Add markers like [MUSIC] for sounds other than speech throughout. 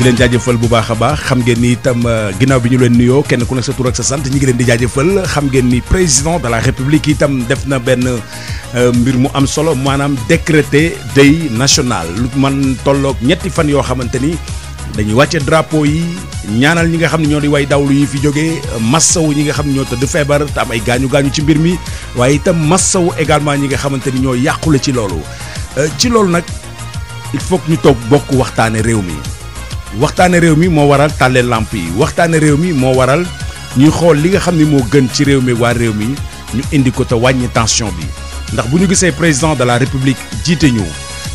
di leen jaajëfal bu baax a baax xam ngeen ni itam euh, ginnaaw bi ñu leen nuyoo kenn ku nekk sa tur ak sa sant ñi ngi leen di jaajëfal xam ngeen nii président de la république itam def na benn euh, mbir mu am solo maanaam décrété day national lu man tollook ñetti fan yoo xamante ni dañuy wàcce drapeau yi ñaanal ñi nga xam ne ñoo di way dawlu yi fi jógee massawu ñi nga xam ne ñoo tëdd feebar te am ay gaañu gaañu ci mbir mi waaye itam massawu également ñi nga xamante ni ñoo yàqule ci loolu euh, ci loolu nag il ñu toog bokk waxtaane réew mi waxtaane réew mi moo waral tàllee làmp yi waxtaane réew mi moo waral ñuy xool li nga xam ni moo gën ci réew mi waa réew mi ñu indi ko te wàññi tension bi ndax bu ñu gisee président de la république jiite ñu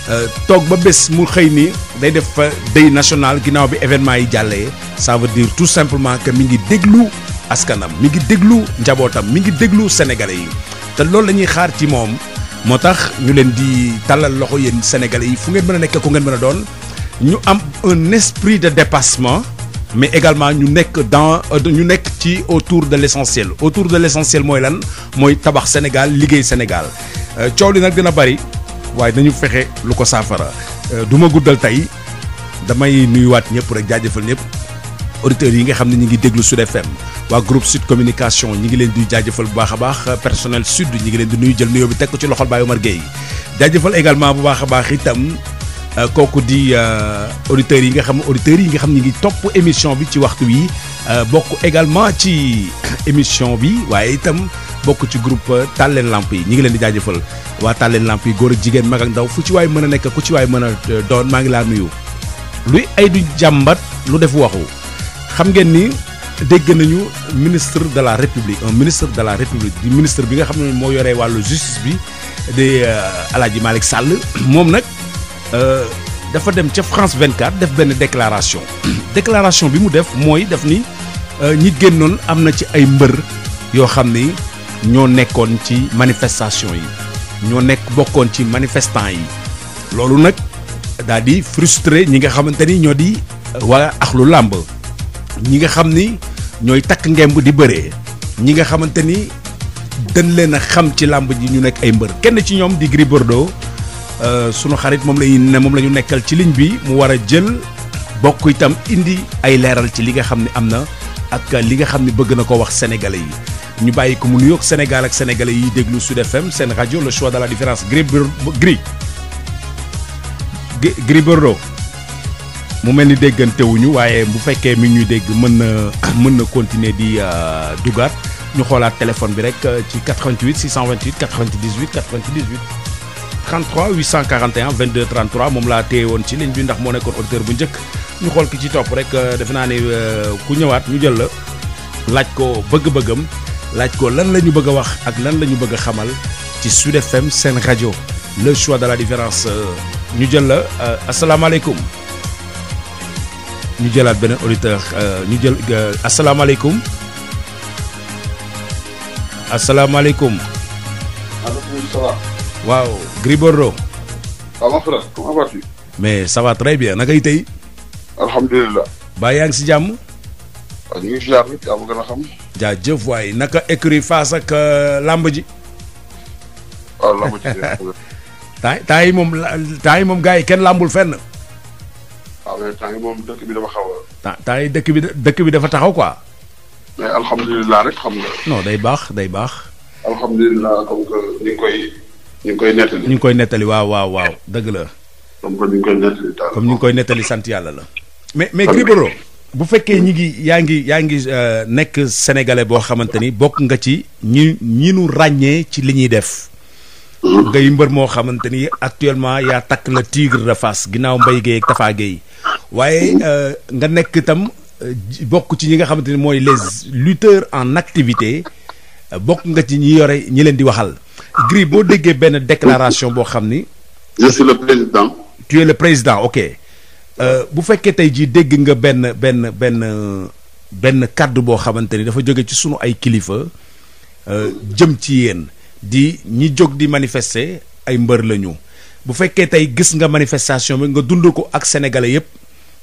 euh, toog ba bés mu xëy ni day def fa deuil national ginnaaw bi événement yi jàllee ça veut dire tout simplement que mi ngi déglu askanam mi ngi déglu njabootam mi ngi déglu sénégalais yi te loolu la xaar ci moom moo tax ñu leen di tàllal loxo yéen sénégalais yi fu ngeen mën a nekk ngeen mën a doon ñu am un esprit de dépassement mais également ñu nekk dans euh, ñu nekk ci autour de l'essentiel autour de l'essentiel mooy lan mooy tabax Sénégal liggéey Sénégal euh, coow li nag dina bari waaye dañu fexe lu ko saafara euh, duma guddal tey damay nuyuwaat ñëpp rek jaajëfal ñëpp auditeurs yi nga xam ne ñu ngi déglu Sud FM waa groupe Sud Communication ñi ngi leen di jaajëfal bu baax a baax personnel sud ñi ngi leen di nuyu jël nuyoo bi teg ko ci loxol Baye Omar Gueye jaajëfal a baax itam Euh, kooku di euh, auditeurs yi nga xam auditeurs yi nga xam ni ngi topp émission bi ci waxtu wii euh, bokk également ci [COUGHS] émission bi waaye itam bokk ci groupe Tàlleen Lamp yi ñu ngi leen di jaajëfal waa Tàlleen Lamp yi góor ak jigéen mag ndaw fu ci waay mën a nekk ku ci waay mën a doon maa ngi laa nuyu. luy ay du jàmbat lu def waxu xam ngeen ni dégg nañu ministre de la république un ministre de la république di ministre bi nga xam ne moo yoree wàllu justice bi di Alaaji Malick Sàll [COUGHS] moom nag. Euh, dafa dem ca France 24 def benn déclaration [CLEARS THROAT] déclaration bi mu def mooy def ni euh, ñi génnoon am na ci ay mbër yoo xam ni ñoo nekkoon ci manifestation yi ñoo nekk bokkoon ci manifestant yi loolu nag daal di frustré ñi nga xamante ni ñoo di euh, waa axlu làmb ñi nga xam ni ñooy takk ngemb di bëree ñi nga xamante ni dañ leen a xam ci làmb ji ñu nekk ay mbër kenn ci ñoom di Gris Bordeaux Euh, sunu xarit moom lañu ne moom la ñu nekkal ci ligne bi mu war a jël bokk itam indi ay leeral ci li nga xam ne am na ak li nga xam ne bëgg na ko wax sénégalais yi ñu bàyyi ko mu nuyoog senegal ak senegale yi déglu Sud FM seen rajo le choix de la différence gris gris gris bordeaux mu mel ni déggantewuñu waaye bu fekkee mi ngi ñuy dégg mën na [COUGHS] mën na continuer di euh, dugaat ñu xoolaat téléphone bi rek euh, ci 88 628 98 98. 33 841 22 33 moom laa téye woon ci ligne bi ndax moo nekkoon auditeur bu njëkk ñu xool ki ci topp rek euh, defe naa ne euh, ku ñëwaat ñu jël la laaj ko bëgg-bëggam laaj ko lan la ñu bëgg a wax ak lan la ñu bëgg xamal ci Sud FM seen rajo le choix de la différence euh, ñu jël la asalaamaaleykum ñu jëlaat beneen auditeur ñu jël asalaamaaleykum asalaamaaleykum. maaleykum salaam. waaw. Gris Bordeaux. waaw mon frère mais ça va bien nakay tey. alhamdulilah. baa yaa ngi si jàmm. waaw ah, ñu ngi si jàmm naka écurie ak euh, làmb ji. waaw ah, làmb [LAUGHS] yi moom temps yi moom gars yi kenn làmbul fenn. waaw ah, mais yi moom dëkk bi dafa taxaw ko mais alhamdulilah rek xam nga. day baax day baax. alhamdulilah comme que ñu koy. ñu ngi koy nettali ngi koy nettali waaw waaw waaw dëgg la. comme ñu koy koy nettali sant yàlla la. mais mais Gris bu fekkee ñi ngi yaa ngi yaa ngi euh, nekk sénégalais boo xamante ni bokk nga ci ñi ñi ràññee ci li ñuy def. Mhm. ngay mbër moo xamante ni actuellement yaa takk la tigre de Fass ginnaaw Mbaye Guèye ak Tafa Guèye euh, nga nekk itam euh, bokk ci ñi nga xamante ni mooy les lutteurs en activité bokk nga ci ñi yore ñi leen di waxal. Gris boo déggee benn déclaration boo xam ni. je suis président. tu es président ok euh, bu fekkee tey jii dégg nga benn benn benn benn kàddu boo xamante ni dafa jóge ci sunu ay kilifa euh, jëm ci yéen di ñi jóg di manifester ay mbër lañu bu fekkee tey gis nga manifestation bi nga dund ko ak sénégalais yépp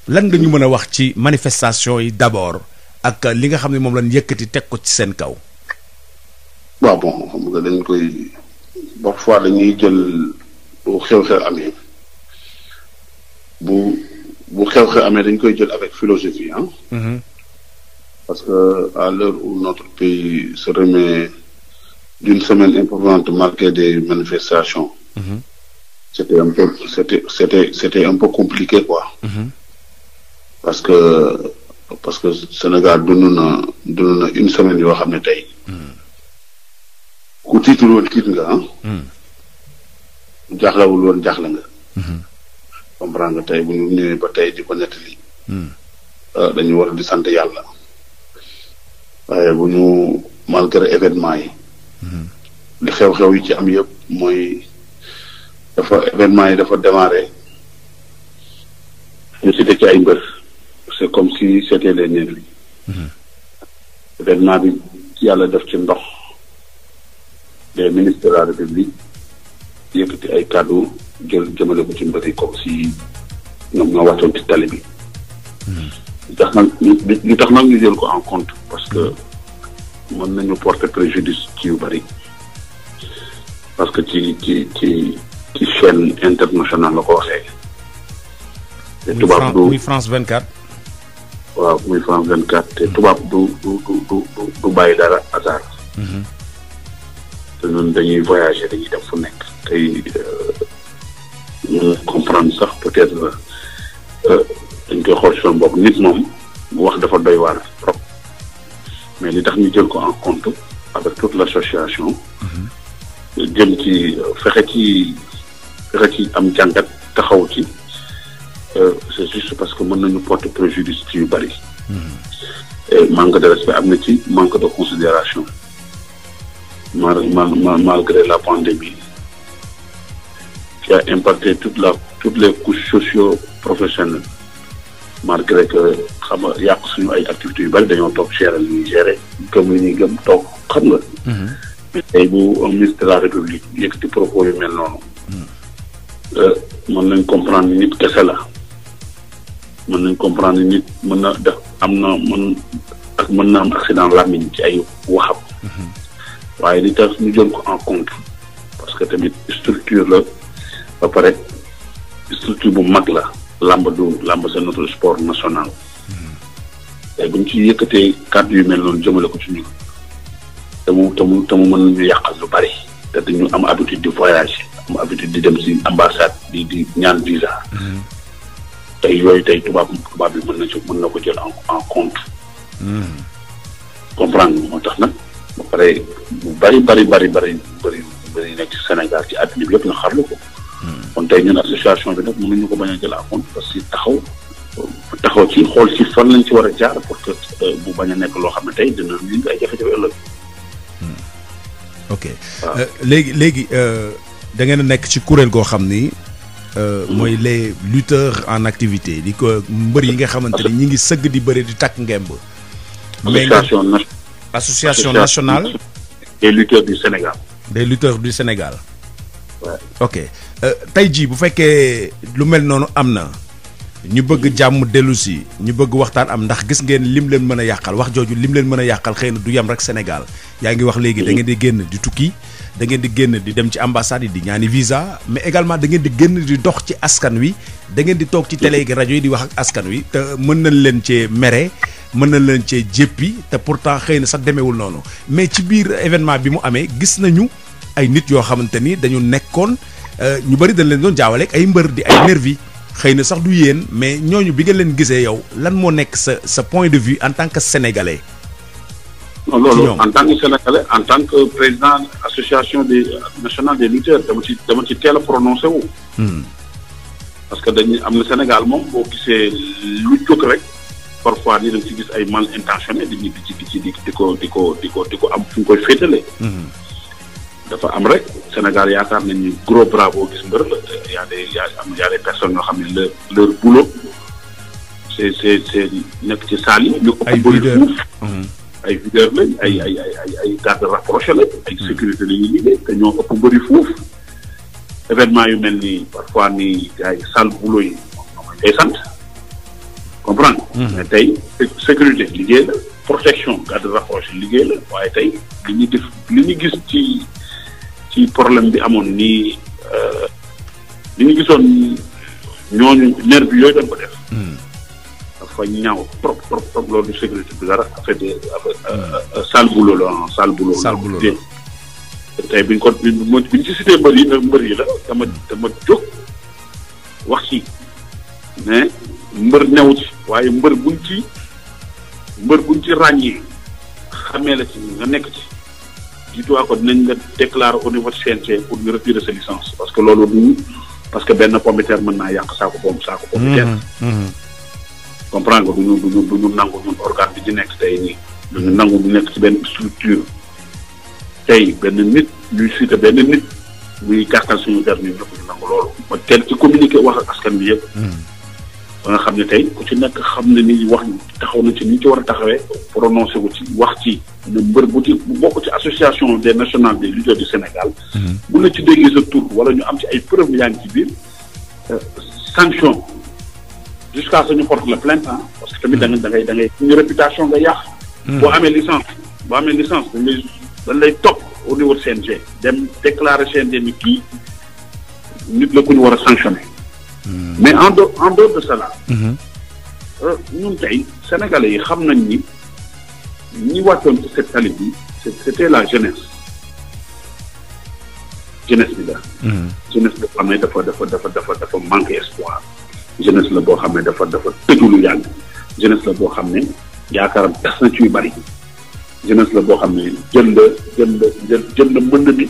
lan nga ñu mën a wax ci manifestation yi d'abord ak li nga xam ne moom lañ yëkkati teg ko ci seen kaw. waaw bon xam nga dañ koy. parfois dañuy jël bu xew-xew amee bu bu xew-xew amee dañ koy jël avec philosophie ah. parce que à l'heure où notre pays se remet d'une semaine importante marquée des manifestations. Mmh. c'était un peu c'était c'était c'était un peu compliqué quoi. Mm-hmm. parce que parce que Sénégal dund na na une semaine yoo xam ne tey. ku tiitul woon tiit nga ah. Hmm. ku jaaxlawul woon jaaxle nga. Hmm. comprendre nga tey bu ñu ñëwee ba tey di ko nettali. Hmm. Euh, dañu war di sant yàlla. waaye bu ñu malgré événement yi. li xew-xew yi ci am yëpp mooy dafa événement yi dafa démarré. ñu cité ci ay mbër. comme si c'était les nervis. événement bi yàlla def ci ndox. des ministres de la république yëkkati ay kàddu jël jëmale ko ci mbëri comme si ñoom ñoo wàccoon ci tali bi. Hmm. li tax nag li tax nag jël ko en compte parce que mën nañu porter préjudice ci yu bëri parce que ci ci ci ci chaîne internationale la ko waxee. te tubaab du muy France 24. waaw muy France 24 te tubaab du du du du du bàyyi dara hasard. Hmm. noonu dañuy voyager dañuy dem fu nekk tey euh, ñu comprendre sax peut-être euh, dañ koy xool suñu bopp nit moom mu wax dafa doy waar trop mais li tax ñu jël ko en compte avec toute l'association mhm. jëm ci fexe ci fexe ci am jàngat taxaw ci euh, c'est juste parce que mën nañu porter préjudice ci yu bari mhm. manque de respect am na ci manque de considération malgré la pandémie, qui a impacté toute la, toutes les couches socio-professionnelles. Malgré que, xam nga yàq suñu ay activités yu bëri dañoo toog gérer li ñuy gérer comme li ñuy gëm toog xam nga. mais mhm. tey bu ministre de la république yëkkati propos yu mel noonu. Mhm. Euh, mën nañ comprendre nit kese la. mën nañ comprendre nit mën na def am na mën ak mën na am accident làmmiñ ci ay waxam. Mhm. waaye li tax ñu jël ko en compte parce que tamit structure la ba pare structure bu mag la làmb du làmb c'est notre sport national hmm. tey bu ñu ci yëkkatee kàddu yu mel noonu jëmale ko ci ñun te mu te mu te mu mën nañu yàqal lu bari te dañu am habitude di voyage am habitude di dem si ambassade di di ñaan visa hmm. te yooyu tey tubaab tubaab yi mën na ci mën na ko jël en en compte hmm. comprendre moo tax na ba pare bu bari bari bari bari bari bari nekk ci Sénégal ci àddina bi yëpp ñu xarlu ko hmm. kon tey ñun association bi nag mënuñu ko bañ a jël en compte parce que taxaw taxaw ci xool ci fan lañ ci war a jaar pour que bu euh, bañ a nekk loo xam ne tey dina ñu ay jafe-jafe ëllëg hmm. ok euh, léegi léegi euh, da ngeen a nekk ci kuréel goo xam ni hmm. mooy les lutteurs en activité di ko mbër yi nga xamante ni ñi ngi sëgg di bëri di takk ngemb mais association nationale des lutteurs du Sénégal. des lutteurs du Sénégal. ok euh, tey jii bu fekkee lu mel noonu am na. ñu bëgg jàmm dellu si ñu bëgg waxtaan am ndax gis ngeen lim leen mën a yàqal wax jooju lim leen mën a yàqal xëy na du yem rek Sénégal yaa ngi wax léegi da ngeen di génn di tukki da ngeen di génn di dem ci ambassade yi di ñaani visa mais également dangeen di génn di dox ci askan wi da di toog ci télé yi rajo yi di wax ak askan wi te mën nañ leen cee mere mën nañ leen cee jéppi te pourtant xëy na sax demeewul noonu mais ci biir événement bi mu amee gis nañu ay nit yoo xamante ni dañu nekkoon euh, ñu bëri dañ leen doon jaawaleeg ay mbër di ay xëy na sax du yéen mais ñooñu bi nga leen gisee yow lan moo nekk sa sa point de vue en tant que sénégalais. non loolu en tant que sénégalais en tant que président association de nationale des lutteurs dama ci dama ci teel a prononcé hmm. parce que dañuy am na Sénégal moom boo gisee lu jóg rek parfois ni dañ ci gis ay mal intentionné di di di di ko di ko di ko di ko am fu ñu koy féetalee. Hmm. dafa am rek Sénégal yaakaar nañ ni gros bravo gis mbër la y a des a des personnes yoo xam ne leur leur boulot c'est c'est nekk ci saal yi. ñu ëpp bëri fuuf mhm. ay videur lañ ay garde rapproché lañ. ay mhm. sécurité la ñuy liggéey te ñoo ëpp bëri fuuf événement yu mel nii parfois nii gars yi salle yi moom mooy sant comprendre. Mhm. mais tey sécurité liggéey la protection garde rapproché liggéey la waaye tey li ñu def li gis ci. ci problème bi amoon nii euh, li ñu gisoon ñooñu nerf bi yooyu doon ko def. Hmm. dafa ñaaw trop trop trop loolu du sécurité bi dara affaire euh, de euh, sale boulot la ah sale boulot. sale boulot la tey ci cité mbër yi mbër yi la dama dama jóg wax ci mais mbër new ci waaye mbër buñ ci mbër buñ ci ràññee xamee la ci nga nekk ci. jiituwaa ko dinañ la déclarer au niveau de CNG pour ñu retirer sa licence parce que loolu du parce que benn pomme de terre mën naa yàq saako pomme saako pomme de terre mhm, mhm. nga du ñu duñu du ñu nangu ñun organe bi di nekk tey nii du ñu nangu ñu nekk ci benn structure tey benn nit ñuy cité benn nit muy gàttal suñu der ñu ñëpp ñu nangu loolu ma teel ci communiqué wax askan bi yëpp mhm. ba xam ne tey ku ci nekk xam ne ni wax taxaw na ci ni ñu ci war a taxawee prononcé wu ci wax ci ne mbër bu ci bu bokk ci association de des nationales des lutteurs du Sénégal. Mhm. bu la ci déggee sa tur wala ñu am ci ay preuve yaa ngi ci biir euh, sanction jusqu'à ce ñu porte la plainte ah parce que tamit da ngay da ngay da ngay suñu réputation nga yàq. Mhm. boo amee licence boo amee licence dañ lay dañ lay topp au niveau CNG dem déclarer CNG ni kii nit la ku ñu war a sanctionné. mais en dehors en dehors de cela. Euh, ñun tey sénégalais yi xam nañ ni ñi wàccoon ci cette tali bi c'était la jeunesse jeunesse bi la. jeunesse boo xam ne dafa dafa dafa dafa dafa manqué espoir jeunesse la boo xam ne dafa dafa tëju lu yàgg jeunesse la boo xam ne yaakaaram tas na ci yu bari jeunesse la boo xam ne jënd jënd jënd jënd mbënd bi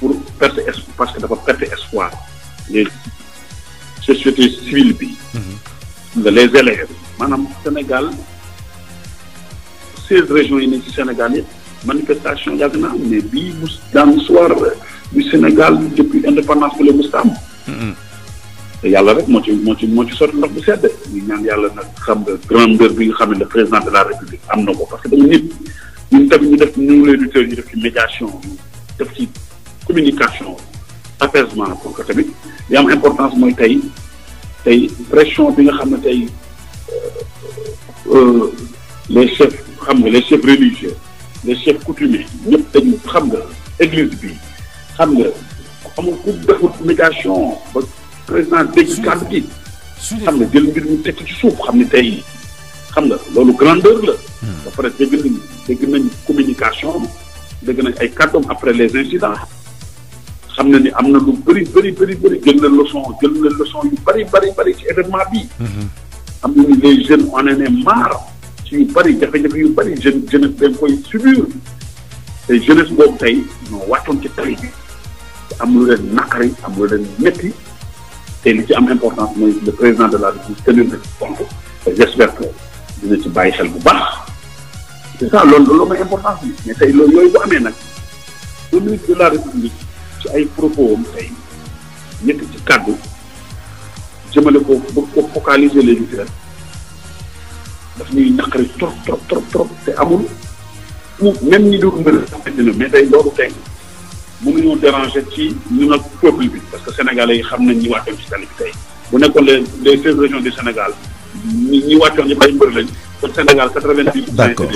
pour perte espoir parce que dafa perte espoir léegi. société civile bi. Mhm. les élèves. maanaam Sénégal seize région yi nekk ci Sénégal yëpp manifestation yàgg na am mais bii mus daan soir du Sénégal depuis indépendance bi la mus am. Mhm. te yàlla rek moo ci moo ci moo ci sotti ndox bu sedd ñu ñaan yàlla nag xam nga grandeur bi nga xam ne le président de la république am na ko parce que dañu nit ñun tamit ñu def ñu ngi lay lutter ñu def ci médiation def ci communication. apaisement pour que tamit li am importance mooy tey tey pression bi nga xam ne tey euh, euh, les chefs xam nga le chefs religieux les chefs coutumiers ñëpp dañu xam nga église bi xam nga amul ku deful communication ba président dégg kàddu gi xam ne jël mbir mu teg ci suuf xam ne tey xam nga loolu grandeur la hmm. ba pare dégg nañ dégg nañ communication dégg nañ ay kàddoom après les incidents am na ni am na lu bëri bëri bëri bëri jël na leçon jël na leçon yu bëri bari bari ci événement bi mhm. am na ni les jeunes on ne est marre ci yu bëri jafe-jafe yu bëri jeune jeunesse dañ koy subir te jeunesse boobu tey ñoo wàccoon ci tali bi te am lu leen naqari am lu leen métti te li ci am important mooy le président de la République tenir na ci compte te j'espère que dina ci bàyyi xel bu baax c'est ça loolu loolu mooy importance bi mais te loolu yooyu bu amee nag le ci ay propos am tey nekk ci kàddu jëmale ko bëgg ko focaliser léegi ci ren ñuy naqari trop trop trop trop te amul ou même ñi doon mbër na mais tey loolu tey mu ngi ñu déranger ci ñun ak peuple bi parce que sénégalais yi xam nañ ñi wàccoon ci tali tey bu nekkoon les les seize régions Sénégal ñi ñi wàccoon ñëpp ay mbër lañ. Sénégal 98. d'accord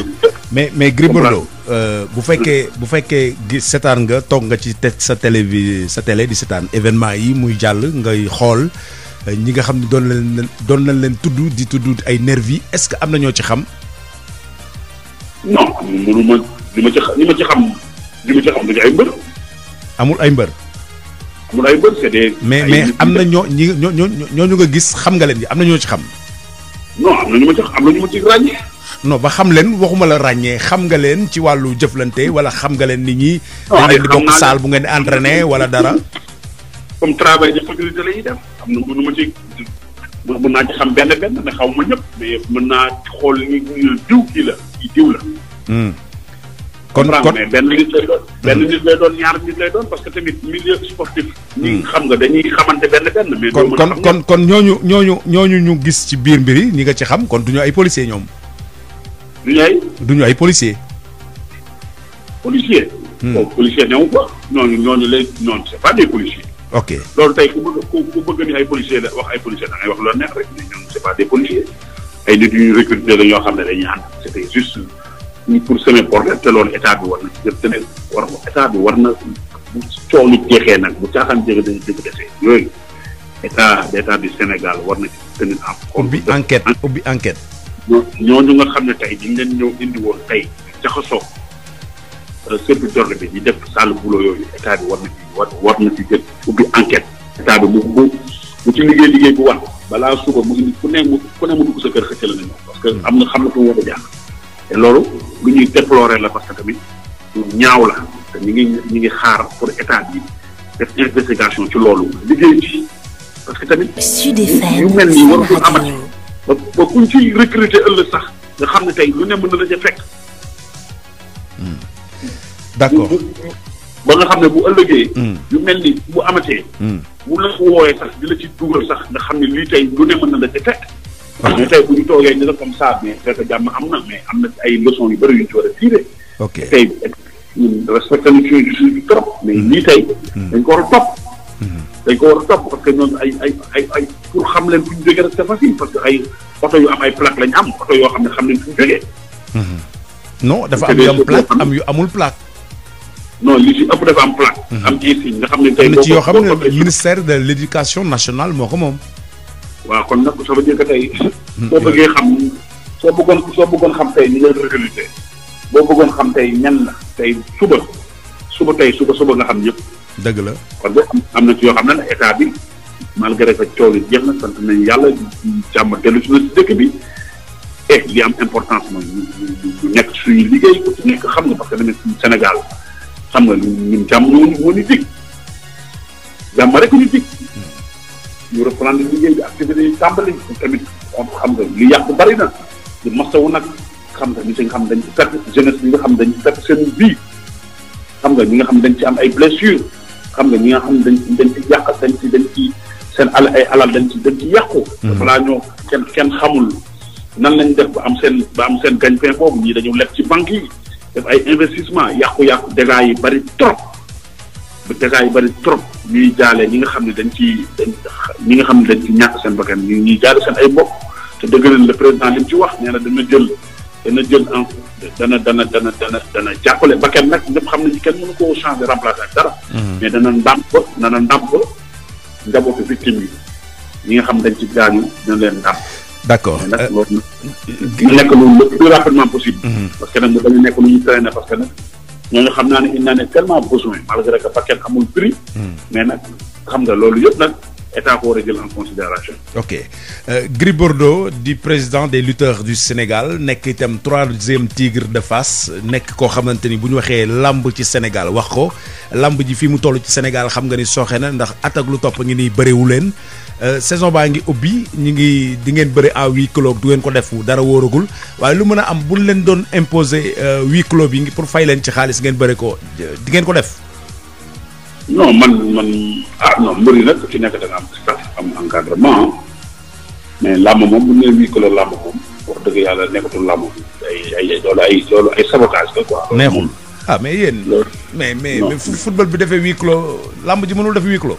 mais mais Gris Bordeaux euh, bu fekkee bu fekkee gis seetaan nga toog nga ci teg sa télé bi sa télé di seetaan événement yi muy jàll ngay xool euh, ñi nga xam ne doon nañ leen doon nañ leen tudd di tudd ay nervi yi est-ce que am na ñoo ci xam. non mënu ma li ma ci li ma ci xam li ma ci xam dañu ay mbër. amul ay mbër. amul ay mbër c'est des. mais mais am na ñoo ñi ñoo ñoo ñoo ñu nga gis xam nga leen yi am na ñoo ci xam. non am na ñu ma jox am na ñu ma ci ràññee. non ba xam leen waxuma la ràññee xam nga leen ci wàllu jëflante wala xam nga leen nit ñi. dañ leen di bokk saal bu ngeen di entraîné wala dara. comme travail de facilité la ñuy def am na mënu ma ci mën naa ci xam benn benn ne xaw ma ñëpp mën naa xool ni diw kii la kii diw la. Hmm. kon kon benn nit lay doon. benn nit doon ñaar nit lay doon parce que mit milieu sportif. Hmm. ñi xam nga dañuy xamante benn benn. mais kon kon kon kon ñoo ñu ñoo ñu ñu gis ci biir mbir yi ñi nga ci xam kon du ñu ay policier ñoom. du ñu ay. du ñu ay policier. policier. Hmm. bon policier newu ñoo ñu ñooñu lay ñooñu c'est pas des policiers. ok loolu tey ku bëgg ku bëgg ni ay policier la wax ay policier da ngay wax loolu neex rek ay nit ñu recruter la ñoo xam ne dañuy ànd c'était juste. ni pour semer problème te loolu état bi war na ci jël war état war na bu coow li jeexee nag bu caaxaan jëge dañu dëgg desee yooyu état d'état du Sénégal war na ci tenir en compte. ubbi enquête ubbi enquête. ñooñu xam ne tey dañ leen ñëw indi woon tey jaxasoo euh, service d'ordre bi di def sàll boulot yooyu état bi war na ci na ci jël ubbi enquête. état bi mu bu mu ci liggéey liggéey ku ne mu ku ne mu dugg hmm. am na xam na fu mu war a jaar. loolu lu ñuy déplorer la parce que tamit ñaaw la te ñu ngi ñu ngi xaar pour état bi def investigation ci loolu liggéey ci parce que tamit. yu mel nii war ko amati ba ba kuñ ciy recruter ëllëg sax nga xam ne tey lu ne mën na la ca fekk. Hmm. Hmm. d'accord ba nga xam ne bu ëllëgee. yu hmm. mel ni bu amatee. bu la wooyee sax di ci dugal sax nga xam ne lii tey lu ne na la ca mais tey bu ñu toogee ñu def comme ça mais jàmm am na mais am na ay leçons yu bëri yu ñu ci war a tiré. ok tey ñun respecté nañu suñu trop. mais mm-hmm. lii tey. Mm-hmm. dañ ko war a topp. Mm-hmm. dañ ko war a topp parce que ñoom ay ay ay ay xam leen fu ñu jógee rek c'est am ay plaque lañ am oto yoo xam ne xam leen fu ñu jógee. non dafa am yu am plaque am yu amul plaque. non li ci ëpp dafa am plaque. am insigne nga xam ne tey. yoo xam ne ministère de l'éducation nationale moo ko moom. waaw kon nag ça veut dire que tey. soo hmm. bëggee xam soo bëggoon soo bëggoon xam tey ñi ngay recruter boo bëggoon xam tey ñan la tey suba suba tey suba suba nga xam yëpp. dëgg la kon boo am na ci yoo xam ne nag état bi malgré que coow yi jeex na sant nañ yàlla jàmm dellu si na si dëkk bi et li am importance mooy nekk suñu liggéey ku ci nekk xam nga parce que tamit Sénégal xam nga ñun jàmm ñu ñu dig jàmm rek ñu dig. ñu reprendre liggéey bi activité yi tàmbali tamit xam nga li yàqu bari na di masawu nag xam nga ñi si xam dañ ci perte bi nga xam dañ ci perte seen vie xam nga ñi nga xam dañ ci am ay blessure xam nga ñi nga xam dañ dañ ci yàq dañ ci dañ seen al ay alal dañ ci dañ yàqu dafa mm-hmm. laa ñoo kenn kenn xamul nan lañ def ba am seen ba am seen gagne-pain boobu ñii dañu leb ci banque yi def ay investissement yàqu-yàqu dégâts yi bari trop dégâts yi bari trop ñuy jaale ñi nga xam ne dañ ci dañ ñi nga xam ne dañ ci ñàkk seen bakkan ñu ñuy jaale seen ay mbokk te dëgg le président li mu ci wax nee na dana jël dana jël en dana dana dana dana dana jàppale bakkan nag ñëpp xam nañu kenn mënu koo changer remplacer ak dara. Mhm. mais dana ndàmp dana ndàmp njabootu victime yi ñi nga xam dañ ci gaañu dina leen ndàmp. d'accord nag euh, loolu. nekk lu le plus rapidement possible. Mhm. parce que nag dañu nekk lu ñu traîner parce que nag. ñooñu xam naa ne il n'en est tellement besoin malgré que paquet amul prix hmm. mais xam nga lool yëpp nag état ko war a jël en considération ok euh, Gris Bordeaux di président des lutteurs du Sénégal nekk itam troisième tigre de Fass nekk koo xamante ni bu ñu waxee lamb ci Sénégal wax ko lamb ji fi mu toll ci Sénégal xam nga ni sooxe na ndax at ak lu topp ngi nii bëriwu leen euh, saison baa ngi ubbi ñu ngi di ngeen bëri à huis du ngeen ko def dara wóoragul waaye lu mën a am bu leen doon imposer euh, huis clos bi ngi pour fay leen ci xaalis ngeen bëri ko di ngeen ko def non man man ah non mbër yi nag ku ci nekk da nga am am encadrement mais làmb moom bu ñu nee huis clos làmb moom wax dëgg yàlla nekkatul làmb ay ay loolu ay loolu ay sabotage la neexul ah mais yéen. mais mais mais football bi defee huis clos làmb ji mënul def huis clos.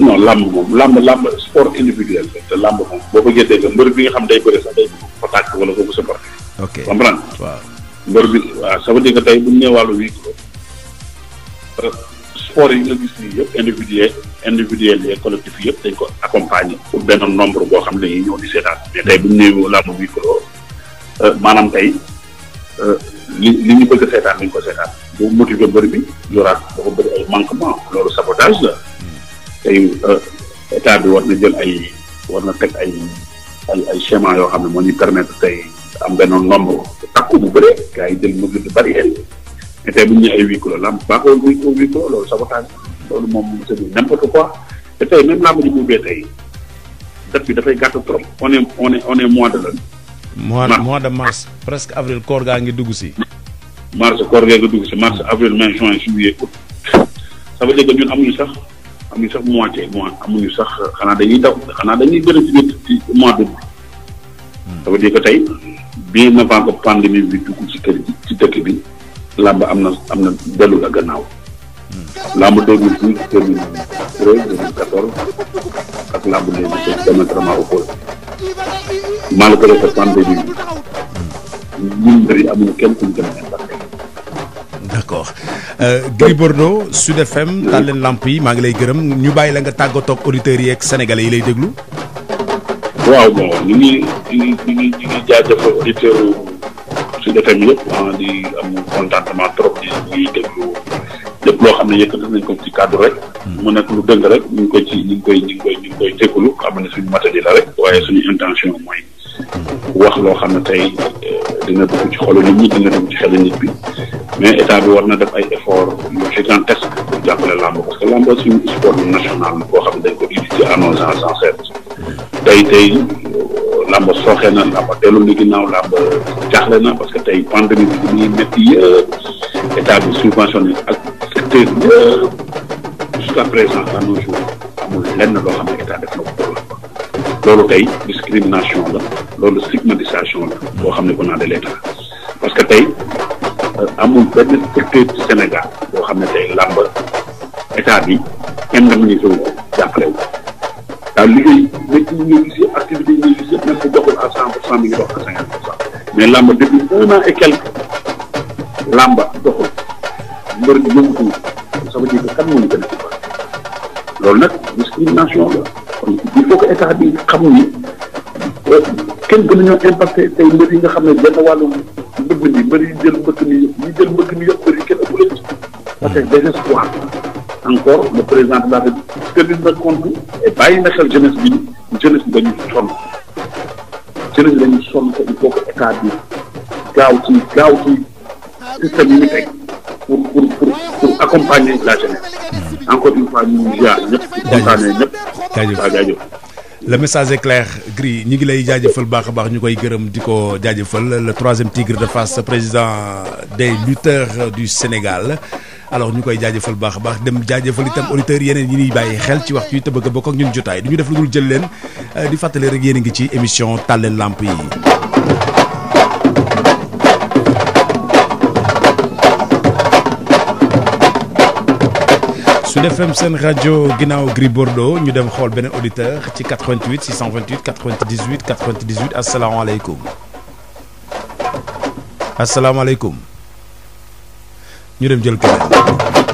non làmb moom làmb làmb sport individuel la te làmb moom boobu ko jëndee mbër bi nga xam day bëri sax day ko tàkk wala ko supporté. ok comprendre. waaw mbër bi waaw ça veut dire que tey bu ñu nee wàllu huis sport yi nga gis nii yëpp individuel individuel yeeg collectif yëpp dañ ko accompagner pour benn nombre boo xam ne dañuy ñëw di seetaan mais tey bu ñu nee làmb bi ko maanaam tey euh, li li ñu bëgg a seetaan dañ ko seetaan bu motivé bëri bi yoraat dafa bëri ay manquement loolu sabotage la tey euh, état bi war na jël ay war na teg ay ay ay schéma yoo xam ne moo ñuy permettre tey am benn nombre takku bu bëree gars yi jël mesure de barrière mais tey bu ñu ay huis clos làmb baaxul huis clos huis clos loolu sabotage loolu moom c' est n'importe quoi te tey même làmb ji bu bee tey date bi dafay gàtt trop on est on est on est mois de lan. mois mois de mars presque avril koor gaa ngi dugg si. mars koor gaa ngi dugg si mars avril mai juin juillet août. ça veut dire que ñun amuñu sax amuñu sax moitié mois amuñu sax xanaa dañuy daw xanaa dañuy bëri ci biir ci mois d' août. ça veut dire que tey bien avant que pandémie bi dugg ci kër gi ci dëkk bi. làmb am na am na dellu la gannaaw. làmb 2012 2013 2014 ak làmb 2016 diamétralement opposé malgré que pandémie bi ñun bëri amul euh, leen lamp yi maa ngi lay gërëm ñu bàyyi la nga tàggatoo ak auditeurs yi ak sénégalais yi lay déglu. waaw bon ñu ngi ñu ngi ñu ngi jaajëfal auditeurs Sud FM yëpp ah di am contentement trop di ñuy déglu lépp loo xam ne yëkkati nañ ko ci kàddu rek. Hmm. mu nekk lu dëng rek ñu ngi koy ci ñu ngi koy ñu ngi koy ñu ngi koy jégalu suñu matériel rek waaye suñu intention mooy. wax loo xam ne tey euh, dina dugg ci xolu nit ñi dina dugg ci xelu nit bi mais état bi war na def ay effort yu gigantesque pour jàppale lamb parce que lamb suñu sport national boo xam ne dañ ko édité à nos ans sans cesse tey tey euh, làmb sooxee na làmb teelul ni ginnaaw làmb jaaxle na parce que tey pandémie bi ñuy métti état bi subventionné ak secteur yëpp jusqu'à présent à nos jours amul lenn loo xam état def na loolu tey discrimination la loolu stigmatisation la boo xam ne ko naa de parce que tey euh, amul benn secteur ci Sénégal boo xam ne tey làmb état bi indemnisé wu ko jàppale wu waaw liggéey métti ñu ngi gis activité yi ñu yëpp même doxul à cent ngi dox à mais làmb depuis un an et quelques làmb doxul mbër yëngatuwul ça veut dire que kan moo ñu gën loolu nag discrimination la il faut que état bi xamul ni euh, kenn gën nañoo impacté tey mbër yi nga xam ne benn wàllu mbëgg mi mbër yi jël mbëgg mi yëpp mbër yi kenn ëpp leen parce que désespoir encore le président de la République tenir na compte bàyyi na xel jeunesse bi jeunesse bi dañuy sonn jeunesse bi dañuy sonn il faut que état bi gaaw ci gaaw ci système yi ñu teg pour pour pour accompagner la jeunesse encore une fois ñu ngi jaar ñëpp jaajëf le message est clair Gris ñi ngi lay jaajëfal baax a baax ñu koy gërëm di ko jaajëfal le troisième tigre de Fass président des lutteurs du Sénégal alors ñu koy jaajëfal baax a baax dem jaajëfal itam auditeurs yeneen yi ñuy bàyyi xel ci wax yi te bëgg a bokk ak ñun jotaay du ñu def lu dul jël leen di fàttali rek yéen a ngi ci émission tàlleen lamp yi. Sud FM seen rajo ginnaaw Gris Bordeaux ñu dem xool beneen auditeur ci 88 628 98 98 asalaamaaleykum asalaamaaleykum ñu dem jël keneen.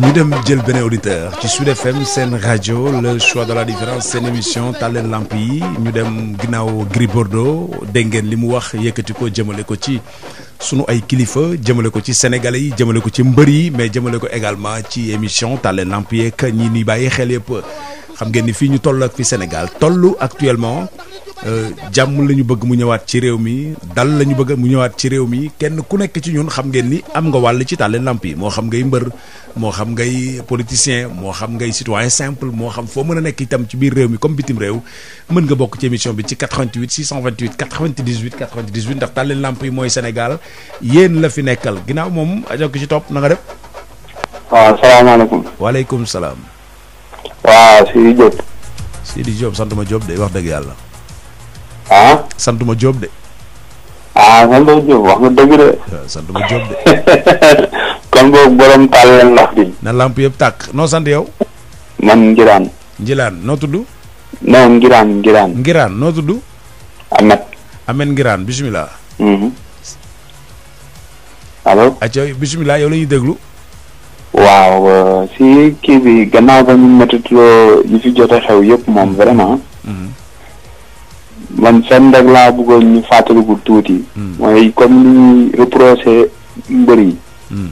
ñu dem jël benn auditeur ci Sud FM seen rajo le choix de la différence seen émission taal lamp yi ñu dem ginnaaw Gris Bordeaux dégg ngeen li mu wax yëkkati ko jëmale ko ci sunu ay kilifa jëmale ko ci sénégalais yi jëmale ko ci mbër yi mais jëmale ko également ci émission taal leen lamp yeeg ñi ñuy bàyyi xel yëpp xam ngeen ni fii ñu tollak ak fi Sénégal toll actuellement. Euh, jàmm la ñu bëgg mu ñëwaat ci réew mi dal la ñu bëgg mu ñëwaat ci réew mi kenn ku nekk ci ñun xam ngeen ni am nga wàll ci tàlle làmp yi moo xam ngay mbër moo xam ngay politicien moo xam ngay citoyen simple moo xam foo mën a nekk itam ci biir réew mi comme bitim réew mën nga bokk ci émission bi ci 88 628 98 98 ndax tàlle làmp yi mooy Sénégal yéen la fi nekkal ginnaaw moom ajo ko ci topp na nga def. waaw salaamaaleykum. waaleykum salaam. waaw Sidi Diop. Sidi Diop sant ma Diop day wax dëgg yàlla. ah. santuma Diop de. ah santuma Diop wax nga dëgg de. waaw [LAUGHS] eh, kon boobu borom taal na lamp yëpp tàkk noo sant yow. man Ngiraan. Njilaan noo tudd. non Ngiraan Ngiraan. noo tudd. Ahmed. Ahmed Ngiraan bisimilah. Mm-hmm. allo. acca bisimilah yow la ñuy déglu. waaw euh, si kii bi gannaaw ba ñu méttitloo ñu fi jot a xew yëpp moom vraiment. Mm-hmm. man fenn rek laa bëggoon ñu fàttaliku tuuti. Hmm. mooy comme li ñuy reproché mbër yi. Hmm.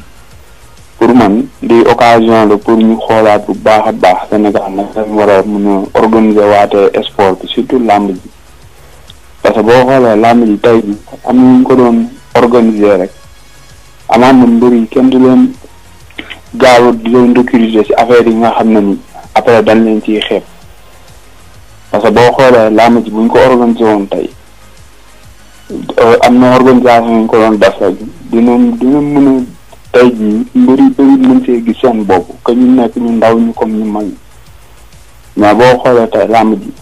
pour man di occasion la pour ñu xoolaat bu baax a baax Sénégal nag dañ war a mun a organiser waatee sport surtout làmb ji parce que boo xoolee làmb ji tey bi am na ñu ko doon organiser rek amaan na mbër yi kenn du leen gaaw a di leen si affaire yi nga xam ne ni après dañ leen ci xeeb. parce que boo xoolee làmb ji bu ñu ko organisé woon tey euh, am na organisation yu ñu ko doon def rek dinañ dinañ mën a tey jii mbir yu mag boo xoolee tey làmb ji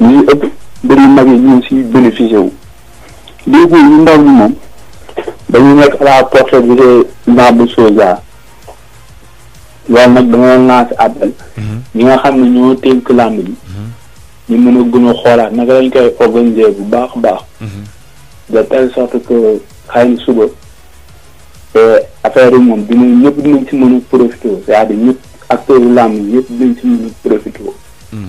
yi ñu ngi siy bénéficié wu. léegi ñu ndaw ñi moom dañu nekk à la porte bi de Nabou Souza loolu nag dama lancé appel mm-hmm. ñi nga xam ne ñoo tënk làmb ji. ñu mën a gën a xoolaat naka lañ koy organiser bu baax a baax. Mhm. de telle sorte que xëy na suba euh, affaire yi moom dinañ ñëpp à dire ñëpp acteurs yu ci mën a profité. Mhm.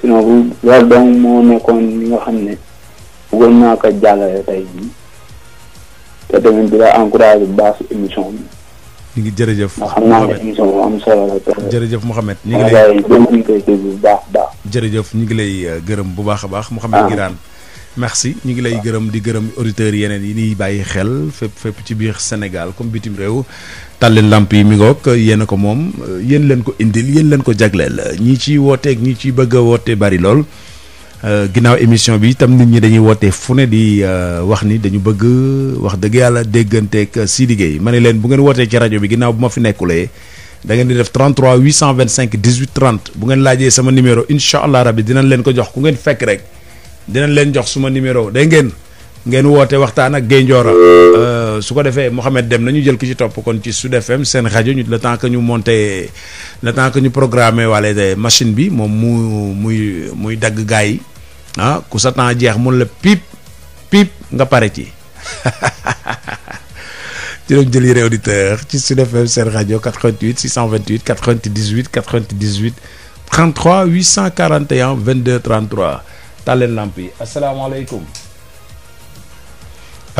sinon bu loolu moo nekkoon nga xam ne bëggoon naa ko jàllale tey jii te tamit di la encouragé bu baax émission bi. ñu ngi jërëjëf. waaw am solo jërëjëf Mouhamed ñu ngi lay ñu ngi lay gërëm bu baax a baax. Mouhamed ah. Guirane merci ñu ngi lay gërëm di gërëm auditeurs yeneen yi ñuy bàyyi xel fépp fépp ci biir Sénégal comme bitim réew. tàlleen làmp yi mi ngoog yéen ko moom euh, yéen leen ko indil yéen leen ko jagleel ñii ciy wooteeg ñi ciy bëgg a woote bari lool Euh, ginnaaw émission bi itam nit ñi dañuy wootee fu ne di euh, wax ni dañu bëgg wax dëgg yàlla dégganteeg euh, Sidy Gueye ma ne leen bu ngeen wootee ci rajo bi ginnaaw bu ma fi nekkulee da ngeen di def 33 825 18 30 bu ngeen laajee sama numéro incha allah rabi dinañ leen ko jox ku ngeen fekk rek dinañ leen jox suma numéro dégg ngeen. ngeen woote waxtaan ak Guèye euh, su ko defee Mouhamed dem na ñu jël ki ci topp kon ci Sud FM seen rajo ñu le temps que ñu monté le temps que ñu programmé wala machine bi moom mu muy muy dagg gars yi ah ku sa temps jeex mun la pip pip nga pare ci [LAUGHS] jërëm jël yëre auditeur ci Sud FM seen rajo 88 628 98 98 33 841 22 33 tàlleen lamp yi asalaamaaleykum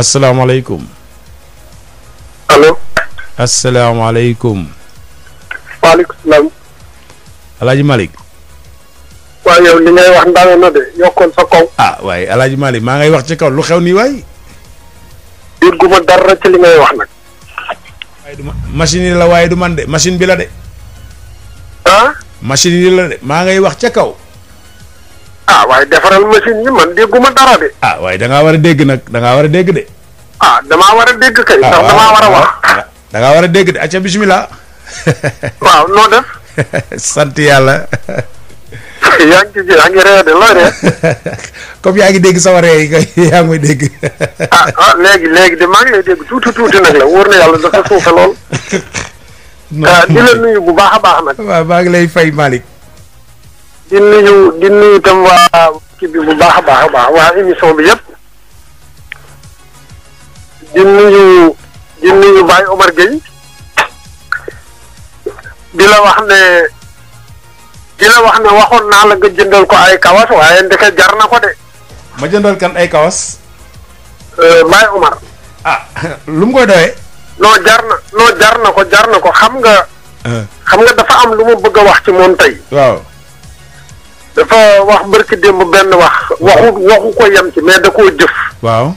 asalaamaaleykum. allo. asalaamaaleykum. waaleykum salaam. El Hadj Malick. waaw yow li ngay wax ndaw na de yokkoon sa kaw. ah waaye El Hadj Malick maa ngay wax ci kaw lu xew nii waay. yëgguma dara ci li ngay wax nag. machine yi la waaye du man de machine bi la de. ah. machine yi la de maa ngay wax ca kaw. ah waaye defaral machine yi man dégguma dara de. ah waaye da war a dégg nag dangaa war a dégg de. ah damaa war a dégg kay. ah ndax war a wax. da a dégg [LAUGHS] waaw noo def. sant yàlla. [LAUGHS] yaa ngi ci yaa ngi [LAUGHS] yaa ngi dégg sama ree yi yaa ngi dégg. Ah, ah léegi léegi de maa ngi lay dégg tuuti tuuti nag la wóor na yàlla dafa suufe lool. Ah, di la nuyu bu baax baax nag. waaw maa ngi lay fay Malick. di nuyu di nuyu itam waa kii bi bu baax a baax a baax waa émission bi yëpp di nuyu di nuyu Baye Omar Gueye di wax ne di wax ne waxoon naa la nga jëndal ko ay kawas waaye ndeke jar na ko de. ma jëndal kan ay kawas. Euh, Baye Omar. ah lu mu koy doyee. non jar na non jar na ko jar na ko xam nga. Ah. xam nga dafa am lu ma bëgg a wax ci moom tey. waaw. dafa wax barki démb benn wax waxu waxu ko yem ci mais da koo jëf. waaw.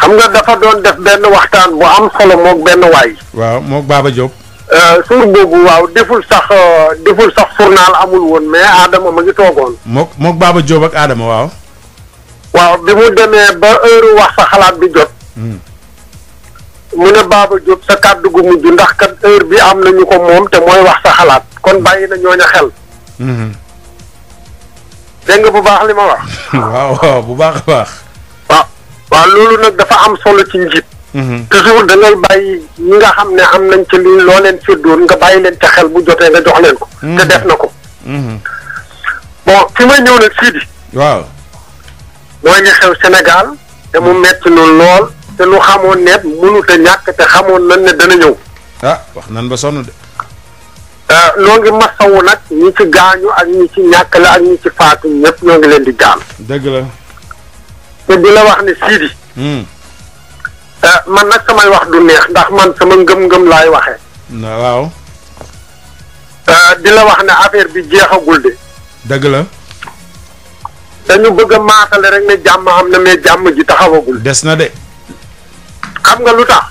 xam nga dafa doon def benn waxtaan bu am solo moog benn waay. waaw moog Baba Diop. Euh, suur boobu waaw deful sax euh, deful sax journal amul woon mais Adama ma ngi toogoon. moog moog Baba Diop ak aadama waaw. waaw bi mu demee ba heure wax sa xalaat bi jot. Hmm. mu ne Baba Diop sa kàddu gu mujj ndax kat heure bi am nañu ko moom te mooy wax sa xalaat kon bàyyi na ñooña xel. Hmm. dégg nga bu baax li ma wax. [LAUGHS] waaw waaw bu baax baax. waaw waaw loolu nag dafa am solo ci njiit. Mhm. toujours da ngay bàyyi ñi nga xam ne am nañ ci lii loo leen séddoon nga bàyyi leen ca xel bu jotee nga jox leen ko. Mhm. te def na ko. Mhm. bon fi may ñëw nag sii di. waaw. mooy li xew Sénégal te mu metti nu lool te lu xamoon ne mënut a ñàkk te xamoon nañ ne dana ñëw. ah wax nan ba sonn de. ñoo euh, ngi masawu nag ñi ci gaañu ak ñi ci ñàkk la ak ñi ci faatu ñëpp ñoo ngi leen di gaal. dëgg la. te di la wax ne Sidi. Hmm. Euh, man nag samay wax du neex ndax man sama ngëm-ngëm laay waxee. waaw. Euh, di la wax ne affaire bi jeexagul de. dëgg la. dañu bëgg a maatale rek ne jàmm am na mais jàmm ji taxawagul. des na de. xam nga lu tax.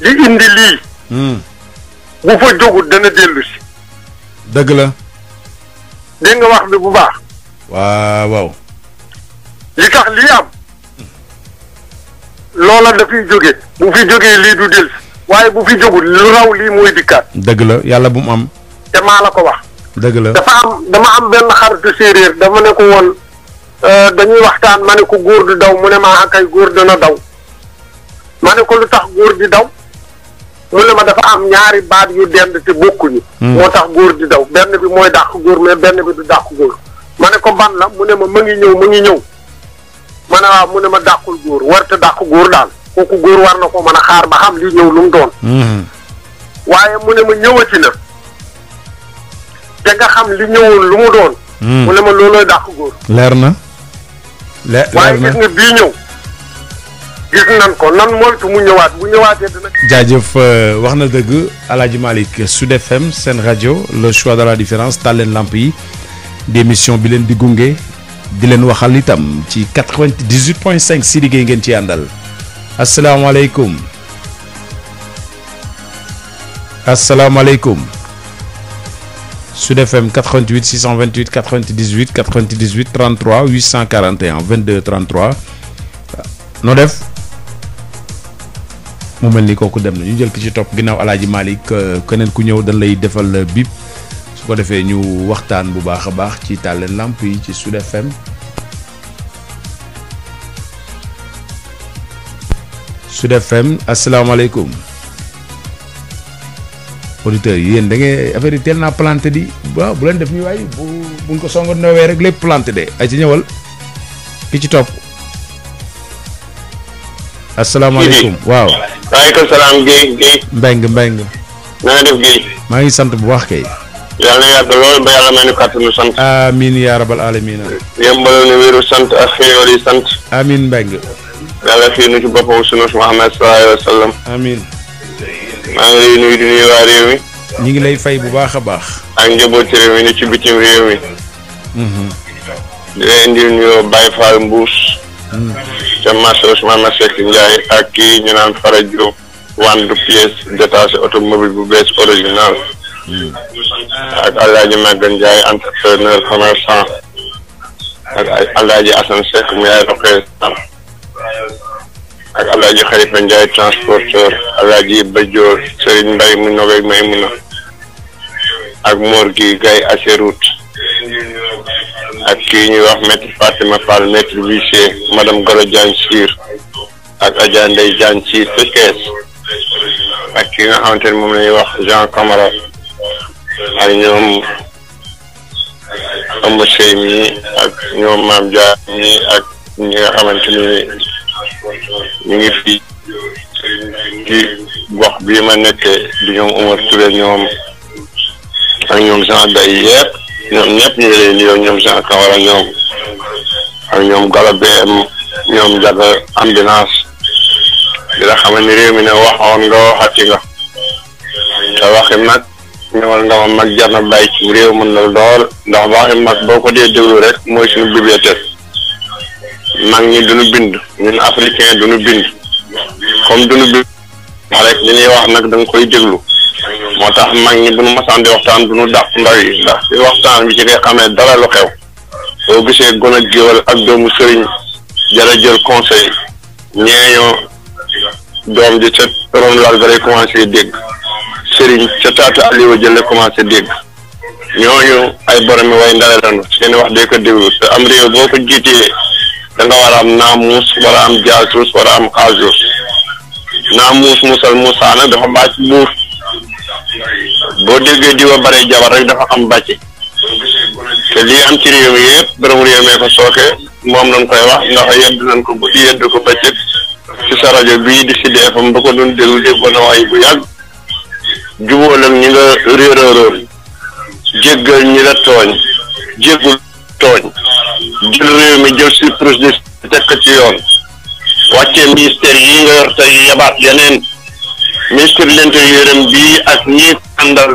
li hmm. indi lii. Hmm. bu fa jógut dana dellu si. dëgg la. dégg nga wax bi bu baax. waaw waaw. li tax lii am. loola dafay jóge bu fi jógee lii du dellu si waaye bu fi jógut lu raw lii mooy dikkaat. dëgg la yàlla bu mu am. te maa la ko wax. dëgg la dafa am dama am benn xaritu séeréer dama ne ko woon euh, dañuy waxtaan ma ne ko góor du daw mu ne maa akay góor dana daw ma ne ko lu tax góor di daw. mu ne ma dafa am ñaari baat yu dend si bokkuñu. Hmm. moo tax góor di daw benn bi mooy dàq góor mais benn bi du dàq góor. ma ne ko ban la mu ne ma ma ngi ñëw ma ngi ñëw ma ne mu ne ma dàqul góor war te dàq góor daal kooku góor war na ko mën a xaar ba xam li ñëw lu mu doon. Hmm. waaye mu ne ma ñëwati na te nga xam li ñëwul lu mu doon. Hmm. mu ne ma loolooy dàq góor. leer na. leer waaye gis nga bii ñëw. gis nan ko nan moytu mu ñëwaat bu ñëwaatee jaajëf euh, wax na dëgg El Hadj Malick Sud FM seen rajo le choix de la différence taal leen lamp yi di émission bi leen di gunge di leen waxal itam ci 98.5 si liggéey ngeen ci àndal asalaamaaleykum asalaamaaleykum Sud FM 88 628 98 98 33 841 22 noo def. mu mel ni kooku dem na ñu jël ki ci topp ginnaaw alaaji Malick euh, keneen ku ñëw dañ lay defal euh, bip su ko defee ñu waxtaan bu baax a baax ci tàlleen làmp yi ci Sud FM Sud FM asalaamaaleykum auditeurs yi yéen da ngeen affaire yi teel naa planté di waaw bu leen def ñuy waay bu buñ ko songo nowee rek lépp planté de ay ci ñëwal ki ci topp asalaamaaleykum waaw. waaleykum salaam Guèye Guèye. Mbengue Mbengue. na nga def Guèye. maa ngi sant bu baax kay. yàlla yàgg lool ba yàlla may nu kàttanu sant. amiin yaa rabal aalamiina. yembaloon na wéru sant ak xéewal yi sant. amiin Mbengue. yàlla ci boppam sunu Muhammad lay nuyu di nuyu mi. ñu ngi lay fay bu baax a baax. ak njabooti réew mi ni ci bitim réew mi. Mhm. di leen indil nuyoo Baye Fall Mbuus. Mhm. ca marché Ousmane Masseck Ndiaye ak kii ñu naan Fara Diop wàndu pièce détachée automobile bu bees original hmm. ak Alaaji Maguette Ndiaye entrepreneur commerçant ak Alaaji Assane Seck mu yaay roqee ak Alaaji Xalifa Ndiaye transporteur Alaaji Bajoor Serigne ak Mor gi Gaye Asseroute ak kii ñuy wax maître Fatima Fall maître Boucher madame Gora Diagne Syr ak Adja Ndeye Diagne Syr ca Thiès ak ki nga xamante moom la ñuy wax Jean Camara ak ñoom Amba mi ak ñoom Maam Dia mi ak ñi nga xamante ni ñu ngi fi ci gox bii ma nekkee di ñoom Omar Touré ñoom ak ñoom Jean Day yépp ñoom ñëpp ñu ngi leen di nuyu ñoom Jean Camara ñoom ak ñoom Gala BM ñoom Jaga ambulance di la xamal ni réew mi ne waxoon nga waxati nga te waxi mag ñëwal nga ma mag jar na bàyyi ci réew mën na lool ndax waxi mag boo ko dee déglu rek mooy suñu bibliothèque mag ñi duñu bind ñun africain duñu bind comme duñu bind rek li ñuy wax nag da koy déglu. moo tax mag ñi bu nu masaan di waxtaan du nu dàq ndaw yi ndax si waxtaan bi ci ngay xamee dara lu xew boo gisee gone ak ak doomu sëriñ jara jël conseil ñeeñoo doom ji ca ron laal ba lay commencé dégg sëriñ ca taata Aliou jël dégg ñooñu ay boromi way ndare lañu seen wax dee ko déglu am réew boo ko jiitee da nga war a am naamuus war am jaasus war a am xaasus naamuus musal musaana dafa baax buur boo déggee diw a bare jabar rek dafa am bàcc te lii am ci réew mi yëpp borom réew mee ko sooke moom lañ koy wax ndax yedd nañ ko guddi yedd ko bëccëg ci sa rajo bii di Sud FM ba ko doon déglu déggoon na waay bu yàgg jubóol ak ñi nga réeróoroon jéggal ñi la tooñ jéggul tooñ jël réew mi jël surprise di tekk ci yoon wàccee ministère yi nga yor tey yabaat yeneen ministre de l'intérieur am bii ak ñi àndal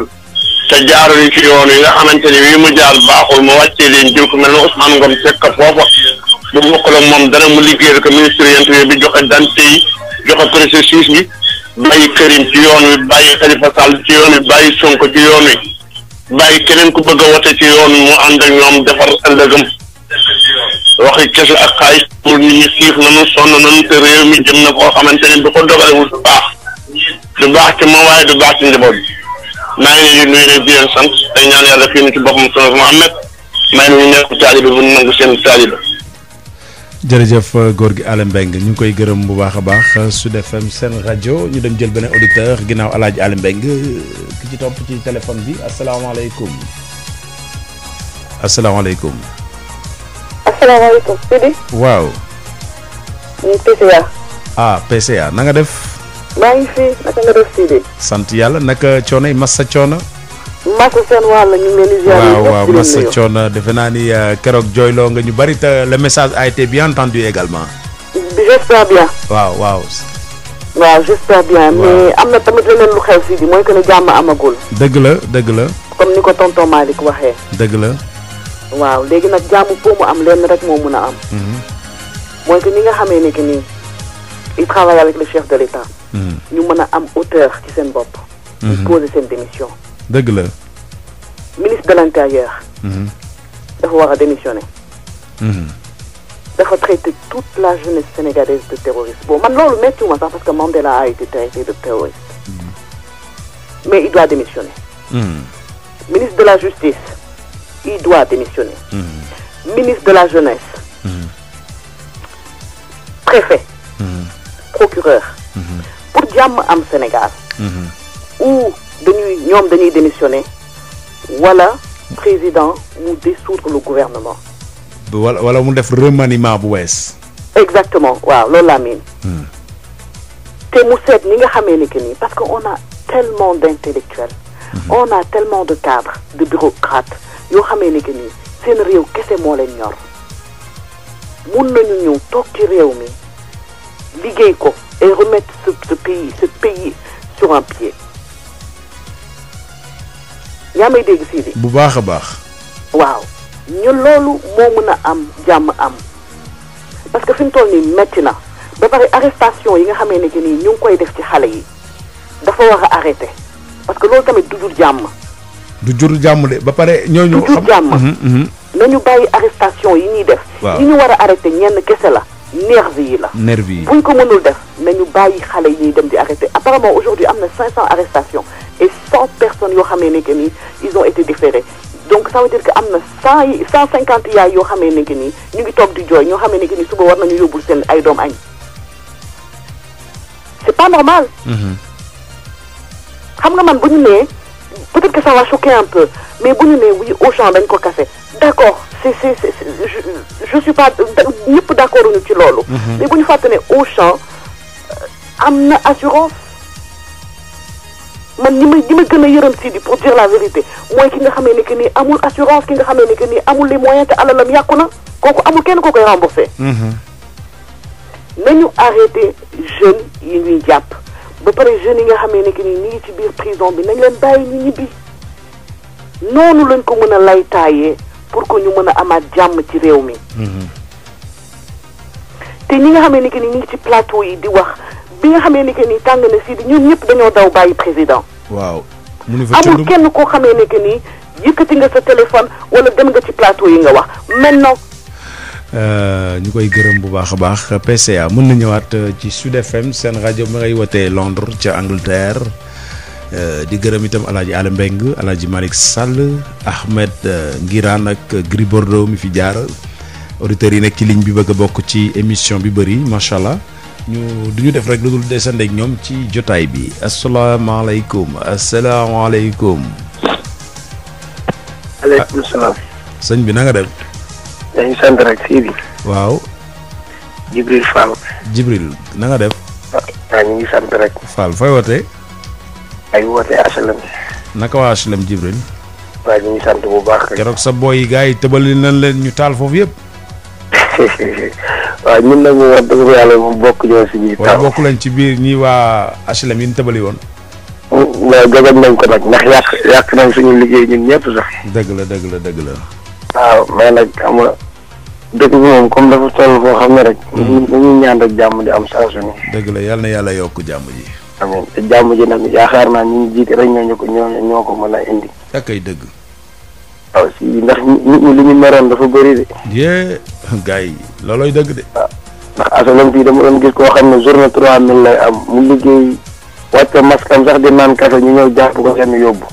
te jaaruñu ci yoon yi nga xamante ni wi mu jaar baaxul mu wàccee leen jël ko mel ne Ousmane Ngom teg ko foofa bu bokkul ak moom dana mu liggéeyal ko ministre de l'intérieur bi joxe dante yi joxe processus bi bàyyi Karim ci yoon wi bàyyi Khalifa Sall ci yoon wi bàyyi Sonko ci yoon wi bàyyi keneen ku bëgg a wote ci yoon mu ànd ak ñoom defar ëllëgam waxi kese ak xaalis pour nit ñi xiif nañu sonn nañu te réew mi jëm na koo xamante ni bu ko dogalewul du baax ci moom waaye du baax ci njaboot bi maa ngi leen di nuyu rek di leen sant ci boppam solo Muhammad maa ngi leen nekk taaliba bu nangu seen taaliba jërëjëf góor gi Alé Mbengue ñu ngi koy gërëm bu baax a baax su FM seen rajo ñu dem jël beneen auditeur ginnaaw El Hadj Alé Mbengue ki ci topp ci téléphone bi asalaamaaleykum asalaamaaleykum. asalaamaaleykum Sidi. waaw. PCA. ah PCA na nga def. maa ngi fi naka nga def Sidi. sant yàlla naka coono yi massa coono. massa seen wàll ñu ngi leen di. ziar waaw waaw massa coono defe naa ni euh, keroog jooyloo nga ñu bari te le message a été bien entendu également. j'espère bien. waaw waaw. waaw j'espère bien. mais am na tamit leneen lu xew Sidi mooy que ne jàmm amagul. dëgg la dëgg la. comme ni ko tonton Malick waxee. dëgg la. waaw léegi nag jàmm pour mu am lenn rek moo mun a am. Mhm. mooy que ñi nga xamee ne que nii il travaille avec le chef de l'État. ñu mën a am hauteur ci seen bopp. ñu mhm. poser seen démission. dëgg la. ministre de l'intérieur. Mhm. dafa war a démissionner. Mhm. dafa traiter toute la jeunesse sénégalaise de terroriste bon man loolu méttiwuma sax parce que Mandela a été traité de terroriste. mais il doit démissionner. ministre de la justice il doit démissionner. ministre de la jeunesse. préfet. procureur. pour jàmm am Sénégal. Mhm. ou dañuy ñoom dañuy démissionner wala président mu dissoudre le gouvernement. wala wala mu def remaniement bu wees. exactement waaw loolu laa miin. Hmm. te mu seet ni nga xamee ni que nii parce que on a tellement d'intellectuels. Mhm. on a tellement de cadres de bureaucrates yoo xamee ni que nii seen réew kese moo leen ñor mun nañu ñëw toog ci réew mi liggéey ko. et remettre ce, ce, pays, ce pays sur un pied. yaa may dégg fii de. bu baax a baax. waaw ñu loolu moo mën a am jàmm am parce que fi mu toll nii metti na ba pare arrestation yi nga xamee ne nii ñu ngi koy def ci xale yi dafa war a arrêté parce que loolu tamit du jur jàmm. du jur jàmm de ba pare ñooñu. du jur jàmm. Mhm, mhm. nañu bàyyi arrestation yi ñuy def. waaw yi ñu war a arrêté ñenn kese la. nervi yi la. nervi yi buñ ko mënul def nañu bàyyi xale yi ñuy dem di arrêté apparemment aujourd'hui am na 500 arrestations et 100 personnes yoo xamee ne ni ils on été déférés donc ça veut dire que am na 100 cent cinquante ya yoo xamee ne que ni ñu ngi toog di jooy ño xamee ne que ni suba war nañu yóbbul seen ay doom añ. c'est pas normal. Mm-hmm. xam nga man bu ñu nee peut-être que ça va un peu mais bu ñu nee oui Auchan dañ ko kase. d'accord c'est c'est je suis pas ñëpp d'accord uñu ci loolu mhm. mais bu ñu fàtte ne Auchan euh, am na assurance man li ma li ma gën a yërëm si di pour dire la vérité mooy ki nga xamee ne que nii amul assurance ki nga xamee ne que nii amul les moyens te alalam yàqu na kooku amul kenn koo koy remboursé mhm. nañu arrêté jeunes yi ñuy jàpp ba pare jeune yi nga xamee ne que nii ñu ngi ci biir prison bi nañ leen bàyyi ñu ñibbi noonu lañ ko mën a lay taayee pour que ñu mën a amaat jàmm ci réew mi. Mhm. te ñi nga xamee ni que ñu ngi ci plateau yi di wax bi nga xamee ni que ni tàng na si ñun ñëpp dañoo daw bàyyi président. waaw amul kenn koo xamee ni que ni yëkkati nga sa téléphone wala dem nga ci plateau yi nga wax maintenant. Euh, ñu koy gërëm bu baax a baax PCA mën na ñëwaat euh, ci Sud FM seen rajo mi ngay wootee Londres ca Angleterre. Euh, di gërëm itam alaaji Ala Mbeng alaaji Malick Sall Ahmed euh, Ngiraan ak Gris mi fi jaar auditeurs yi nekk ci ligne bi bëgg a bokk ci émission bi bëri macha allah ñu du ñu def rek lu dul desande ñoom ci jotaay bi asalaamaaleykum asalaamaaleykum. aleykum salaam. Ah, sëñ bi na nga def. dañu sant rek sii bi. waaw. Jibril Fall. Jibril na nga def. Ah, waaw ñu ngi sant rek. Fall fooy wootee. ay woote HLM. naka waa HLM Jibril. ñu ngi sant bu baax. keroog sa booy yi gars yi tëbali nañ leen ñu taal foofu yëpp. [LAUGHS] waaw ñun nag moom wax dëgg yàlla moom bokk ñoo si biir. taw bokk lañ ci biir ñi waa HLM yi ñu tëbali woon. waaw jogoon yàq yàq nañ suñu liggéey ñun ñëpp sax. dëgg la dëgg la dëgg la. waaw mais nag xam nga dëkk moom comme dafa toll foo xam ne rek. ñu mm. ñu ñaan rek jàmm di am saa su ne. dëgg la yal yàlla yokk jàmm ji. amiin te jàmm ji nag yaakaar naa ñu ngi jiite rek ñoo ko ñoo ñoo ko mën a indi. ak ay dëgg. ndax nit ñi li ñu meroon dafa bëri de. yee loolooy dëgg de. waaw ndax asalam fii dama doon gis koo xam ne journée trois mille lay am mu liggéey wàcce maskam sax di naan kafe ñu ñëw jàpp ko seen yóbbu.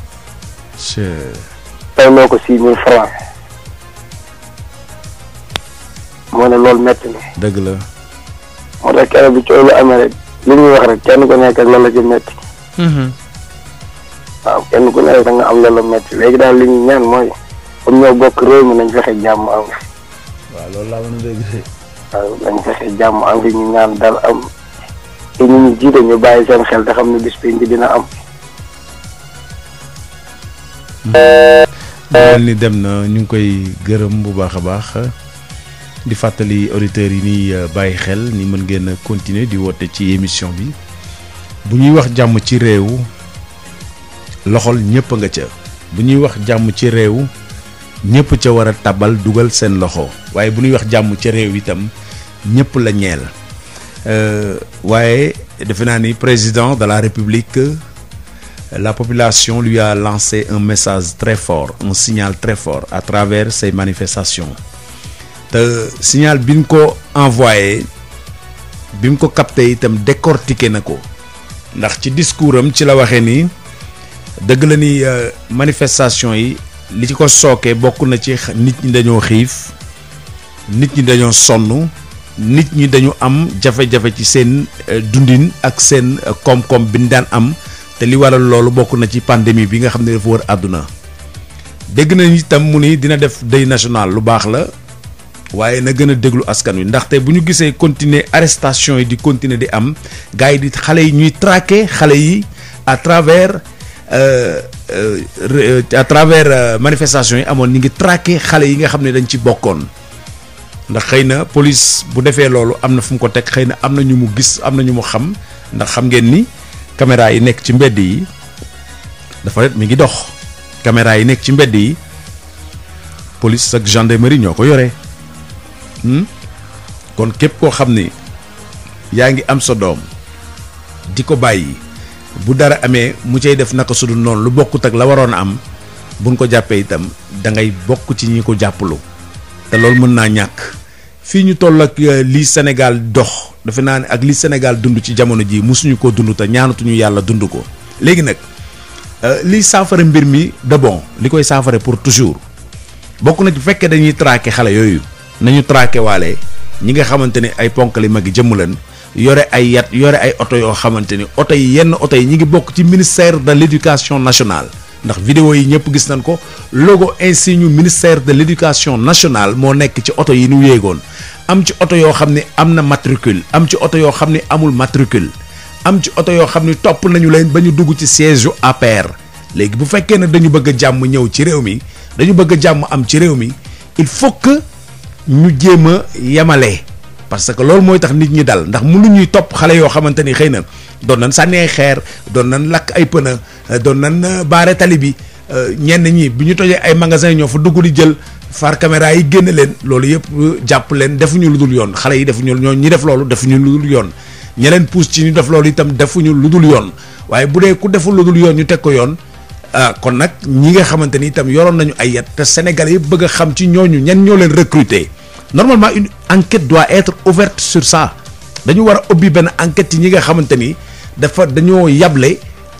moo ne loolu métti na. dëgg la. moo tax keroog bi coow lu amee rek. li ñuy wax rek kenn ku nekk ak la la ci metti mhm. waaw kenn ku nekk da nga am la metti léegi daal li ñu ñaan mooy comme ñoo bokk réew mi nañ fexe jàmm am waaw loolu laa mën a dégg. jàmm am fi ñu ñaan dal am te ñu ñu jiite ñu bàyyi seen xel te xam ne bis bi dina am. Mhm. Euh, mel euh. ni dem na ñu ngi koy gërëm bu baax a baax. di fàttali auditeurs yi ni euh, bàyyi xel ni mën ngeen a continuer di woote ci émission bi bu ñuy wax jàmm ci réew loxol ñëpp nga ca bu ñuy wax jàmm ci réew ñëpp ca war a tabal dugal seen loxo waaye bu ñuy wax jàmm ci réew itam ñëpp la ñeel euh, waaye defe naa ni président de la république la population luy a lancé un message très fort un signal très fort à travers ces manifestations te signal bi ñu ko envoyé bi mu ko capté itam décortiqué na ko ndax ci discours am ci la waxee ni dëgg la ni euh, manifestation yi li ci ko sookee bokk na ci nit ñi dañoo xiif nit ñi dañoo sonn nit ñi dañu am jafe-jafe ci seen euh, dundin ak seen euh, koom-koom bi ñu daan am te li waral loolu bokk na ci pandémie bi nga xam ne dafa wër àdduna dégg nañ itam mu ni dina def deuil national lu baax la waaye na gën a déglu askan wi ndaxte bu ñu gisee continuer arrestation yi di continuer di am gars yi di xale yi ñuy traquer xale yi à travers euh, euh à travers euh, manifestation yi amoon ñu ngi traquer xale yi nga xam ne dañ ci bokkoon ndax xëy na police bu defee loolu am na fu mu ko teg xëy na am na ñu mu gis am na ñu mu xam ndax xam ngeen ni caméra yi nekk ci mbedd yi dafa mi ngi dox caméra yi nekk ci mbedd yi police ak gendarmerie ñoo ko yore. Hmm? kon képp koo xam ni yaa ngi am sa doom di ko bàyyi bu dara amee mu cay def naka sudul noonu lu bokkut ak la waroon a am buñ ko jàppee itam da ngay bokk ci ñi ko jàppalu te loolu mën naa ñàkk fii ñu toll ak euh, lii Sénégal dox defe naa ne ak li Sénégal dund ci jamono jii mosuñu ko dund te ñaanatuñu yàlla dund ko léegi nag euh, liy saafara mbir mi de bon li koy saafara pour toujours bokk na ci fekkee dañuy traqué xale yooyu nañu traqué waale ñi nga xamante ni ay ponkali mag yi jëmm leen yore ay yat yore ay oto yoo xamante ni oto yi yenn oto yi ñu ngi bokk ci ministère de l' nationale ndax vidéo yi ñëpp gis nañ ko logo insigne ministère de l' nationale moo nekk ci oto yi nu yéegoon am ci oto yoo xam ni am na matricule am ci oto yoo xam ni amul matricule am ci oto yoo xam ni topp nañu leen ba ñu dugg ci siège yu APR léegi bu fekkee ne dañu bëgg a jàmm ñëw ci réew mi dañu bëgg a jàmm am ci réew mi il faut ñu jéem a yemale parce que loolu mooy tax nit ñi dal ndax mënu ñuy topp xale yoo xamante ni xëy na doon nañ sànni ay xeer doon nañ lakk ay pëna doon nañ baare tali bi euh, ñenn ñi bi ñu tojee ay magasin ñoo fa dugg di jël far caméra yi génn leen loolu yëpp euh, jàpp leen defuñu lu dul yoon xale yi defuñu ñoo ñi def loolu defuñu lu dul yoon ñi leen pousse ci ñu def loolu itam defuñu lu dul yoon waaye bu dee ku deful lu dul yoon ñu teg ko yoon ah, kon nag ñi nga xamante ni itam yoroon nañu ay yat te Sénégal yëpp bëgg a xam ci ñooñu ñan ñoo leen recruter. normalement une enquête doit être ouverte sur ça dañu war a ubbi benn enquête yi ñi nga xamante ni dafa dañoo yable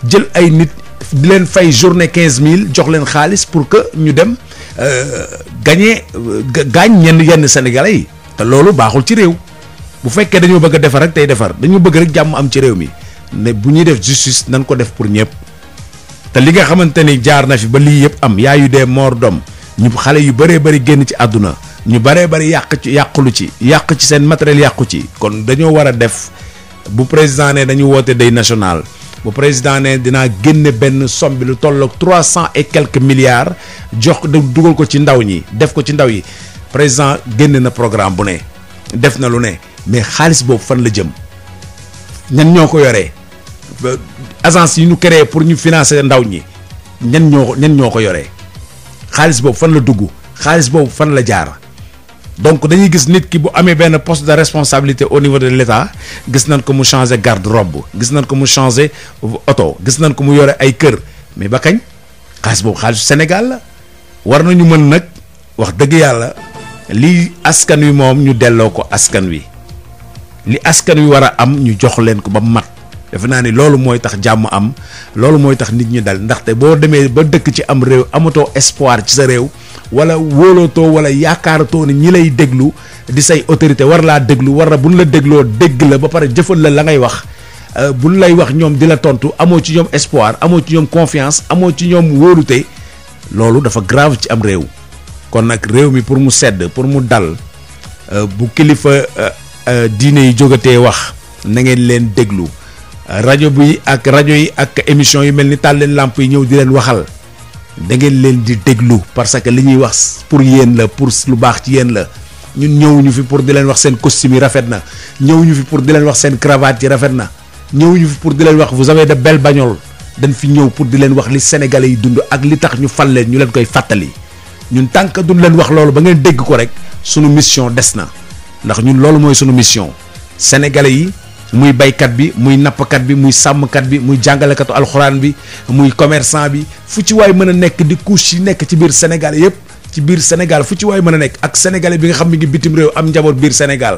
jël ay nit di leen fay journée quinze mille jox leen xaalis pour que ñu dem euh, gagner euh, gaañ ñenn yenn sénégalais yi te loolu baaxul ci réew bu fekkee dañoo bëgg a defar rek tey defar dañoo bëgg rek jàmm am ci réew mi ne bu ñuy def justice nan ko def pour ñëpp te li nga xamante ni jaar na fi ba lii yëpp am yaayu dee mort dom ñu xale yu bëree bëri génn ci àdduna ñu baree bari yàq ci yàqulu ci yàq ci seen matériel yàqu ci kon dañoo war a def bu président ne dañu woote day national bu président ne dinaa génne benn somme bi lu tolloog trois cent et quelques milliards jox dugal ko ci ndaw ñi def ko ci ndaw yi président génne na programme bu ne def na lu ne mais xaalis boobu fan la jëm ñan ñoo ko yoree agence yi ñu créé pour ñu financer ndaw ñi ñan ñoo ñan ñoo ko yoree xaalis boobu fan la dugg xaalis boobu fan la jaar donc dañuy gis nit ki bu amee benn poste de responsabilité au niveau de l'État gis nañ ko mu changer garde robb gis nañ ko mu changer oto gis nañ ko mu yore ay kër mais ba kañ xaalis boobu xaalis senegal la war nañu mën nag wax dëgg yàlla li askan wi moom ñu delloo ko askan wi li askan wi war a am ñu jox leen ko ba mat defe naa ni loolu mooy tax jàmm am loolu mooy tax nit ñi dal ndaxte boo demee ba dëkk ci am réew amatoo espoir ci sa réew wala wóolootoo wala yaakaaratoo ni ñi lay déglu di say autorité war laa déglu war na bu la dégloo dégg la ba pare jëfal la la ngay wax euh, bu ñu lay wax ñoom di la tontu amoo ci ñoom espoir amoo ci ñoom confiance amoo ci ñoom wóolute loolu dafa grave ci am réew kon nag réew mi pour mu sedd pour mu dal euh, bu kilifa euh, diine yi jógatee wax na ngeen leen déglu. rajo bi ak rajo yi ak émission yi mel ni tàl leen làmp yi ñëw di leen waxal da ngeen leen di déglu parce que li ñuy wax pour yéen la pour lu baax ci la ñun ñëwuñu fi pour di leen wax seen costume rafet na ñëwuñu fi pour di wax seen cravate yi rafet na ñëwuñu fi pour di wax vous avez de belles bagnoles dañ fi ñëw pour di leen wax li sénégalais yi dund ak li tax ñu fal leen ñu leen koy fàttali ñun tant que duñ leen wax loolu ba ngeen dégg ko rek sunu mission des na ndax ñun loolu mooy sunu mission sénégalais yi muy baykat bi muy nappkat bi muy sàmmkat bi muy jàngalekatu alxuraan bi muy commerçant bi fu ci waay mën a nekk di couche yi nekk ci biir Sénégal yëpp ci biir Sénégal fu ci waay mën a nekk ak sénégalais bi nga xam mi ngi bitim réew am njaboot biir Sénégal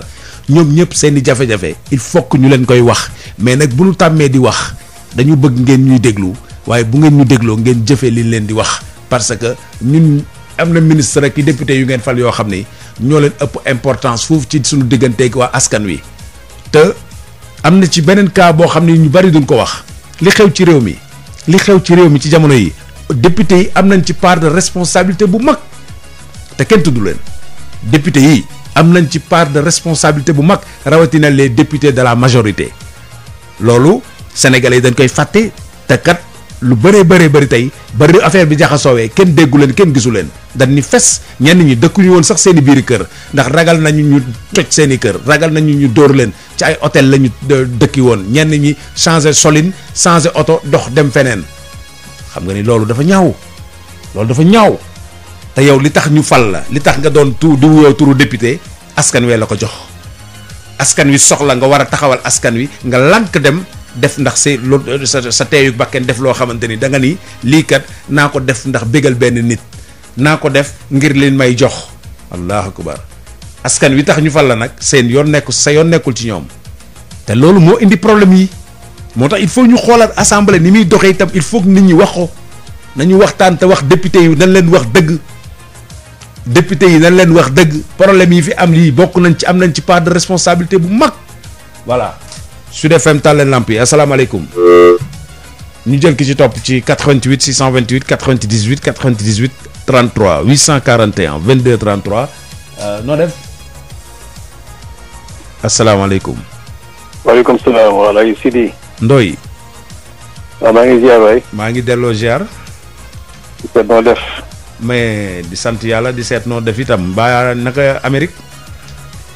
ñoom ñëpp seen i jafe-jafe il faut que ñu leen koy wax mais nag bu ñu tàmmee di wax dañu bëgg ngeen ñuy déglu waaye bu ngeen ñu dégloo ngeen jëfee li leen di wax parce que ñun am na ministre ak i député yu ngeen fal yoo xam ni ñoo leen ëpp importance foofu ci suñu digganteeg waa askan wi am na ci beneen kaa boo xam ne ñu bari duñ ko wax li xew ci réew mi li xew ci réew mi ci jamono yi député yi am nañ ci part de responsabilité bu mag te kenn tudd leen député yi am nañ ci part de responsabilité bu mag rawatina les députés de la majorité loolu sénégalais yi dañ koy fàtte te lu bëree bëree bëri tey bari affaire bi jaxasoowee kenn déggu leen kenn gisu leen dañ ni fes ñenn ñi dëkkuñu woon sax seeni i biiri kër ndax ragal nañu ñu toj seen i kër ragal nañu ñu dóor leen ci ay hôtel la ñu dëkki woon ñenn ñi changé solin changé oto dox dem feneen xam nga ni loolu dafa ñaaw loolu dafa ñaaw te yow li tax ñu fal la li tax nga doon tu di wuyoo turu député askan wee la ko jox askan wi soxla nga war a taxawal askan wi nga lànk dem def ndax sa loolu sa sa teeyu bakken def loo xamante ni danga nga ni lii kat naa ko def ndax bégal benn nit naa ko def ngir leen may jox allahu akbar askan wi tax ñu fal la nag seen yoon nekkul sa yoon nekkul ci ñoom te loolu moo indi problème yi moo tax il faut ñu xoolal assemblée ni muy doxee itam il faut nit ñi wax ko nañu waxtaan te wax député yi nañ leen wax dëgg député yi nañ leen wax dëgg problème yi fi am lii bokk nañ ci am nañ ci part de responsabilité bu mag voilà Sud FM tale leen lamp yi asalaamaaleykum. ñu jël ki ci topp ci 88 628 98 98 33 841 22 33 noo def. asalaamaaleykum. waaleykum salaam wa rahmatulah Sidi. Ndoye. waaw ah, maa ngi ziar waay. maa ngi delloo ziar. di seet noo mais di sant yàlla di seet noo def itam mbaa naka Amérique.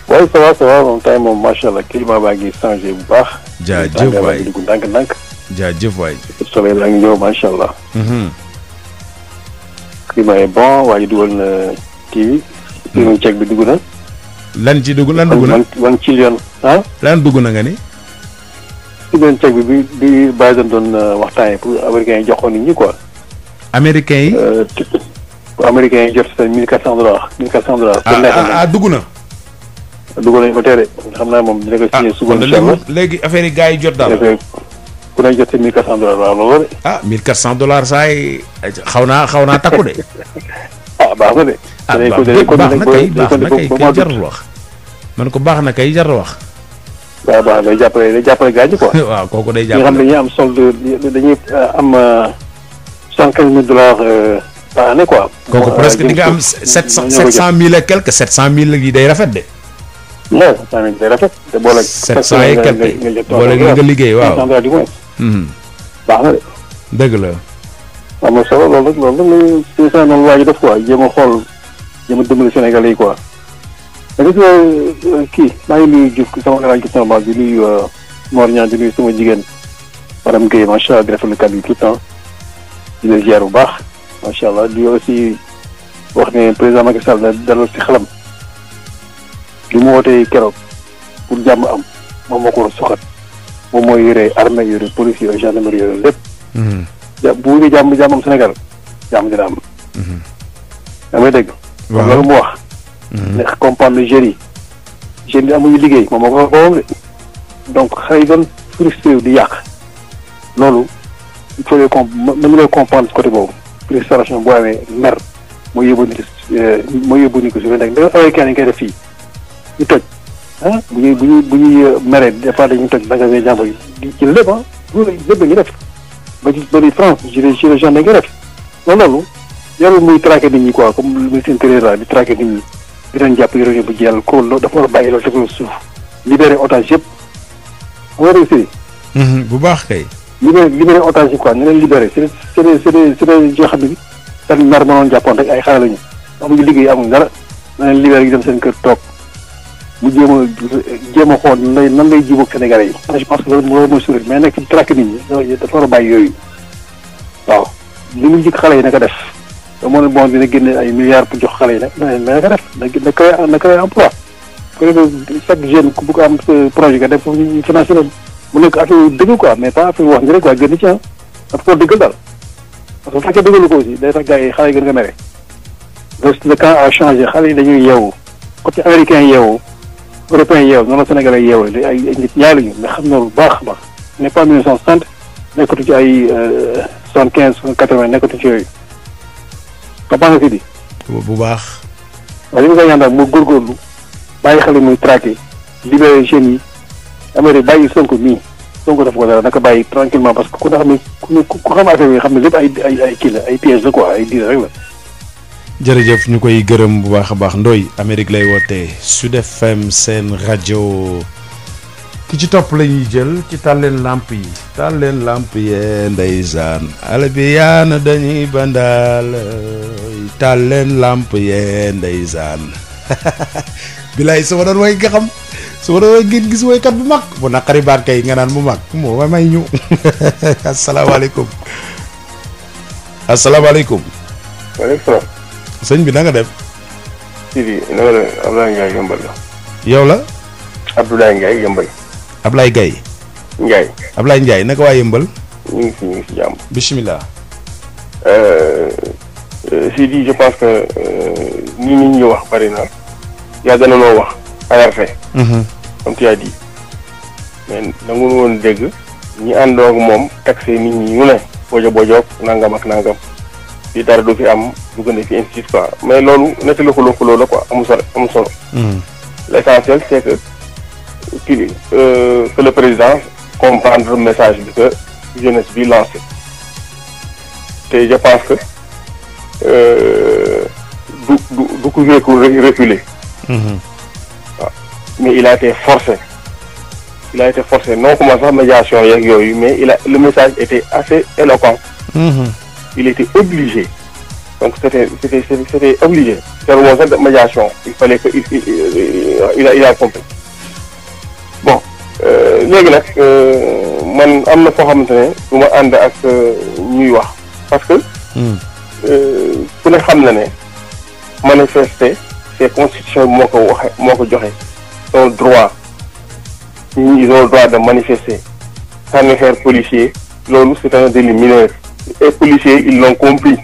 waaye ça va moom tey moom macha allah climat baa ngi changé bu baax. jaajëf waay dugg ndànk-ndànk. jaajëf waay. soleil laa ngi ñëw macha allah. Mhm. climat est bon waaye dugal na kii bi. suñu hmm. bi dugg na. lan ci dugg lan dugg na man ci yoon dugg na nga ni. ci benn bi bi bi Biden doon euh, waxtaanee pour américains yi joxoon nit ñi quoi. américains yi. Euh, américains yi jot seen mille quatre cent dollars mille quatre cent dollars. Ah, ah ah dugg na. dugal nañu ko teere xam naa moom dina ko ah, signé léegi affaire yi gars yi jot daal ku ne jot ci 1400 dollars waaw loolu de. ah 1400 dollars saa yi xaw naa xaw naa takku de. [LAUGHS] ah baax na de. ah baax na kay baax na kay kay jarul wax. man ko baax na kay jar wax. waaw baax day jàppale day jàppale gaañu quoi. [LAUGHS] waaw kooku day jàppale nga xam ne dañuy am solde euh, am euh, cent quinze mille dollars euh, par année quoi. kooku presque di nga am sept cent mille et quelque sept cent mille yi day rafet de. loolu cent mille day rafet. te boole. sept cent et quelques liggéey waaw baax na de. dëgg la. am na solo loolu nag la nag la noonu waa ji def quoi jéem a xool jéem a dimbali Sénégalais yi quoi. kii maa ngi nuyu Diouf sama grand gis naa di nuyu Mor Niang di nuyu jigéen madame Guèye macha allah di rafetlu kàddu yi tout le temps di bu baax macha allah di aussi wax ne président Macky Sall si xelam. li mu wootee keroog pour jàmm am moom moo ko war moom mooy yëre armée yore police yore gendarmerie yore lépp. Mhm. ja bu wutee jàmm jàmm am Sénégal jàmm dina am. Mhm. yaa ngi dégg. waaw loolu mu wax. Mhm. ne comprendre le jeunes yi jeunes yi amuñu liggéey moom moo ko donc xale yi doon di yàq loolu il faut les comp nañu lay comprendre côté boobu frustration boo amee mer mooy yóbbu nit euh, mooy yóbbu nit ko su fekkee ne américain yi ñu koy def fii. ñu toj ah bu ñuy bu ñuy bu ñu euh, meree des fois dañuy toj magasin jàmbur yi ci lépp ah lépp la ñu def ba ci ba ci France gilets gilets jaunes dañu koy def loolu loolu yorul muy traqué nit ñi quoi comme ministre intérieur la di traqué nit ñi di leen jàpp yore bu jël ko loolu dafa war a bàyyi loolu te ko suuf libéré otage yëpp xam nga réussir. bu baax kay. libéré libéré otage yi quoi ñu leen libéré c'est c'est c'est c'est yoo xam ne bi seen nar ma doon jàppoon rek ay xale la ñu amuñu liggéey amuñu dara na leen libéré ñu dem seen kër toog. mu jéem a jéem a xool nan lay nan lay jubóog Sénégalais yi. je pense que loolu mooy suuf mais nekk di li mu jik xale yi na def te moon ne bon dina génne ay milliards pour jox xale yi nag mais na ko def na créé na créé emploi. bu chaque jeune ku bëgg am projet nga def foofu mu nekk affaire yu dëgg quoi mais pas affaire wax nga rek waa gën ci ah dafa dëggal daal parce que bu fekkee dëggalu ko aussi day tax yi xale yi gën nga mere. le le camp a changé xale yi dañuy yeewu côté américain yeewu. européens yeew noonu la Sénégalais yeewee li ay nit ñaay lañu nga xam na lu baax a baax nekkoon 1960 nekkatu ci ay 75 euh, 80 nekkatu ci yooyu comprendre nga fi di. bu baax. waaw li ma koy ñaan daal mu góorgóorlu bàyyi xale muy traqué libéré jeunes yi Amérique bàyyi Sonko mii Sonko def ko dara naka bàyyi tranquillement parce que ku nga xam ne xam affaire yi xam ne lépp ay ay ay kii la ay piège ay diir rek la. jërëjëf ñu koy gërëm bu baax a baax Ndoye Amérique lay wootee Sud FM seen rajo ki ci topp la jël ci taal leen làmp yi taal leen làmp yee ndeysaan ale bi yaana dañuy bandaal taal leen làmp yee ndeysaan [LAUGHS] bilaay su ma doon way nga xam su doon way ngeen gis woykat bu mag bu naqari baat kay nga naan bu mag moo ma may ñu [LAUGHS] asalaamaaleykum asalaamaaleykum waaleykum salaam sëñ bi na nga def. Sidi na nga def Abdoulaye Ndiaye Yëmbal la. yow la. Abdoulaye Ndiaye Yëmbal. Abdoulaye Gaye. Ndiaye. Abdoulaye Ndiaye naka waa Yëmbal. ñu ngi fi ñu ngi si jàmm. bisimilah. Euh, euh, Sidi je pense que euh, ni nit ñi wax bari na yàgg na noo wax ART. Mhm. comme tu as mais nangu woon dégg ñi àndoo ak moom taxé nit ñi ñu ne bojo bojo nangam ak nangam. fii dara du fi am dugg na fi ainsi quoi mais loolu nekk lu xuloo xuloo la quoi amul solo amul hmm. que euh, que le président comprendre message bi que jeunesse bi lancé te je pense que euh, du du du ko reculer. Hmm. mais il a été forcé. il a été forcé non comment sax médiation yeeg yooyu mais il a le message était assez éloquent. Hmm. il était obligé donc c'était c'était c'était obligé jarul woon sax de médiation il fallait il a il a compris bon euh, léegi nag euh, man am na foo xamante ne du ma ànd ak muy euh, wax parce que hmm. ku ne xam na ne manifester c'est constitution bi moo ko waxe moo ko joxe son droit ils ont le droit de manifester sànni xeer policier loolu c'est un délit mineur les policiers ils l'ont compris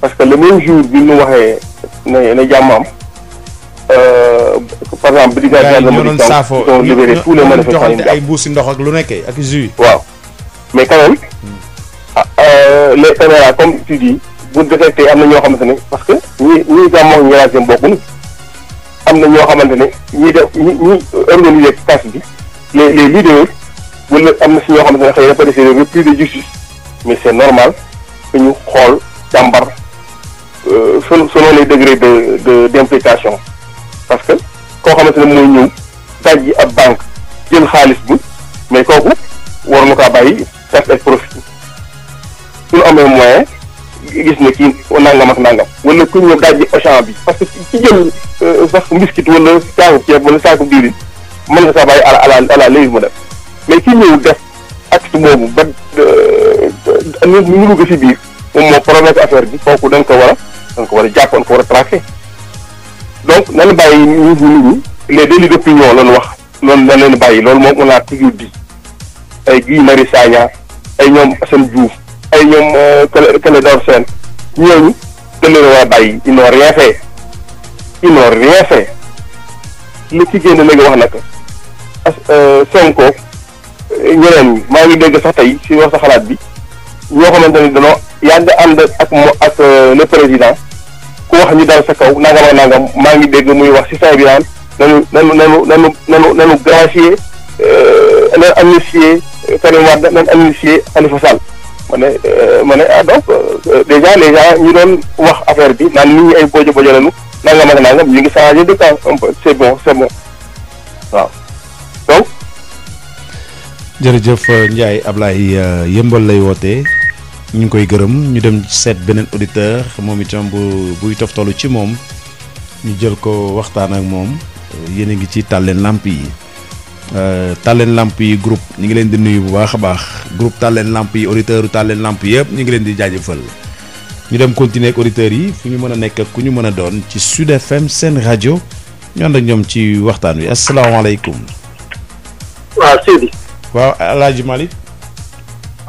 parce que le même jour bi ñu waxee na na jàmm am euh, par exemple brigade gendarmerie Samb ils ont libéré tous ay buusi ndox ak lu nekkee ak jus waaw mais quand même hmm. ah, euh, les comme tu dis bu détecté am na ñoo xamante ne parce que ñi ñi gàmmoo ñu laaj seen bokkuñu am na ñoo xamante ne ñi de ñi ñi organiser casse bi les les leaders wala am na si ñoo xamante ne xëy na peut de justice mais c'est normal que ñu xool càmbar euh, selon selon les degrés de de d'implication parce que koo xamante ne mooy ñëw daj ji ab banque jël xaalis bi mais kooku war nu kaa bàyyi perte ak profit suñu amee moyen gis ne kii nangam ak nangam wala ku ñëw daj ji bi parce que ci jël euh, sax mbiskit wala saaku ceeb wala saaku diwlin mën nga saa bàyyi ala ala ala def mais ki ñëw def acte boobu euh, ñu ñu dugg si biir moom moo promettre affaire bi kooku da nga ko war a da nga ko war a jàpp da nga ko war a traqué donc nan bàyyi ñu ñu les délits d'opinion lañu wax loolu nan leen bàyyi loolu moom on a toujours dit ay Guy Marius Sagna ay ñoom Assane Diouf ay ñoom Clédor euh, Sène ñooñu dañ leen war a bàyyi ils n'ont rien fait ils n'ont rien fait li ci génn léegi wax nag as euh, Sonko ñeneen ñi maa ngi dégg sax tey si wax sa xalaat bi. yoo xamante ni danoo yàgg ànd ak mo ak euh, le président ku wax ñu dal sa kaw nangam ak nangam maa ngi dégg muy wax si saa bi naan nanu nanu nanu nanu nanu nanu gracier euh, nanu amnistier Karim Wade nanu amnistier Khalifa Sall ma ne euh, ma ne ah donc déjà les gens ñu doon wax affaire bi naan nit ñi ay bojo bojo lañu nangam ak nangam ñu ngi changé de camp un peu c'est bon c'est bon waaw donc. jërëjëf Ndiaye Ablaye yëmbal lay wootee. ñu ngi koy gërëm ñu dem seet beneen auditeur moom itam bu buy tollu ci moom ñu jël ko waxtaan ak moom euh, yéen a ngi ci tàlleen làmp yi euh, tàlleen làmp yi group ñu ngi leen di nuyu bu baax a baax group tàlleen làmp yi auditeur tàlleen làmp yëpp ñu ngi leen di jaajëfal ñu dem continuer ak auditeurs yi fu ñu mën a nekk ku ñu mën a doon ci Sud FM seen rajo ñu ànd ak ñoom ci waxtaan wi asalaamaaleykum. waaw Sidi. waaw El Hadj Malick.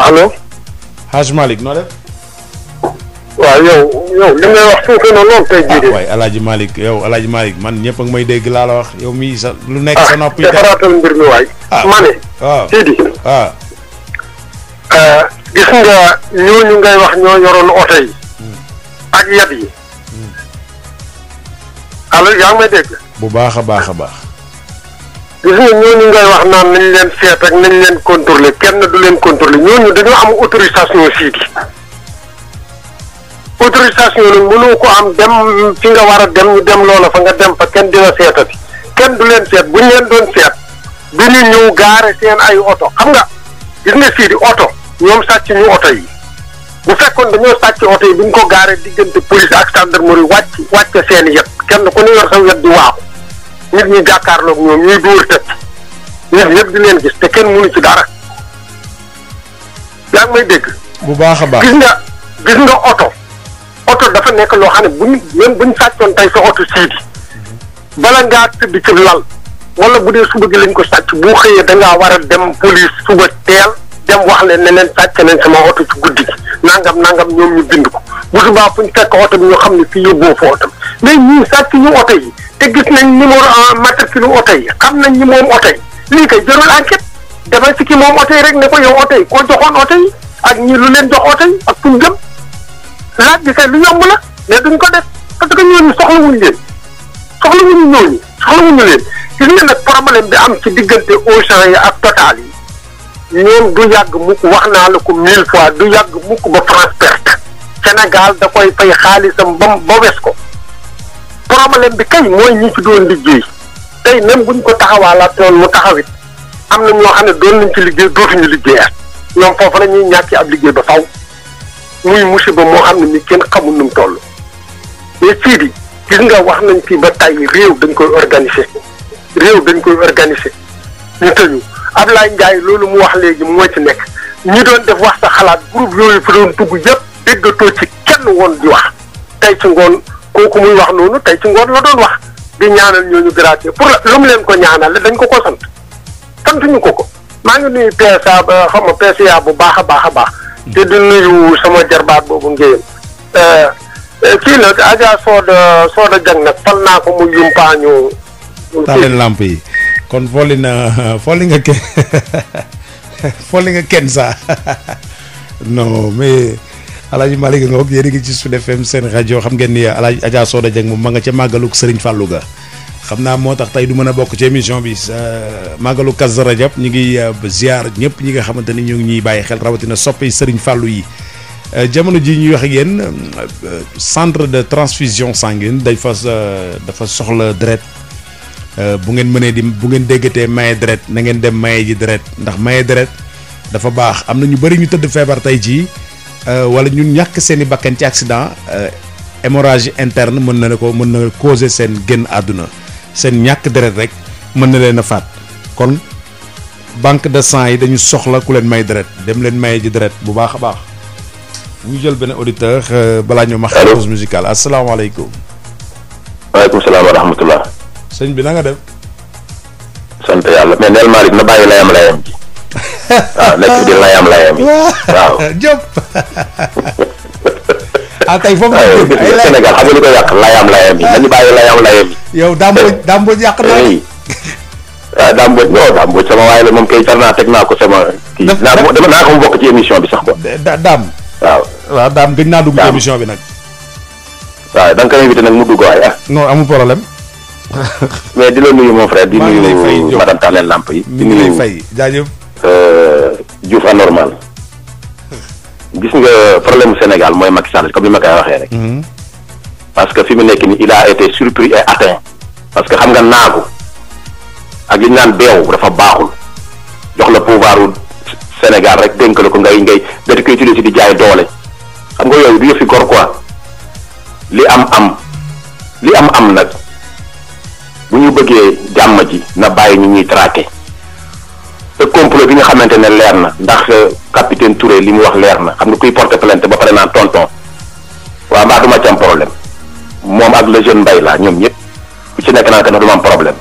allo. Haj malik noo def. waaw yow yow li ngay wax suufe na lool tey jii de. Ah, waay El yow El Hadj man ñëpp a may dégg laa la wax yow mii sa lu nekk sa ah, noppi ah defaraatal mbir mi waay. ah ma ne. waaw ah. gis nga ñooñu ngay wax ñoo yoroon oto yi. Hmm. ak yat yi. Hmm. allo yaa may dégg. bu baax a baax a baax. gis nga ñooñu ngay wax naan nañ leen seet ak nañ leen contrôler kenn du leen contrôler ñooñu dañoo am autorisation sii bi autorisation nag mënoo ko am dem fi nga war a dem ñu dem loola fa nga dem fa kenn dina seetati kenn du leen seet bu ñu leen doon seet du ñu ñëw gaare seen ay oto xam nga gis nga sii di oto ñoom sàcc ñu oto yi bu fekkoon dañoo sàcc oto yi bu ñu ko gaaree diggante police ak gendarmerie wàcc wàcc seen yet kenn ku ne yor sa yet di waaxu nit ñi jàkkaarloog ñoom ñuy dóor tëb ñax yëpp di leen gis te kenn mënu ci dara yaa ngi may dégg. bu baax a baax gis nga gis nga oto. oto dafa nekk loo xam ne bu ñu même bu tey sa oto siidi bala ngaa tëdd ci lal wala bu dee suba gi lañ ko sàcc boo xëyee da ngaa war dem police suba teel dem wax leen leen sàcc nañ sama oto ci guddi gi nangam nangam ñoom ko bu subaa ñu fekk oto bi xam ne fii yóbboo fa oto bi mais sàcc ñu oto yi te gis nañ numéro matricule kilo yi xam nañ ñi moom oto yi lii kay jarul enquête dafa si ki moom oto rek ne ko yow oto koo joxoon oto ak ñi lu leen jox oto ak fu ñu jëm laaj bi kay lu yomb la mais duñ ko def parce que ñooñu soxlawuñ leen soxlawuñu ñooñu soxlawuñu leen gis nga nag problème bi am ci diggante Auchan yi ak Total yi. ñoom du yàgg mukk wax naa la ko mille fois du yàgg mukk ba France perte Sénégal da koy fay xaalisam ba ba wes ko problème bi kay mooy ñi ci doon liggéey tey même buñ ko taxawaa taxawaalaat noonu mu taxawit am na ñoo xam ne doon nañ ci liggéey dootuñu liggéeyaat ñoom foofu la ñuy ñàkk ab liggéey ba faw muy musiba moo xam ne ni kenn xamul nu toll mais fii di gis nga wax nañ fii ba tey réew dañ koy organiser réew dañ koy organiser ñu tëju lay Ndiaye loolu mu wax léegi moo ci nekk ñi doon def wax sa xalaat groupe yooyu fi doon dugg yëpp déggatoo ci kenn woon di wax tey ci ngoon kooku muy wax noonu tey ci ngoon la doon wax di ñaanal ñooñu gracier pour lu mu leen ko ñaanal dañ ko ko sant santuñu ko ko maa ngi nuyu PSA ba xam nga PSA bu baax a baax a baax te di nuyu sama jarbaat boobu ngéyam euh, kii nag Adja Soda Soda Dieng nag fal naa ko mu yumpaañu taaleen làmp yi kon folli na [LAUGHS] [LAUGHS] folli nga kenn folli nga kenn saa non mais alaaji Malick nga yéen a ngi ci Sud FM seen rajo xam ngeen ni alaaji Adja Soda Dieng moom ma nga ca màggalug Serigne Fallou ga xam naa moo tax tey du mën a bokk ci émission bi euh, màggalu Kazu Rajab ñu ngi euh, ziar ñëpp ñi nga xamante ni ñu ngi ñuy bàyyi xel rawatina soppi Serigne Fallou yi euh, jamono ji ñuy waxee ak centre de transfusion sanguine dañ fa dafa soxla deret bu ngeen mënee di bu ngeen déggatee maye deret na ngeen dem maye ji deret ndax maye deret dafa baax am na ñu bëri ñu tëdd feebar tey jii Euh, wala ñun ñàkk seen i bakkan ci accident euh, hémorragie interne mën na ne ko mën na causer seen génn àdduna seen ñàkk deret rek mën na leen a faat kon banque de sang yi dañu soxla ku leen may deret dem leen maye ji deret bu baax a baax ñu jël benn auditeur euh, balaa ñoo max pause musicale asalaamaaleykum waaleykum salaam wa rahmatullah bi nanga nga def sant yàlla mais neel Malick na bàyyi layam layam ji waaw ah, nekk di layam layam yi [LAUGHS] waaw Diop. ah tey foofu la ñu ah, ay Sénégal xam nga lu ko yàq layam layam yi nañu bàyyi layam layam yi. yow Damboj eh. Damboj yàq naa la. Eh. Ah, sama waay la moom kay jar naa teg naa ko sama. kii naa ko naa ko mu bokk ci émission bi sax quoi. Dame. waaw waaw Dame gëj naa dugg ci émission bi nag. waaw da nga koy invité nag mu dugg waay ah. non amul problème. [LAUGHS] mais di la nuyu mon frère di nuyu. maa ngi Lamp yi. di nuyu fay jaajëf. Euh, Diouf anormal gis nga problème Sénégal mooy Macky Sall comme ni ma koy waxee rek. Mhm. parce que fi mu nekk nii il a été surpris et parce que xam nga naagu ak li ñu naan beew dafa baaxul jox la pouvoiru Sénégal rek dénk la ko ngay ngay da koy utiliser di jaay doole xam nga yooyu du yëfi gor quoi li am am li am am nag bu ñu bëggee jàmm ji na bàyyi ñu ñuy traqué. te complot bi nga xamante ne leer na ndax capitaine Touré li mu wax leer na xam nga kuy porter plainte ba pare naan tonton waaw waa duma ci am problème moom ak le jeune Mbaye laa ñoom ñëpp ku ci nekk naan ko du ma am problème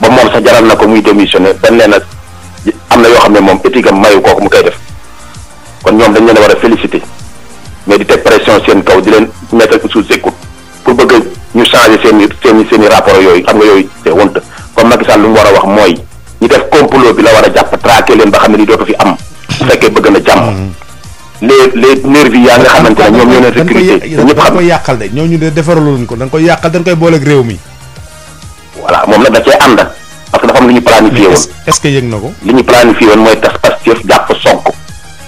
ba moom sax jaral na ko muy démissionné ba nee na am na yoo xam ne moom éthique am mayu kooku mu koy def kon ñoom dañ leen war a féliciter mais di teg pression seen kaw di leen mettre sous écoute pour bëgg ñu changer seen i seen i yooyu xam nga yooyu c'est honte comme Macky lu mu war a wax mooy. ñu def complot bi la war a jàpp traqué leen ba xam ne ni dootu fi am. Mm-hmm. su fekkee bëgg na jàmm. Mm-hmm. les les nervis yaa nga xamante ne ñoom ñoo leen sécurité ñëpp xam koy yàqal de ñooñu de defaraloon ko dañ koy yàqal dañ koy booleeg réew mi. voilà moom nag da cee ànd parce lu ñu planifié woon. yëg na ko. li ñu planifié woon mooy tas Pastef jàpp Sonko.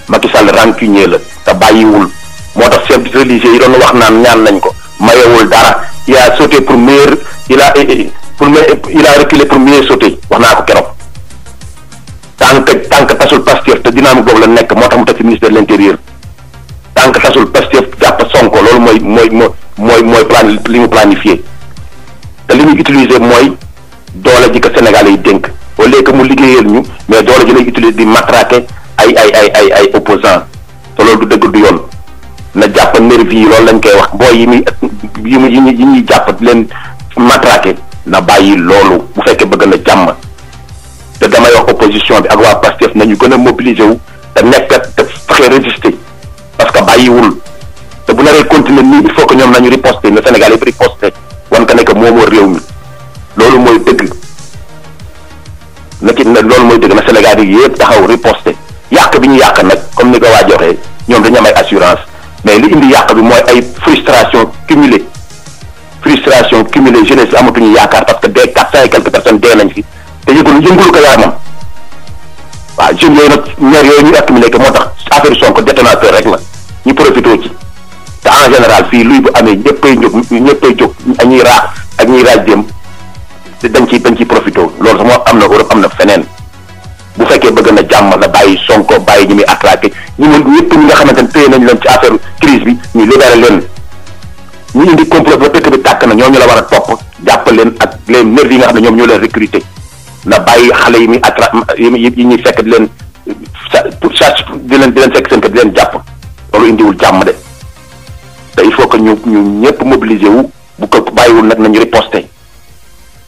Macky Sall rancunier la te bàyyiwul moo tax chef religieux yi doon wax naan ñaan nañ ko mayewul dara il a sauté pour mieux il a pour mieux wax naa ko keroog. tant que tant que tasul Pastef te dynamique boobu la nekk moo tax mu teg ci ministère de l'intérieur tant tasul Pastef jàpp Sonko loolu mooy mooy mooy mooy mooy plan li mu planifié te li ñu utiliser mooy doole ji ko Sénégal yi dénk au lieu que mu liggéeyal ñu mais doole ji lay utiliser di matraquer ay ay ay ay ay opposants te loolu du dëgg du yoon na jàpp nervi yi loolu lañ koy wax booy yi muy yi muy yi ñuy jàpp leen matraquer na bàyyi loolu bu fekkee bëgg na jàmm. te damay wax opposition bi ak waa PASTEF nañu gën a mobiliser wu te nekkat te fexe résister parce que bàyyiwul te bu naree continuer nii il faut que ñoom nañu riposter le Sénégal yëpp riposter wan ka nekk moomoo réew mi loolu mooy dëgg na ci na loolu mooy dëgg na Sénégal yi yëpp taxaw riposter yàq bi ñu yàq nag comme ni ko waa joxee ñoom dañu am ay assurance mais li indi yàq bi mooy ay frustration cumulée frustration cumulée jeunesse amatuñu yaakaar parce que des quatre fi te yëgul yëngulu ko yaramam waa jeunes yooyu nag maire yooyu ñuy accumulé que moo tax affaire sonk détonateur rek la ñu profité ci te en général fii luy bu amee ñëppay jóg ñëppay jóg ak ñu raax ak ñuy raaj jëm dañ ciy dañ ciy profité loolu sax moo am na Europe am na feneen bu fekkee bëgg na jàmm bàyyi Sonko bàyyi ñi muy attraqué ñu mun ñëpp ñi nga xamante ne téye nañ leen ci affaire crise bi ñu libéré leen ñu indi complot ba bi tàkk na ñoo ñu la war a topp jàppal leen ak les nervis yi nga xam ne ñoom ñoo leen recruter na bàyyi xale yi muy attra yi ñuy fekk di leen sa pour charge di leen di leen fekk seen kër di leen jàpp loolu indiwul jàmm de te il faut que ñu ñu ñëpp mobiliser wu bu ko bàyyiwul nag nañu riposter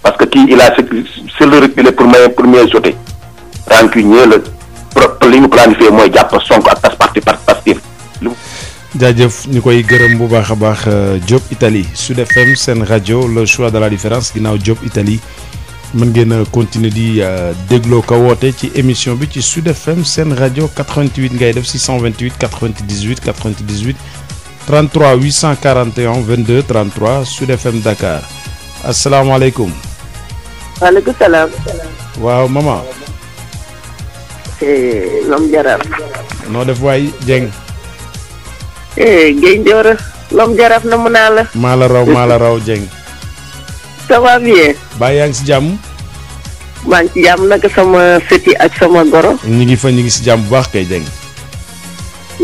parce que kii il a seul reculé pour mieux pour mieux sauter rancunier la li ñu planifié mooy jàpp Sonko ak tas parti par Pastef. jaajëf ñu koy gërëm bu baax a baax euh, Diop Italie Sud FM seen rajo le choix de la différence ginnaaw Diop Italie. mën ngeen a continuer di euh, dégloo ko woote ci émission bi ci Sud FM seen rajo 88 ngay def 628 98 98 33 841 22 33 Sud FM Dakar asalaamaaleykum. waaleykum salaam. waaw mama eh, Lom Jaraaf. noo def waay Dieng. Eh, Guèye Ndiora. Lom Jaraaf na mu naa la. maa la raw maa la raw Dieng. ça bien. baa yaa ngi si jàmm. maa ngi si jàmm naka sama sëti ak sama goro. ñu ngi fa ñu ngi si jàmm bu baax kay jeng.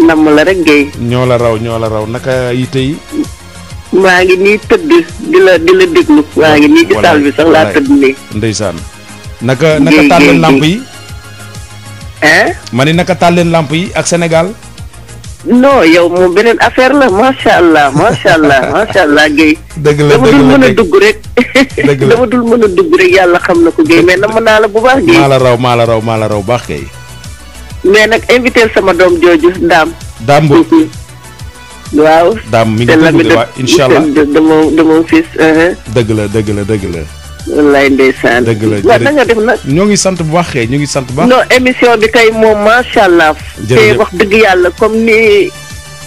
namm la rek Guèye. ñoo la raw ñoo la raw naka yi tey. maa ngi nii tëdd di la di maa ngi nii ci taal bi sax laa tëdd nii. ndeysaan. naka naka tàlleen lamp yi. ma ni naka tàlleen lamp yi ak senegal non yow moom beneen affaire la macha allah macha allah [LAUGHS] macha allah Guèye. dëgg la dama dul dëgg la [LAUGHS] dama dul mën a rek yàlla xam na ko Guèye mais namm naa la bu baax Guèye. maa raw maa la raw maa la raw baax Guèye. mais nag invité sama doom jooju daam. daam boobu. waaw. daam mi ngi déglu de waaw allah dama dama fis. dëgg la dëgg la dëgg la. wallaay ndeysaan. dëgg la waaw na nga def nag. ñoo ngi sant bu baax ñu ngi sant bu baax. non émission bi kay moom macha allah. te wax dëgg yàlla comme ni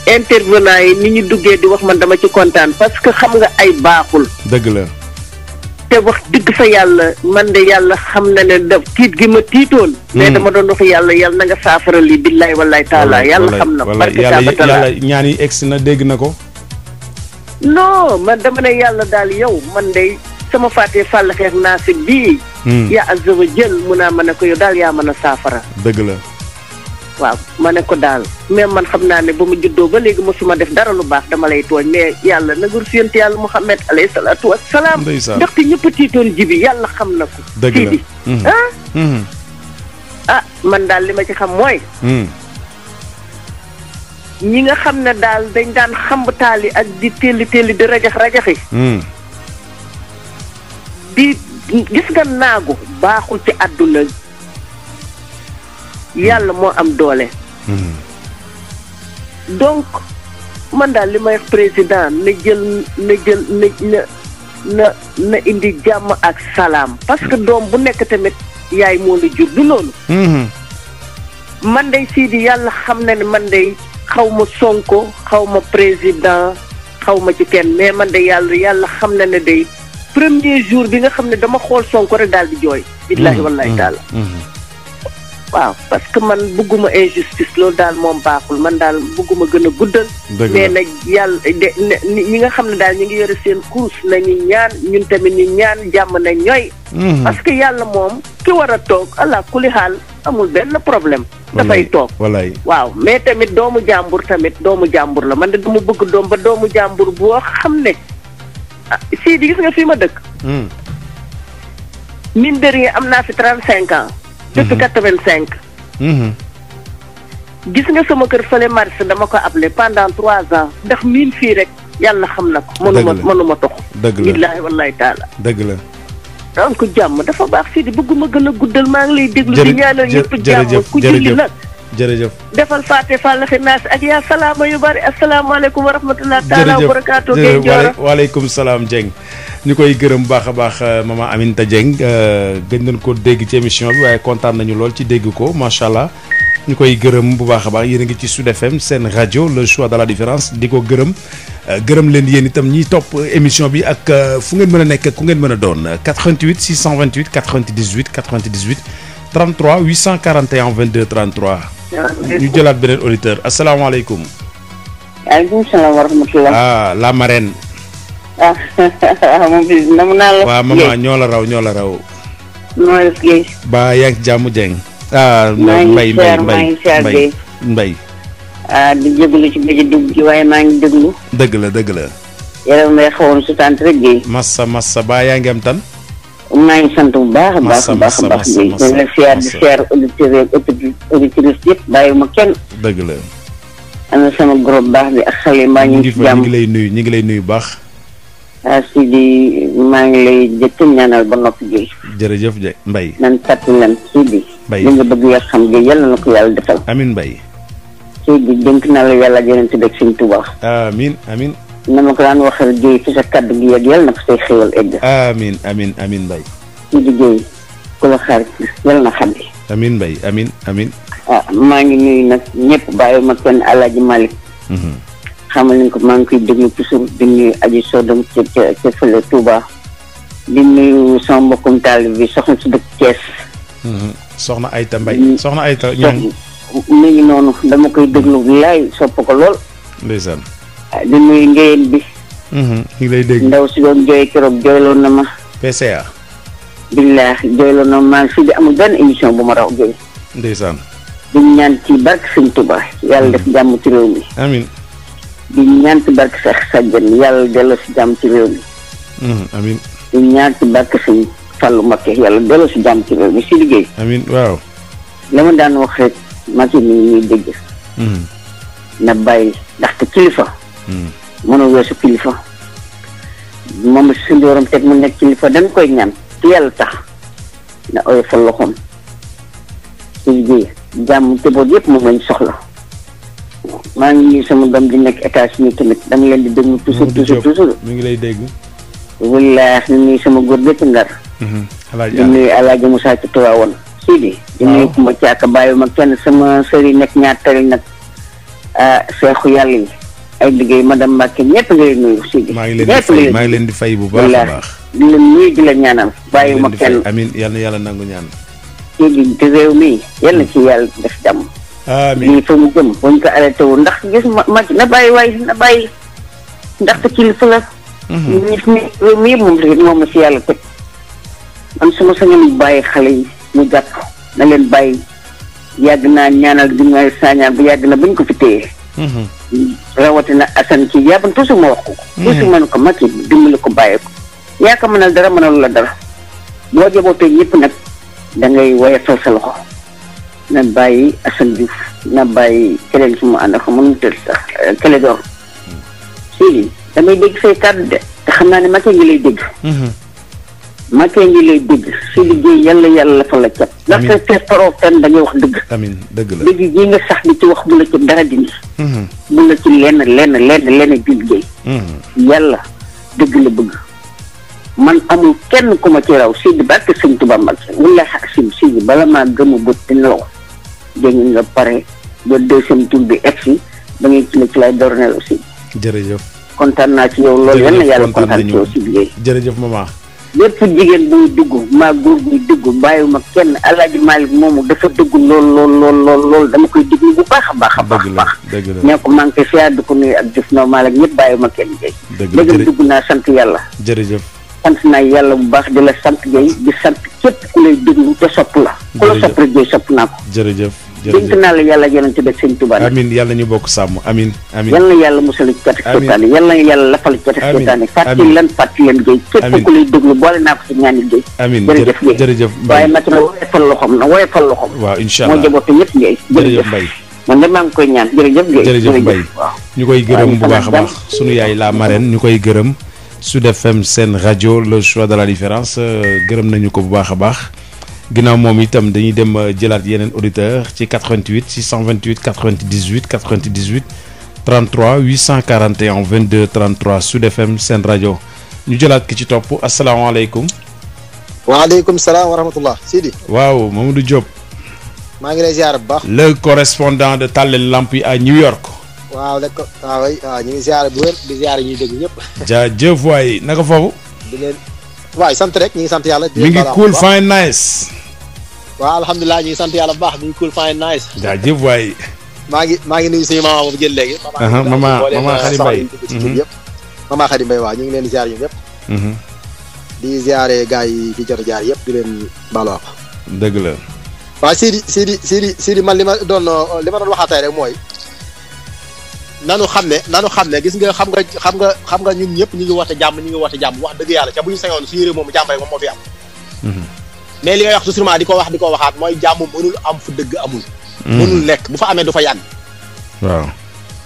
intervenant yi ni ñu duggee di wax man dama ci kontaan parce que xam nga ay baaxul. dëgg la. te wax dëgg fa yàlla man de yàlla xam na ne da tiit gi ma tiitoon. Hmm. mais dama doon wax yàlla yàlla na nga saafara lii billaay wallaay taala yàlla xam na. barke yàlla ñaan yi egg si na dégg na ko. non man dama ne yàlla daal yow man de sama fàttee fàll xeex naasik bii. Hmm. yaa azza wa jël naa ma ne ko yow daal yaa mën a saafara. dëgg la. waaw ma ne ko daal même man xam naa ne ba mu juddoo ba léegi mosuma def dara lu baax dama lay tooñ mais yàlla nangur siyant yàlla Muhammad alayhi salaatu wa salaam. ndaxte ñëpp a tiitoon ji yàlla xam na ko. dëgg la sii hmm. ah? Hmm. ah. man daal li ma ci xam mooy. ñi nga xam ne daal dañ daan taal yi ak di telli telli di rajax rajaxi. di gis nga naagu baaxul ci àdduna yàlla moo am doole hmm. donc man daal li may wax président na jël na jël na na na indi jàmm ak salaam parce que doom bu nekk tamit yaay moo la jur du loolu hmm. man de sii di yàlla xam na ne man de xaw ma sonko xaw ma président xaw ma ci kenn mais man de yàlla yàlla xam na ne day premier jour bi nga xam ne dama xool Sonko rek daal di jooy. billaahi mm-hmm. wallaahi taala. Mm-hmm. waaw parce que man bëgguma injustice loolu daal moom baaxul man daal bëgguma gën a guddal. mais nag yàlla de ñi nga xam ne daal ñu ngi yore seen course nañu ñaan ñun tamit ñu ñaan jàmm na ñooy. Mm-hmm. parce que yàlla moom ki war a toog allah kulli xaal amul benn problème. dafay toog waaw mais tamit doomu jàmbur tamit doomu jàmbur la man de dama bëgg doom ba doomu jàmbur boo xam sii di gis nga fi ma dëkk. Hmm. mine de am naa fi trente cinq ans. Hmm. depuis quatre vingt cinq. Hmm. gis nga sama kër fële marché dama ko appelé pendant trois ans ndax miin fii rek yàlla xam na ko. dëgg la mënuma mënuma tox. dëgg la billaahi wallaahi taala. dëgg la. donc jàmm dafa baax sii di bëgguma gën a guddal maa ngi lay déglu. di ñaanal ñëpp jàmm ku julli nag. jërëjëf defal faate fàll xinaas ak yaa salaama yu bari asalaamaaleykum wa rahmatulah taala wa barakaatu gay waaleykum salaam Dieng ñu koy gërëm baax a baax euh, maman Aminta Dieng euh, gën nañ ko dégg ci émission bi waaye kontaan nañu lool ci dégg ko macha allah ñu koy gërëm bu baax a baax yéen a ngi ci Sud FM seen rajo le choix de la différence di ko gërëm euh, gërëm leen yéen itam ñiy topp émission bi ak fu ngeen mën a nekk ku ngeen mën a doon 88 33 841 22 33. ñu jëlaat beneen auditeur asalaamaaleykum. waaleykum salaam wa rahmatulah. ah la marraine. ah, [LAUGHS] ah moom bi nam la. waaw maman la raw ñoo la raw. ba yaa ngi ah, mbay mbay mbay mbay mbay. ah ci géej dugg gi waaye maa ngi déglu. dëgg la dëgg la. yaram may xawoon massa massa ba yaa ngi am tan. maa ngi sant bu baax a baax a baax a baax. macha allah siyaar di siyaar auditeurs yeeg auditrices yëpp ma kenn. dëgg la. ana sama groupe baax bi ak xale maa ñu ngi si jàmm ñu ngi lay nuyu ñu ngi lay nuyu baax. ah si maa ngi lay jëkk ñaanal ba noppi ji. jërëjëf Ndiaye Mbaye. nan fàttali leen si di. Mbaye li bëgg yoo xam ne yàlla na ko yàlla defal. amin Mbaye. si di dénk naa la yàlla jërëjëf beeg Sëñ na ma ko daan waxal Guèye ci sa kaddu gi ak yàlla na ko na xam. amiin Mbaye amiin amiin. Ah, maa ngi nuyu nag ma kenn El Hadj Malick. Mhm. xamal ni ko maa ngi koy déglu toujours di nuyu aji Sodom ca soxna si dëkk Thiès. soxna Ayta Mbaye mm. soxna Ayta ñoom. mi ngi noonu dama koy déglu laay sopp ko lool. ndeysaan. Ah, di nuyu ngéyeen bi. Mhm, ndaw si doon jooy keroog jooyloon na ma. PCA. billah jooyloon na ma fii di amul benn émission bu ma raw jooy. ndeysaan. di ñaan ci barke Sëñ Tuubaa yàlla def mhm. jàmm ci réew mi. amiin. di ñaan ci barke Seex Sajjan yàlla delloo si jàmm ci réew mi. Mhm, amiin. di delloo si jàmm ci réew mi si liggéey. amiin waaw. la ma daan wax rek Macky mi ñuy dégg. na bàyyi ndaxte kilifa. mën a weesu kilifa moom suñu borom teg mu nekk kilifa dañ koy ñaan ci yàlla tax na oyo fa loxoom ci liggéey jàmm tëboot yëpp moom lañ soxla maa ngi nii sama doom di nekk États-Unis tamit dama leen di déglu toujours toujours toujours mu ngi lay dégg wallaax ni nuyu sama góor bépp ndar mhm. di nuyu alaaji Moussa ci Tiwaawoon sii di di nuyu kuma caaka bàyyi ma kenn sama sëriñ nekk ñaar tari nag ah, seexu yàlla yi ay liggéey madame Mbacke ñëpp ngay nuyu. Sidi ñëpp lay maa ngi leen di fay bu baax a baax. di la nuyu di la ñaanal. bàyyiwuma kenn amiin yal yàlla nangu ñaan. Sidi di mi yal na ci yàlla def jàmm. amiin lii fa mu jëm bu ñu ko wu ndax gis ma ma na bàyyi waay na bàyyi ndaxte kilifa la. ñun mhm. it mi réew mi moom tamit moom si yàlla teg. man su ma sañoon bàyyi xale yi ñu jàpp na leen bàyyi yàgg naa ñaanal di ñooy saañaan bu yàgg na bañ ko fi téye. Mhm. rawatina Assane kii yaa ban toujours ma wax ko. Mm-hmm. toujours ma ne ko Macky dimbali ko bàyyi ko. yaa ko mënal dara mënalul la dara boo jabootee ñëpp nag da ngay woyofal sa loxo na bàyyi Assane Diouf na bàyyi keneen mu ànd ak mënum tëdd sax Clédor. Mm-hmm. sii damay dégg say kàddu de te xam naa ne Macky ngi lay dégg. Mm-hmm. Macky ngi lay dégg si liggéey yàlla yàlla fa la cat. ndax te faroo fenn da ngay wax dëgg. amiin dëgg la dëgg ji nga sax di ci wax bu la ci dara dindi. Mhm. bu la ci lenn lenn lenn lenn di liggéey. Mhm. yàlla dëgg la bëgg. man amul kenn ku ma ci raw ba barke sëñ Tuba Mbakke wala xasim si bala maa gëmu bët dina la wax. dégg nga pare ba deuxième tour bi si da ngay ci la ci lay dornel aussi. jërëjëf kontaan naa ci yow loolu. yal yàlla kontaan ci yow si liggéey jërëjëf maman. bépp jigéen buy dugg maa góor buy dugg bàyyiwuma kenn alaaji Malick moomu dafa dugg lool lool lool lool lool dama koy déglu bu baax a baax a baax baax nee ko maa ngi koy siyaar di ko nuyu ak jëf normal ak ñëpp bàyyiwuma kenn jay dëgg dugg naa sant yàlla jërëjëf sant naa yàlla bu baax di la sant jay di sant képp ku lay dugg te sopp la ku la sopp rek jooy sopp naa ko jërëjëf dénk naa la yàlla yonent bi sëñ Tuubaa amin yàlla ñu bokk sàmm amin amin na yàlla musal ci catu seetaane yal na yàlla lafal ci catu seetaane fàttali lan fàttali leen géey képp ku lay déglu boole naa ko si ñaani géey amin jërëjëf géey jërëjëf waaye mat na ngi koy ñaan jërëjëf géey jërëjëf Mbaye ñu koy gërëm bu baax a baax sunu yaay la marraine ñu koy gërëm Sud FM seen rajo le choix de la différence euh, gërëm nañu ko bu baax a baax ginnaaw moom itam dañuy dem euh, jëlaat yeneen auditeur ci 88 628 98 98 33 841 22 33 Sud FM seen rajo ñu jëlaat ki ci topp asalaamaaleykum. waaleykum salaam wa rahmatullah Sidi. waaw Mamadou Diop. maa ngi lay ziar bu baax. le correspondant de Tallel Lampi à New York. waaw le co ah ah, ñu ngi ziar bu wér di ziar ñuy dégg ñëpp. jaajëf waay naka foofu. di leen waay rek ñu ngi yàlla. mi ngi cool fine nice. waaw alhamdulilah ñu ngi sant yàlla bu baax ñu ngi cool maa ngi maa ngi nuyu suñu maman boobu jël léegi. maman maman Khady Mbaye yëpp. maman Khady Mbaye waaw ñu ngi leen di ziar ñun yëpp. Mhm. di ziare gars yi fi jot a jaar yëpp di leen baalu dëgg la. waaw Sidi Sidi Sidi Sidi man li ma doon li ma doon waxaatee rek mooy. nanu xam ne nanu xam ne gis nga xam nga xam nga xam nga ñun ñëpp ñu ngi woote jàmm ñu ngi woote jàmm wax dëgg yàlla ca bu ñu sañoon suñu réew moomu jàmm rek moom moo fi am. Mhm. mais li ngay wax di ko wax di ko waxaat mooy jàmm mënul am fu dëgg amul. Hmm. mënul nekk bu fa amee du fa yàgg. waaw.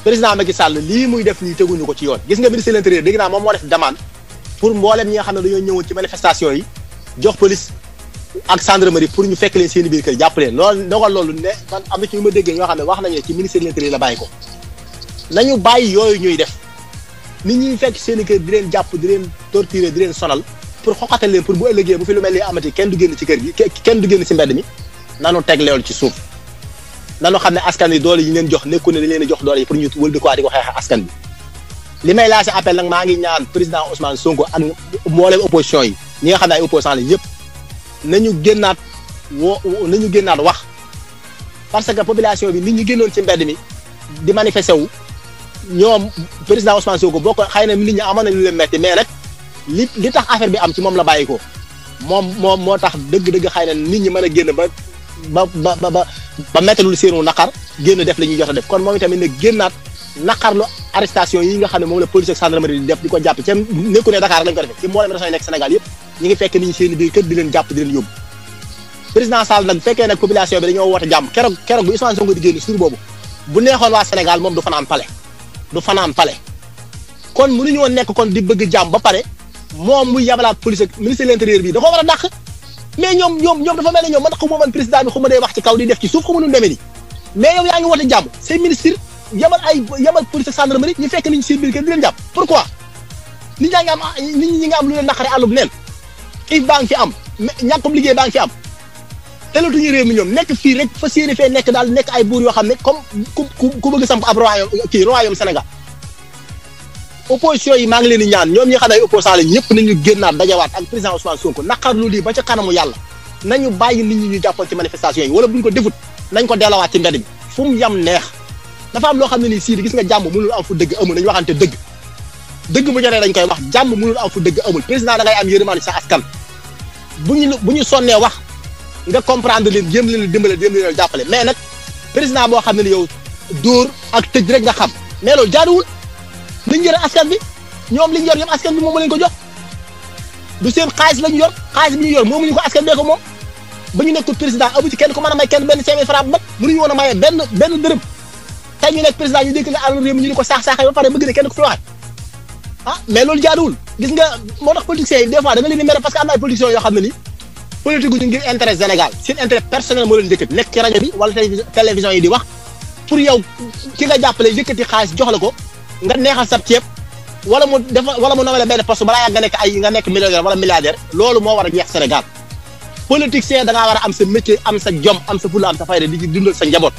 président Macky Sall lii muy def nii teguñu ko ci yoon gis nga ministre de l'intérieur dégg naa moom moo def demande pour mboolem ñi nga xam ne dañoo ñëwoon ci manifestation yi jox police ak gendarmerie pour ñu fekk leen seen biir kër jàpp leen loolu ndogal loolu ne man am na ci ñu ma déggee ñoo xam ne wax nañu ci ministre de l'intérieur la bàyyi ko nañu bàyyi yooyu ñuy def nit ñi fekk seen kër di leen jàpp di leen torturer di leen sonal pour xoxatal leen pour bu ëllëgee bu fi lu mel ni amati kenn du génn ci kër gi kenn du génn si mbedd mi nanu teg loolu ci suuf nanu xam ne askan yi doole yi leen jox nekku ne dañ leen jox doole yi pour ñu wël di ko di ko xeex askan bi li may laaj appel nag maa ngi ñaan président Ousmane Sonko ak mboolem opposition yi ñi nga xam ne ay opposants lañ yëpp nañu génnaat woo nañu génnaat wax parce que population bi nit ñu génnoon ci mbedd mi di manifester wu ñoom président Ousmane Sonko boo xëy na nit ñi amoon nañu lu leen metti mais nag li li tax affaire bi am ci moom la bàyyi ko moom moom moo tax dëgg-dëgg xëy na nit ñi mën a génn ba ba ba ba ba mettalul seenu naqar génn def li ñuy jot a def kon moom itamit ne génnaat naqarlu arrestation yi nga xam ne moom la police ak gendarmerie di ko jàpp ca nekku ne Dakar lañ ko defee ci mboolem région yi nekk Sénégal yëpp ñu ngi fekk nit ñi seen biir kër di leen jàpp di leen yóbbu président Sall nag fekkee nag population bi dañoo woote jàmm keroog keroog bu Ousmane Sonko di génn suur boobu bu neexoon waa Sénégal moom du fanaan pale du fanaan pale kon mënuñoo nekk kon di bëgg jàmm ba pare moom muy yabalaat police ak ministre de bi da war a dàq mais ñoom ñoom ñoom dafa mel ñoom man xaw ma man président bi xaw ma day wax ci kaw di def ci suuf xaw ma nu demee nii mais yaa ngi woote jàmm say ministre yabal ay yabal police ak gendarmerie ñu fekk niñ seen biir kenn du leen jàpp pourquoi nit ñaa ngi am ah nit ñi nga am lu leen naqare àllub neen xiif baa ngi fi am ñàkkum liggéey baa ngi fi am telatuñu réew mi ñoom nekk fii rek fa séeni fee nekk daal nekk ay buur yoo xam ne comme ku ku opposition yi maa ngi leen di ñaan ñoom ñi xam ne ay opposant lañ ñëpp nañu génnaat dajawaat ak président Ousmane Sonko naqarlu lii ba ca kanamu yàlla nañu bàyyi nit ñu jàppoon ci manifestation yi wala buñ ko defut nañ ko deelawaat ci mbedd mi fu yam neex dafa am loo xam ne nii sii gis nga jàmm mënul am fu dëgg amul nañu waxante dëgg dëgg koy wax jàmm mënul am fu dëgg amul président da ngay am yërëmaane sa askan bu ñu bu ñu sonnee wax nga comprendre leen yëm leen dimbale yëm jàppale mais nag président boo xam ne ni yow dóor ak tëj rek nga xam mais loolu dañ yore askan bi ñoom liñ yor yëpp askan bi moom lañ ko jox du seen xaalis lañ yor xaalis bi ñu yor moomuñu ko askan bee ko moom ba ñu nekk président amu kenn ko mën a may benn cinq mille francs bu mag mënuñu a maye dërëm tey ñu nekk président ñu dénk la àll réew mi ñu di ko saax saaxee ba pare bëgg ne kenn ku fi ah, mais loolu jaaduwul gis nga moo tax politiciens yi des fois da nga leen di mere parce que am na ay politiciens yoo xam ne nii politique gu ngir intérêt Sénégal xaalis jox la ko nga neexal sab ceeb wala mu defa wala mu nomale benn poste balaa yàgg nga nekk ay nga nekk millionnaire wala milliardaire loolu moo war a jeex Sénégal politicien da ngaa war a am sa métier am sa jom am sa fulla am sa fayda di dundal sa njaboot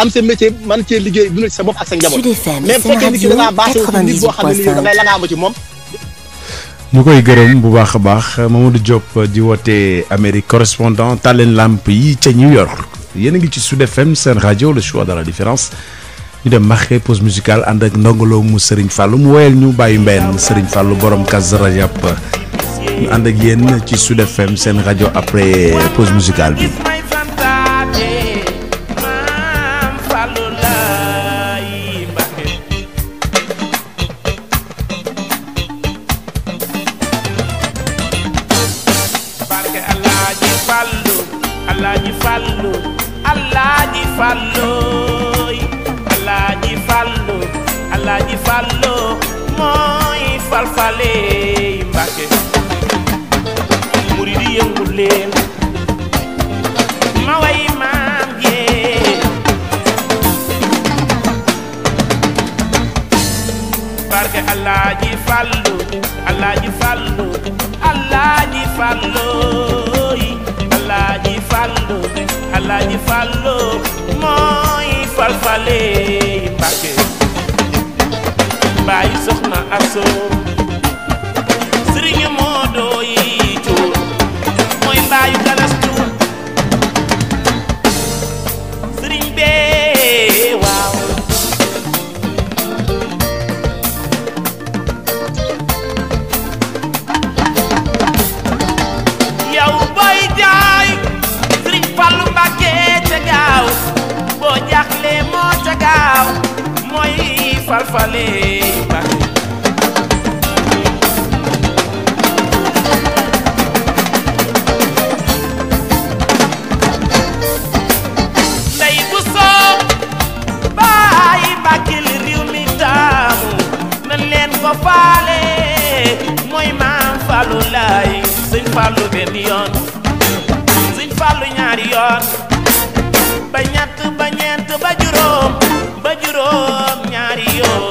am sa métier man cee liggéey dundal sa bopp ak sa njaboot mais bu fekkee nit ki da ci boo xam ne yow da ngay la moom ñu koy gërëm bu baax a baax moom a du Diop di woote Amérique correspondant Talen làmp yi ca New York yéen a ngi ci Sud FM seen rajo le choix de la différence ñu dem maxee pose musicale ànd ak ndongoloo mu Serigne Fallou mu woyal ñu bàyyi mbéyen Serigne Fallou borom kas rajab ñu ànd ak yéen ci Sud FM seen rajo après pose musicale bi alaaji fallu alaaji fallu alaaji fallu yi alaaji fallu alaaji fallu mooy falfale Mbàkke bàyyi soxna gaaw boo jaaxle moo ca gaaw mooy falfale Mbàkke ndey bu soob baay Mbàkke li réew mi taamu nan leen ko faale mooy maam Faalu Laay sëñ Faalu benn yoon sëñ Faalu ñaari yoon ba ñett ba ñeent ba juróom ñaari yoon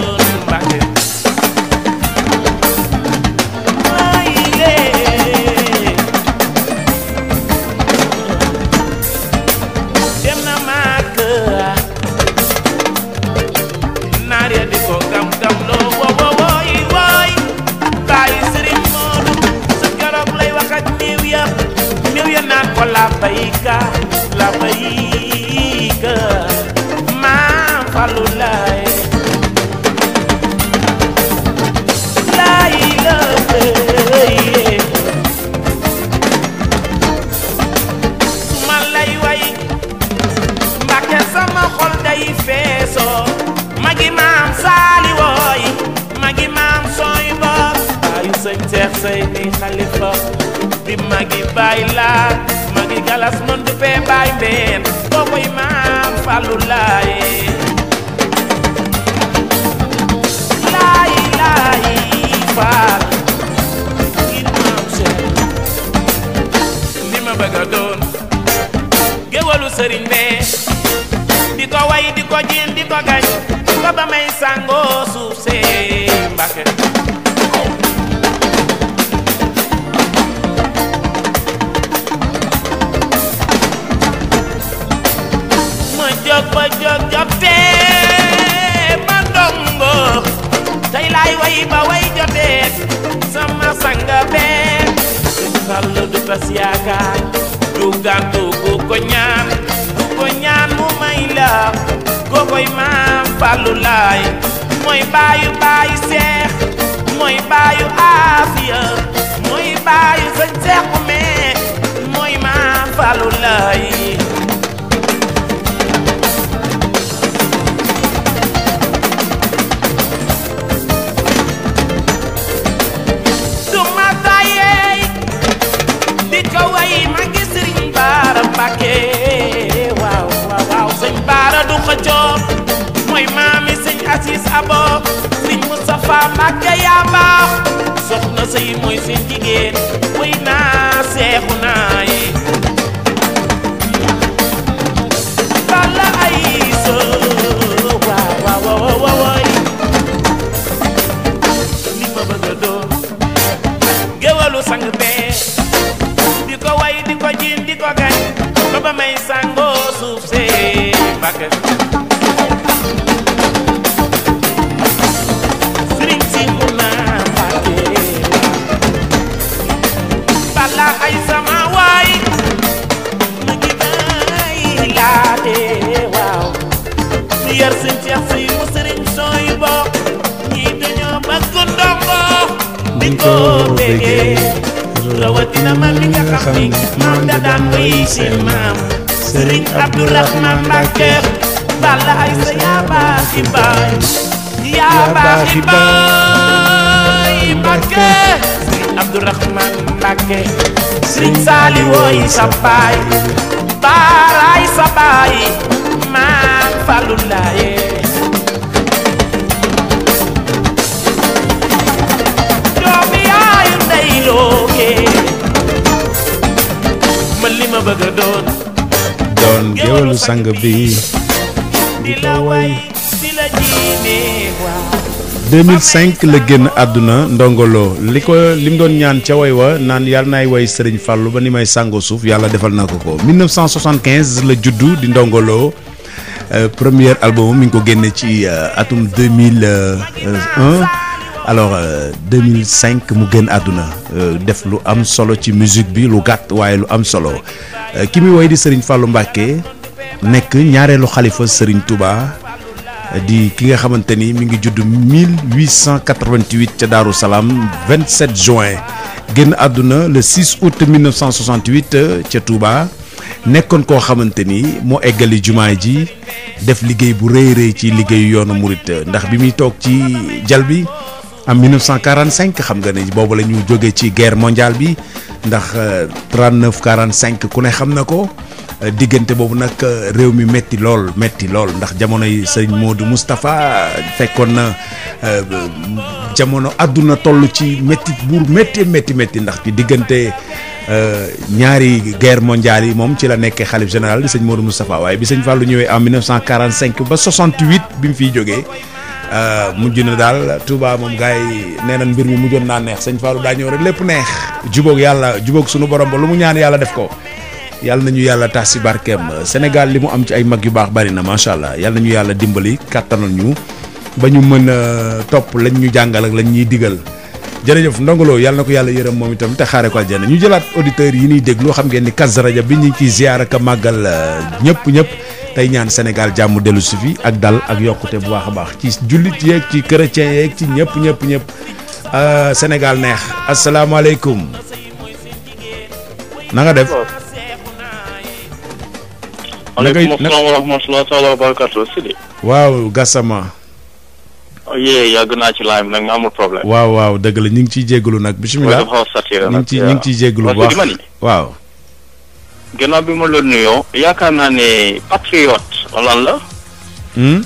Fallou Laye laay laay maam Cheikh li ma bëgg doon géwalu sëriñ be di ko way di ko jiin di ko gañ ba ba may sàngoo suuf see tas du gàntu ku ko ñaan ku ko ñaan mu may la kookoy maam Fàllu Laay mooy baayu baayu seex mooy baayu aafiya mooy baayu sëñ mooy maam Fàllu Laay mooy maami sëñ Asis Abo sëñ Moustapha Mbacke yaa baax soxna sëy mooy seen jigéen way naa seexu naa yi bala ay so waaw waaw waaw waay li ma bëgg a doon sang bee di ko way di ko jiin di ko gañ ba ba may sangoo suuf see Mbacke rawatina man mi nga xam ni maam da daan wéy seen maam sëriñ Abdourahman Mbacké Balla ay sa yaa baax i baay yaa baax i baay Mbacké Abdourahman Mbacké Sëriñ Saali wooy sa baay baaraay sa baay maam Fallu Laaye doomi yaayu looke man ma bëgg a doon doon géwélu di la way di la jiine 2005 la génn àdduna ndongolo li ko li mu doon ñaan ca way wa naan yàlla naay woy Serigne fàllu ba ni may sàngoo suuf yàlla defal na ko ko 1975 la juddu di ndongolo euh, premier album mi ngi ko génne ci euh, atum 2001 euh, alors 2005 mu génn àdduna def lu am solo ci musique bi lu gàtt waaye lu am solo ki muy way di Serigne Fallou Mbacké nekk ñaareelu xalifa Serigne Touba. di ki nga xamante ni mi ngi judd 1888 ca Daaru Salaam 27 juin génn àdduna le 6 août 1968 euh, ca Touba nekkoon koo xamante ni moo eggale jumaa ji def liggéey bu rëy rëy ci liggéey yoonu murit ndax bi muy toog ci jal bi am 1945 xam nga ne boobu la ñu jógee ci guerre mondiale bi ndax 39 euh, 45 ku ne xam na ko. diggante boobu nag réew mi métti lool métti lool ndax jamono yi sëñ Modou Moustapha fekkoon na euh, jamono àdduna toll ci métti buur métti métti métti ndax ci diggante euh, ñaari guerre mondiale yi moom ci la nekkee xalif général di sëñ Modou Moustapha waaye bi sëñ Fallou ñëwee en 1945 ba 68 bi mu fiy jógee euh, mujj na daal Touba moom gars yi nee na mbir mi mujjoon naa neex sëñ Fallou daa ñëw rek lépp neex. jubóog yàlla jubóog sunu borom ba lu mu ñaan yàlla def ko. yàlla nañu yàlla tax si barkeem Sénégal li mu am ci ay mag yu baax bari na macha allah yàlla ñu yàlla dimbali kàttanal ñu ba ñu mën a topp lañ ñu jàngal ak lañ ñuy digal jërëjëf ndongolo yàlla na ko yàlla yërëm moom itam te xaare ko aljana ñu jëlaat auditeurs yi ñuy déglu xam ngeen ni Kazu Rajab bi ñu ciy ziar ak màggal euh, ñëpp ñëpp tey ñaan Sénégal jàmm dellu si fi ak dal ak yokkute bu baax a baax ci jullit yeeg ci chrétien yeeg ci ñëpp ñëpp ñëpp euh, Sénégal neex asalaamaaleykum aleykum salaam wa rahmatulah taala wa barakatu Sidi. waaw Gassama. Oh, yee yàgg naa ci laaj nag amul problème. waaw waaw dëgg la ñu ngi ciy jégalu nag. bisimilah ñu ngi ciy ñu ngi ciy jégalu bu baax waaw. gannaaw bi ma la nuyoo. yaakaar naa ne patriote lan la. Hmm?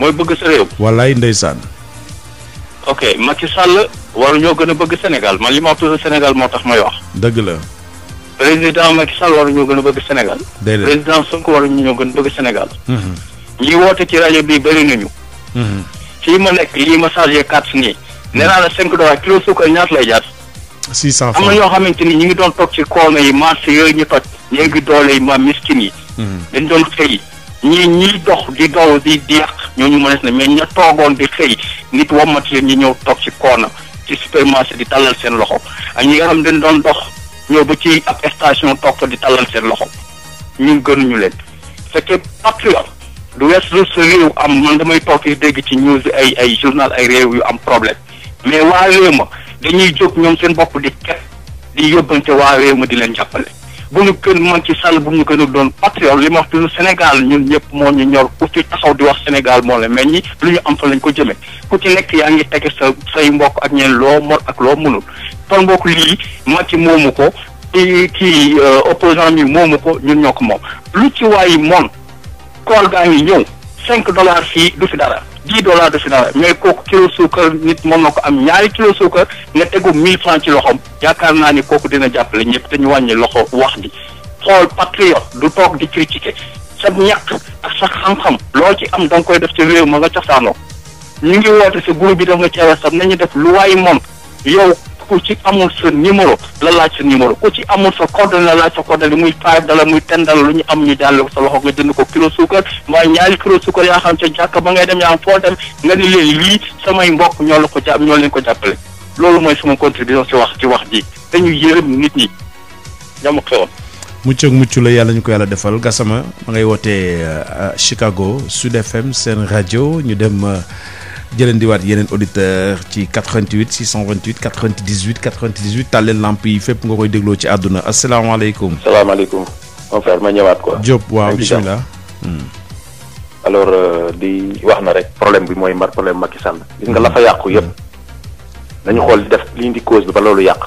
mooy bëgg sa réew. wallaay ndeysaan. ok Macky sàll waru ñoo gën a bëgg senegal man li ma wax toujours Sénégal moo tax may wax. dëgg la. président Macky Sall ñoo gën a bëgg Sénégal. président Sonko waruñoo gën a bëgg Sénégal. Mhm. ñi woote ci rajo bii bëri nañu. Mhm. fii ma nekk lii ma chargé quatre nii. Mhm. nee naa la cinq dollars kilo suukar ñaat lay jaar. six cent francs am na ñoo xamante ni ñu ngi doon toog ci koona yi marché yooyu ñu toj. ñoo ngi ma miskin yi. dañ doon xëy ñii ñiy dox di dow di di yàq ñooñu mënees na mais ña toogoon di xëy nit wommat leen ñu ñëw toog ci koona ci supermarché di tàllal seen loxo ak ñi nga xam dañ doon dox. ñëw ba ci ak station toog di tallal seen loxo ñu gënuñu leen fekkee patriote du wees lu sa réew am man damay toog fi dégg ci news ay ay journal ay réew yu am problème mais waa réew dañuy jóg ñoom seen bopp di ket di yóbbante waa réew ma di leen jàppale bu ñu gën ci Sall bu ñu gën a doon patriote li ma wax toujours Sénégal ñun ñëpp moo ñu ñor ku ci taxaw di wax Sénégal moo la ñi lu ñu am fa lañ ko jëmee ku ci nekk yaa ngi tege sa say mbokk ak ñeen loo mor ak loo mënul kon mbokk lii ci moomu ko kii kii euh, opposant mi moomu ko ñun ñoo ko moom lu ci waay moon koor gaa ngi ñëw cinq dollars fii du fi dara dii dollars de final mais kooku kilo suukar nit moom na ko am ñaari kilo suukar nga tegu mille francs ci loxoom yaakaar naa ni kooku dina jàppale ñëpp te ñu wàññi loxo wax bi xool patriote du toog di critiquer sa ñàkk ak sax xam-xam loo ci am da koy def ci réew ma nga cosaanoo ñu ngi woote si groupe bi daf nga ci sax nañu def lu waay moom yow ku ci amul sa numéro la laaj sa numéro ku ci amul sa coordonnée la laaj sa coordonnée muy five dala muy ten dala lu ñu am ñu daal sa loxo nga jënd ko kilo suukar mbaa ñaari kilo suukar yaa xam ca jàkk ba ngay dem yaa am foo dem nga ni leen lii samay mbokk ñoo la ko jàpp ñoo leen ko jàppale loolu mooy suma contribution ci wax ci wax ji dañu yërëm nit ñi dama xewoon mucc ak mucc la yàlla ñu ko yàlla defal Gassama ma ngay wootee euh, Chicago Sud FM seen rajo ñu dem euh, jëleen jëlandiwaat yeneen auditeur ci 88 628 98 98 tàlleen lamp yi fépp nga koy dégloo ci àdduna asalaamaaleykum. salaamaaleykum. mon frère ma ñëwaat quoi. Diop waaw bisimilah. Hmm. alors euh, di wax na rek problème bi mooy mar problème Macky Sall. gis nga la fa hmm. yàqu yëpp dañu xool def li di cause bi ba loolu yàq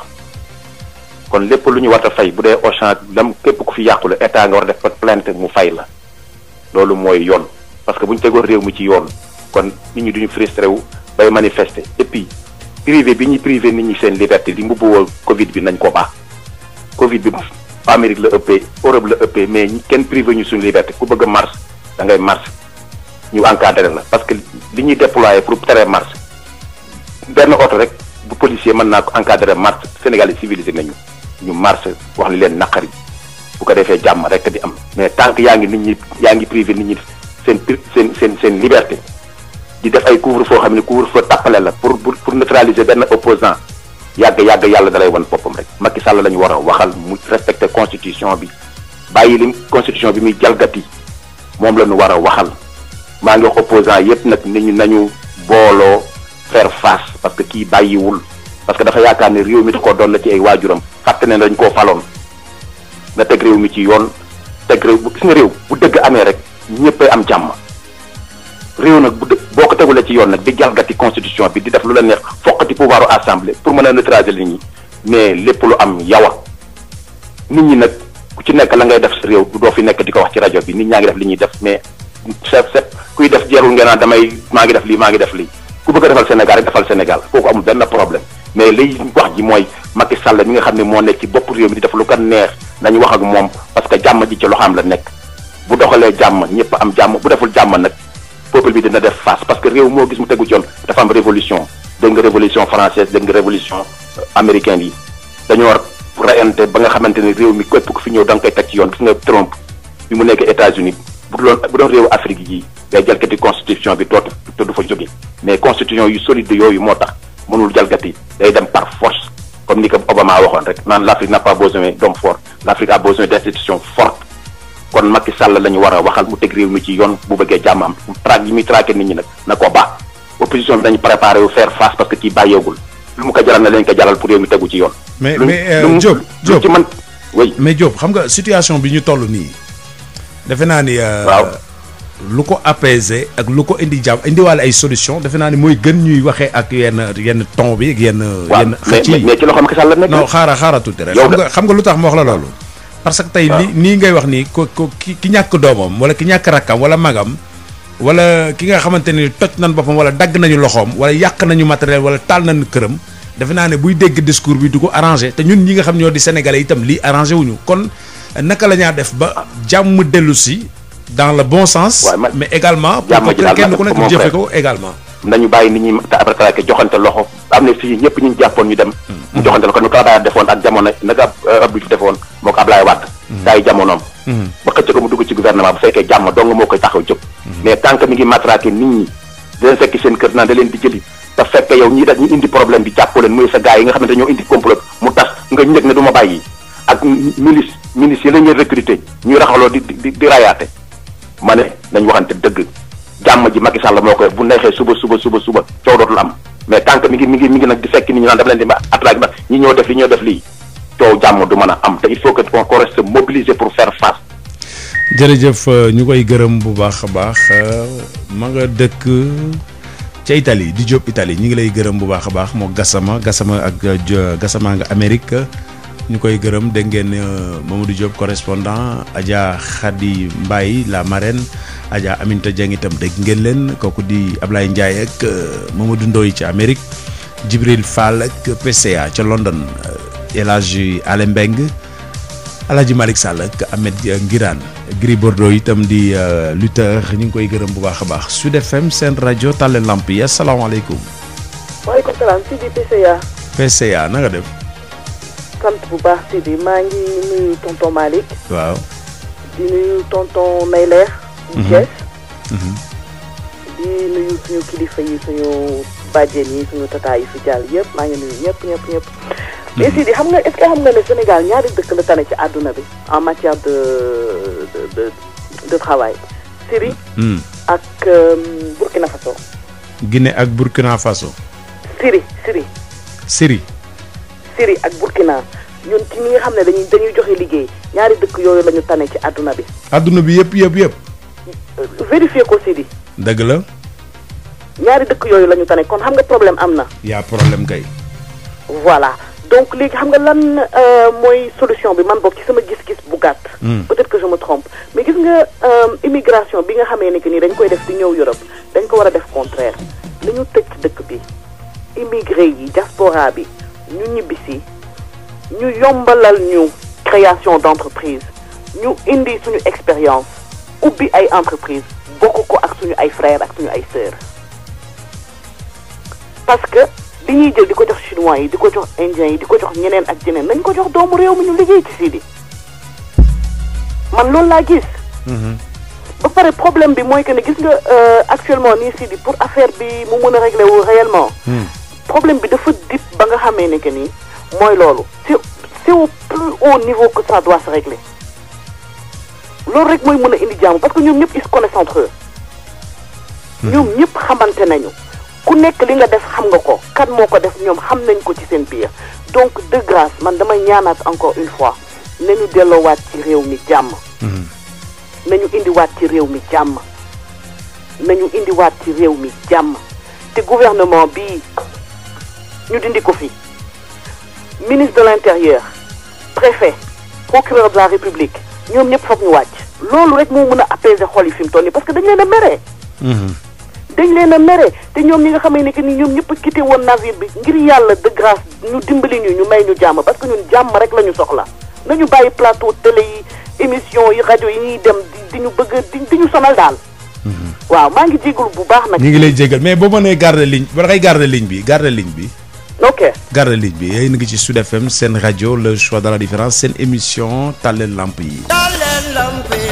kon lépp lu ñu war a fay bu dee Auchan lam képp ku fi yàqule état nga war def ba plainte mu fay la loolu mooy yoon parce que bu ñu tegoon réew mi ci yoon. kon nit ñi duñu frustré wu bay manifester et puis privé bi ñuy privé nit ñi seen liberté di mbubb woo Covid bi nañ ko baax Covid bi Amérique la ëppee Europe la ëppee mais kenn privé ñu suñu liberté ku bëgg a marche da ngay marche ñu encadré la parce que li ñuy déployé pour tere marche benn oto rek bu policier mën naa ko encadré marche Sénégal yi civilisé nañu ñu marche wax li leen naqari bu ko defee jàmm rek di am mais tant yaa ngi nit ñi yaa ngi privé nit ñi seen seen seen seen liberté di def ay couvre foo xam ne couvre foo tàppale la pour pour neutraliser benn opposant yàgg yàgg yàlla dalay wan boppam rek Macky Sall la ñu war a waxal mu respecté constitution bi bàyyi lim constitution bi muy jalgati moom la ñu war a waxal maa ngi wax opposant yépp nag nit ñu nañu booloo faire face parce que kii bàyyiwul parce que dafa yaakaar ne réew mi da ko doon la ci ay waajuram fàtte ne lañ koo faloon na teg réew mi ci yoon teg réew bu gis nga réew bu dëgg amee rek ñëppay am jàmm réew nag bu dë boo ko tegulee ci yoon nag di jalgati constitution bi di def lu la neex foqati pouvoiru assemblée pour mën a neutraliser nit ñi mais lépp lu am yawa nit ñi nag ku ci nekk la ngay def si réew du doo fi nekk di ko wax ci rajo bi nit ñaa ngi def li ñuy def mais set set kuy def jeerul ngeen naan damay maa ngi def lii maa ngi def lii ku bëgg a defal Sénégal rek defal Sénégal kooku amul benn problème mais liy wax ji mooy Macky Sall mi nga xam ne moo nekk ci bopp réew mi di def lu ko neex nañu wax ak moom parce que jàmm ji ci loxaam la nekk bu doxalee jàmm ñëpp am jàmm bu deful jàmm nag peuple bi dina def face parce que réew moo gis mu tegu ci yoon dafa am révolution dégg nga révolution française dégg révolution euh, américaine yi dañoo rayante ba nga xamante ne réew mi képp ku fi ñëw da nga koy teg ci yoon gis nga Trump bi mu nekk États-Unis bu doon bu doon réewu Afrique yi day jalgati constitution bi dootu te du fa jóge mais constitution yu solide yooyu moo tax mënul jalgati day dem par force comme ni ko Obama waxoon rek naan l'Afrique n'a kon Macky Sall la ñu war a waxal mu teg réew mi ci yoon bu bëggee jàmm am traque yi muy traqué nit ñi nag na ko baax opposition bi nañu préparé wu faire face parce que kii bàyyeegul lu mu ko jaral na leen ko jaral pour réew mi tegu ci yoon. mais mais euh, Diop Diop man oui. mais Diop xam nga situation bi ñu toll nii. defe naa ni. Euh, waaw lu ko apaiser ak lu ko indi jàmm indiwaale ay solution defe naa ni mooy gën ñuy waxee ak yenn yenn ton bi ak yenn. yenn xëcc yi mais ci loxo Macky la nekk. non xaaral xaaral tuuti rek. xam nga lu tax ma wax la loolu. parce que tey ni nii ngay wax nii ko ko ki ñàkk doomam wala ki ñàkk rakkam wala magam wala ki nga xamante ni toj nañ boppam wala dagg nañu loxoom wala yàq nañu matériel wala taal nañu këram defe naa ne buy dégg discours bi du ko arrangé te ñun ñi nga xam ñoo di sénégalais itam lii arrangé wuñu kon naka la ñaa def ba jàmm dellu si dans le bon sens mais également pour que kenn ku nekk jëfe ko également nañu bàyyi nit ñi abarkalake joxante loxo am na fii ñëpp ñu jàppoon ñu dem mu joxante loxo nu ko Abdoulaye defoon ak jamono naka euh, Abdou Diouf defoon moo ko Abdoulaye Wade saa mm-hmm. yi jamonoom mm-hmm. ba xëcc ko mu dugg bu fekkee jàmm dong moo koy taxaw jóg mm-hmm. mais tant que mi di leen di jëli te fekk yow ñi da ñu indi problème bi jàppoo leen muy sa gars yi nga xamante ñoo indi complot mu tas ne du ma bàyyi ak milice milice yi la ñuy ñuy raxaloo di di rayaate ma ne nañ waxante dëgg jàmm ji Macky Sall moo koy bu neexee suba suba suba suba coow dootul am mais tant que mi ngi mi ngi nag di fekk ni ñu naan dafa leen di attaqué nag ñi ñoo def li ñoo def lii coow jàmm du man a am te il faut que qu'on reste mobilisé pour faire face. jërëjëf euh, ñu koy gërëm bu baax a baax euh, ma nga dëkk ca Italie di Diop Italie ñu ngi lay gërëm bu baax a baax moo Gassama Gassama ak euh, gasamaa nga Amérique. ñu koy gërëm dégg ngeen euh, du Diop correspondant Adja Khady mbay la marraine Adja Aminta Dieng itam dégg ngeen leen kooku di Ablaye Ndiaye ak euh, Mamadou Ndoye ci Amérique Djibril Fall ak PCA ca London euh, El Hadji Ale Mbeng Alaaji Malick Sall ak Ahmed Ngiraan gri Bordeaux itam di lutteur ñu ngi koy gërëm bu baax a baax Sud FM seen rajo tàlle lamp yi asalaamaaleykum. waaleykum salaam fii di PCA. PCA na def. bu baax si bi maa ngi nuyu tonton Malick. waaw. di nuyu tonton Mayler. di mhm. Thiès. Mhm. di nuyu suñu kilifa yi suñu bàjjen yi suñu tata yi fi jàll yëpp maa ngi nuyu ñëpp ñëpp ñëpp. Mhm. mais si di xam nga est xam nga ne Sénégal ñaari dëkk la tane ci àdduna bi en matière de de de de travail. Syrie. ak euh, Burkina Faso. Guinée ak Burkina Faso. Syrie Syrie. Syrie. Syrie ak Burkina ñun ci ñi nga xam ne dañuy dañuy joxe liggéey ñaari dëkk yooyu lañu ñu tane ci àdduna bi. àdduna bi yëpp yëpp yëpp. Euh, vérifier ko si di. dëgg la. ñaari dëkk yooyu lañu ñu tane kon xam nga problème am na. yaa problème kay. voilà donc léegi xam nga lan euh, mooy solution bi man boog ci sama gis-gis bu gàtt. Hmm. peut-être que je me trompe mais gis nga euh, immigration bi nga xamee ne que nii dañ koy def di ñëw Europe dañ ko war a def contraire li ñu tëj dëkk bi immigré yi diaspora bi ñu ñibbisi. ñu yombalal ñu création d'entreprise ñu indi suñu expérience ubbi ay entreprise bokk ko ak suñu ay frères ak suñu ay sœurs parce que li ñuy jël di ko jox chinois yi di ko jox indiens yi di ko jox ñeneen ak jeneen nañ ko jox doomu réew mi ñu liggéey ci sii di man loolu laa gis mhm. ba pare problème bi mooy que ne gis nga euh, actuellement nii sii di pour affaire bi mu mën a régler wu réellement hmm. problème bi dafa dip ba nga xamee ne que nii mooy loolu c'est c'est au plus haut niveau que ça doit se loolu rek mooy mën a indi jàmm parce que ñoom ñëpp ils se connaissent entre eux hmm. ñoom ñëpp xamante nañu ku nekk li nga def xam nga ko kan moo ko def ñoom xam nañ ko ci seen biir donc de grâce man damay ñaanaat encore une fois nañu delloowaat ci réew mi jàmm hmm. nañu indiwaat ci réew mi jàmm nañu indiwaat ci réew mi jàmm te gouvernement bi ñu dindi ko fii ministre de l'intérieur préfet procureur de la république ñoom ñëpp foog ñu wàcc. loolu rek moo mën a apaiser xol yi fi mu toll nii parce que dañ leen a mhm. dañ leen a te ñoom ñi nga xamee ne que ni ñoom ñëpp quitté woon navire bi ngir yàlla de grâce ñu dimbali ñu ñu may ñu jàmm parce que ñun jàmm rek la ñu soxla nañu bàyyi plateau télé yi émission yi rajo yi ñuy dem di ñu bëgg di ñu sonal daal. Mhm. waaw maa ngi jégalu bu baax nag. ñu ngi lay jégal mais boo mënee garder ligne ba bi garder ligne bi. ok garde ligne bi yéen ngi ci Sud FM seen rajo le choix de la différence seen émission tàlleen lamp yi. yi.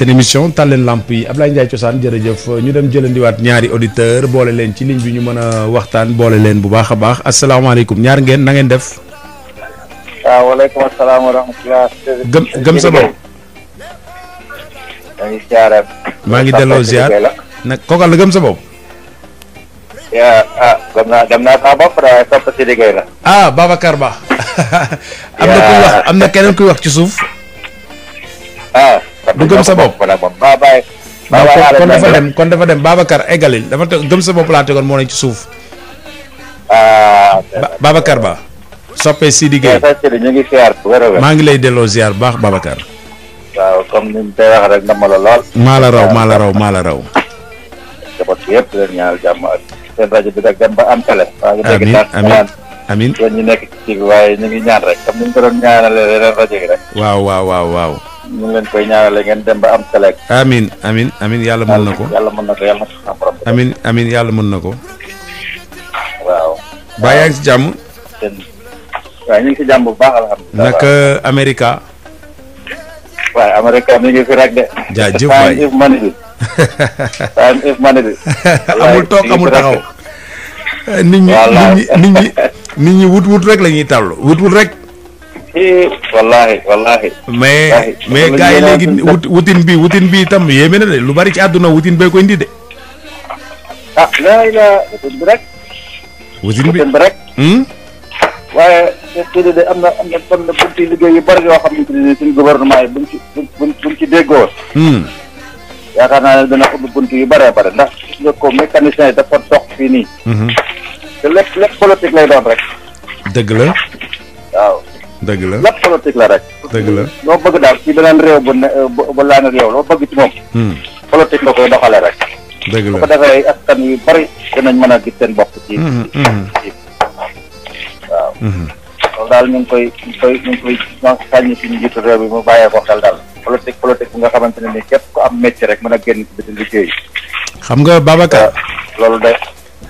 seen émission taal leen lamp yi Ablaye Ndiaye cosaan jërëjëf ñu dem jëlandiwaat ñaari auditeur boole leen ci ligne bi ñu mën a waxtaan boole leen bu baax a baax asalaamaaleykum ñaar ngeen na ngeen def. waaw waaleykum salaam wa gëm gëm sa bopp. maa ngi delloo ziar nag kookal la gëm sa bopp. ah gëm naa dem naa sama bopp waaye ah, [LAUGHS] am na kuy wax am na keneen kuy wax ci suuf. Ah, du gëm sa bopp maa bàyyi kon dafa dem kon dafa dem Babacar eggalil dafa te gëm sa bopp laa tegoon moo nekk ci suuf ah, Babacar Ba soppee si Gueye ñu ngi ziar maa ngi lay delloo ziar bu baax Babacar waaw comme ni tey wax rek dama la lool maa la raw maa la raw maa la raw jabot yëpp leen ñaanal jàmm bi nag dem waaye ñu ngi ñaan rek comme ni waaw waaw waaw ñu ngi leen koy ñaanale ngeen dem ba am télé. amiin amiin yàlla mën na ko yàlla mën na ko yàlla amiin yàlla mën na ko. waaw. baa yaa ngi si jàmm. jàmm bu baax alhamdulilah. naka Amerika. waaw Amerika mi ngi fi rek de. jaajëf waay time [LAUGHS] amul toog amul taxaw. nit ñi nit ñi nit ñi wut wut rek la ñuy tàllu wut wut rek. Eh, wallahi wallahi mais mais gars yi léegi wut wutin bi wutin bi itam yéeme na de lu bari ci àdduna wutin bee koy indi de. ah lay la wutin bi rek. wutin bi rek. Hmm? waaye surtout de am na am na am na bunti yoo xamante ne suñ gouvernement yi buñ ci buñ buñ ci hmm. yaakaar naa ne dana ubbi bunt yu bëree bëri ndax gis nga ko mécanicien yi dafa dox fii nii. Hmm. te lépp lépp politique lay doon rek. dëgg la. dëgg la lépp politique la rek. la loo bëgg daal ci beneen réew bu ne bu laan réew loo bëgg ci moom. Hmm. politique nga koy doxalee rek. dëgg la bu ko ak askan yu bari dinañ mën a gis seen bopp. ci hmm, hmm, ci daal ñu ngi koy ñu ngi koy ñu ngi koy sàññi suñu njiitu réew bi mu bàyyee ko nga xamante ne ni képp ko am métier rek mën a génn ci biti liggéey. xam nga Babacar. loolu de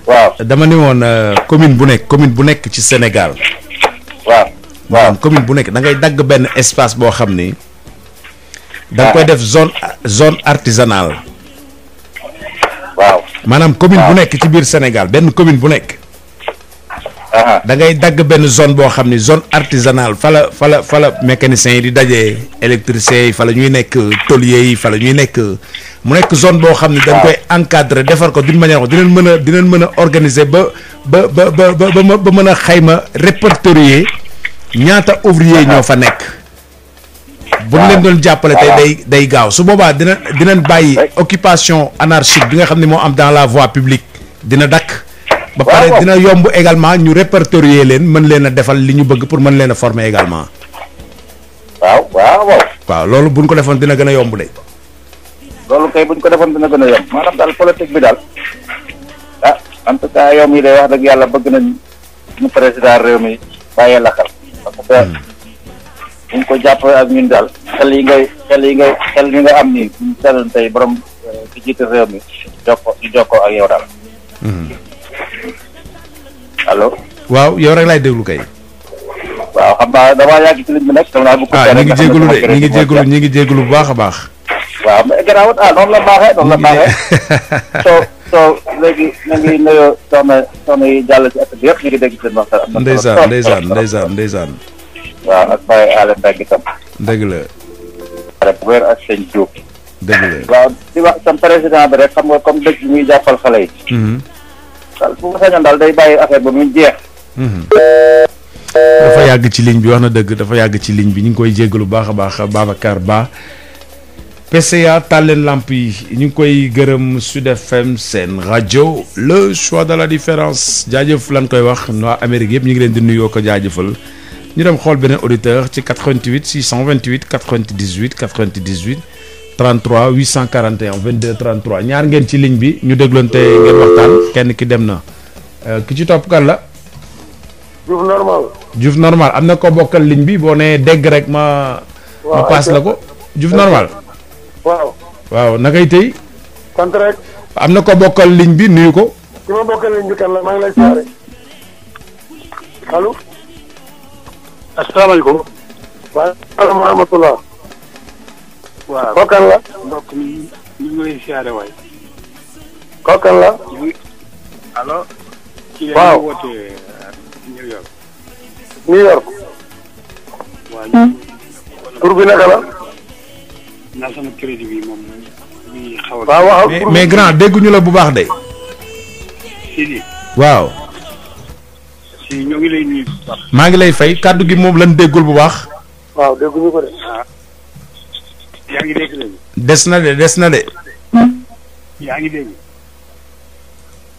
waaw. dama ne woon euh, commune bu nekk commune bu nekk ci Sénégal. waaw. waaw commune bu nekk da ngay dagg benn espace boo xam ni. da koy def zone zone artisanale. waaw maanaam commune bu nekk ci biir Sénégal benn commune bu nekk. da ngay dagg benn zone boo xam ni zone artisanale fa la fala la fa yi di dajee électriciens yi fala ñuy nekk tôliers yi fa la ñuy nekk mu nekk zone boo xam ni dañ koy encadrer defar ko d'une manière ko dinañ mën a dinañ mën a organiser ba ba ba ba ba ba mën a xayma répertorier. ñaata ouvrier ñoo fa nekk. bu ñu leen doon jàppale tey day day gaaw su boobaa dina dinañ bàyyi occupation anarchique bi nga xam ne moo am dans la voie publique dina dakk ba pare dina yomb également ñu répertorier leen mën leen defal li ñu bëgg pour mën leen a former également. waaw waaw waaw. waaw loolu bu ñu ko defoon dina gën a yomb de. loolu kay bu ñu ko defoon dina gën a yomb maanaam dal politique bi daal ah en tout cas yow mii day wax dëgg yàlla bëgg na ñu président réew mi bàyyee parce que ko jàpp ak ñun daal xel yi ngay xel yi ngay xel mi nga am nii bu ñu seetloon tey borom euh, ki jiite réew mi jokkoo di ak yow daal. Hmm. allo. waaw yow rek laay déglu kay. waaw xam naa damaa yàgg ci ligne bi nag. ah ñu ngi jégalu de ñu ngi jégalu ñu ngi jégalu bu baax a baax. waaw mais garaawut ah noonu la baaxee noonu la baaxee [LAUGHS] so léegi na ngi nuyoo soxna soxna yi jàll ci at bi yëpp ñu ngi dégg seen waxtaan. ndeysaan ndeysaan ndeysaan ndeysaan. waaw ak Baye Alé Mbeg itam. dëgg la. rek wér ak dëgg la waaw di wax président bi rek xam nga comme dëgg muy jàppal xale yi. Mm-hmm. daal bu ma sañoon daal day bàyyi affaire ba muy jeex. Mm-hmm. dafa yàgg ci ligne bi wax na dëgg dafa yàgg ci ligne bi ñu ngi koy jéggalu baax a baax Babacar Ba. PCA taal leen lamp yi ñu ngi koy gërëm Sud FM seen rajo le choix de la différence jaajëf lan koy wax waa Amérique yëpp ñu ngi leen di nuyoo ko jaajëfal ñu dem xool beneen auditeur ci 88 628 98 98 33 841 22 33 ñaar ngeen ci ligne bi ñu dégloonte ngeen waxtaan kenn ki dem na euh, ki ci topp kan la. Diouf normal. Diouf normal am na ko bokkal ligne bi boo nee dégg rek ma. ma paas la ko Diouf normal. waaw. waaw nakay tey. sant rek. am na ko bokkal ligne bi nuyu ko. ki ma bokkal ligne bi kan la maa ngi lay saare. allo. asalaamaaleykum. waaleykum la. mbokk mi ñu ngi la. ñu uh, New York. New York. ndax waaw waaw mais grand dégguñu la bu baax de. waaw. ñoo ngi lay maa ngi lay fay kàddu gi moom lan déggul bu baax. waaw dégguñu ko ah. de. des na de des na de. yaa ngi dégg.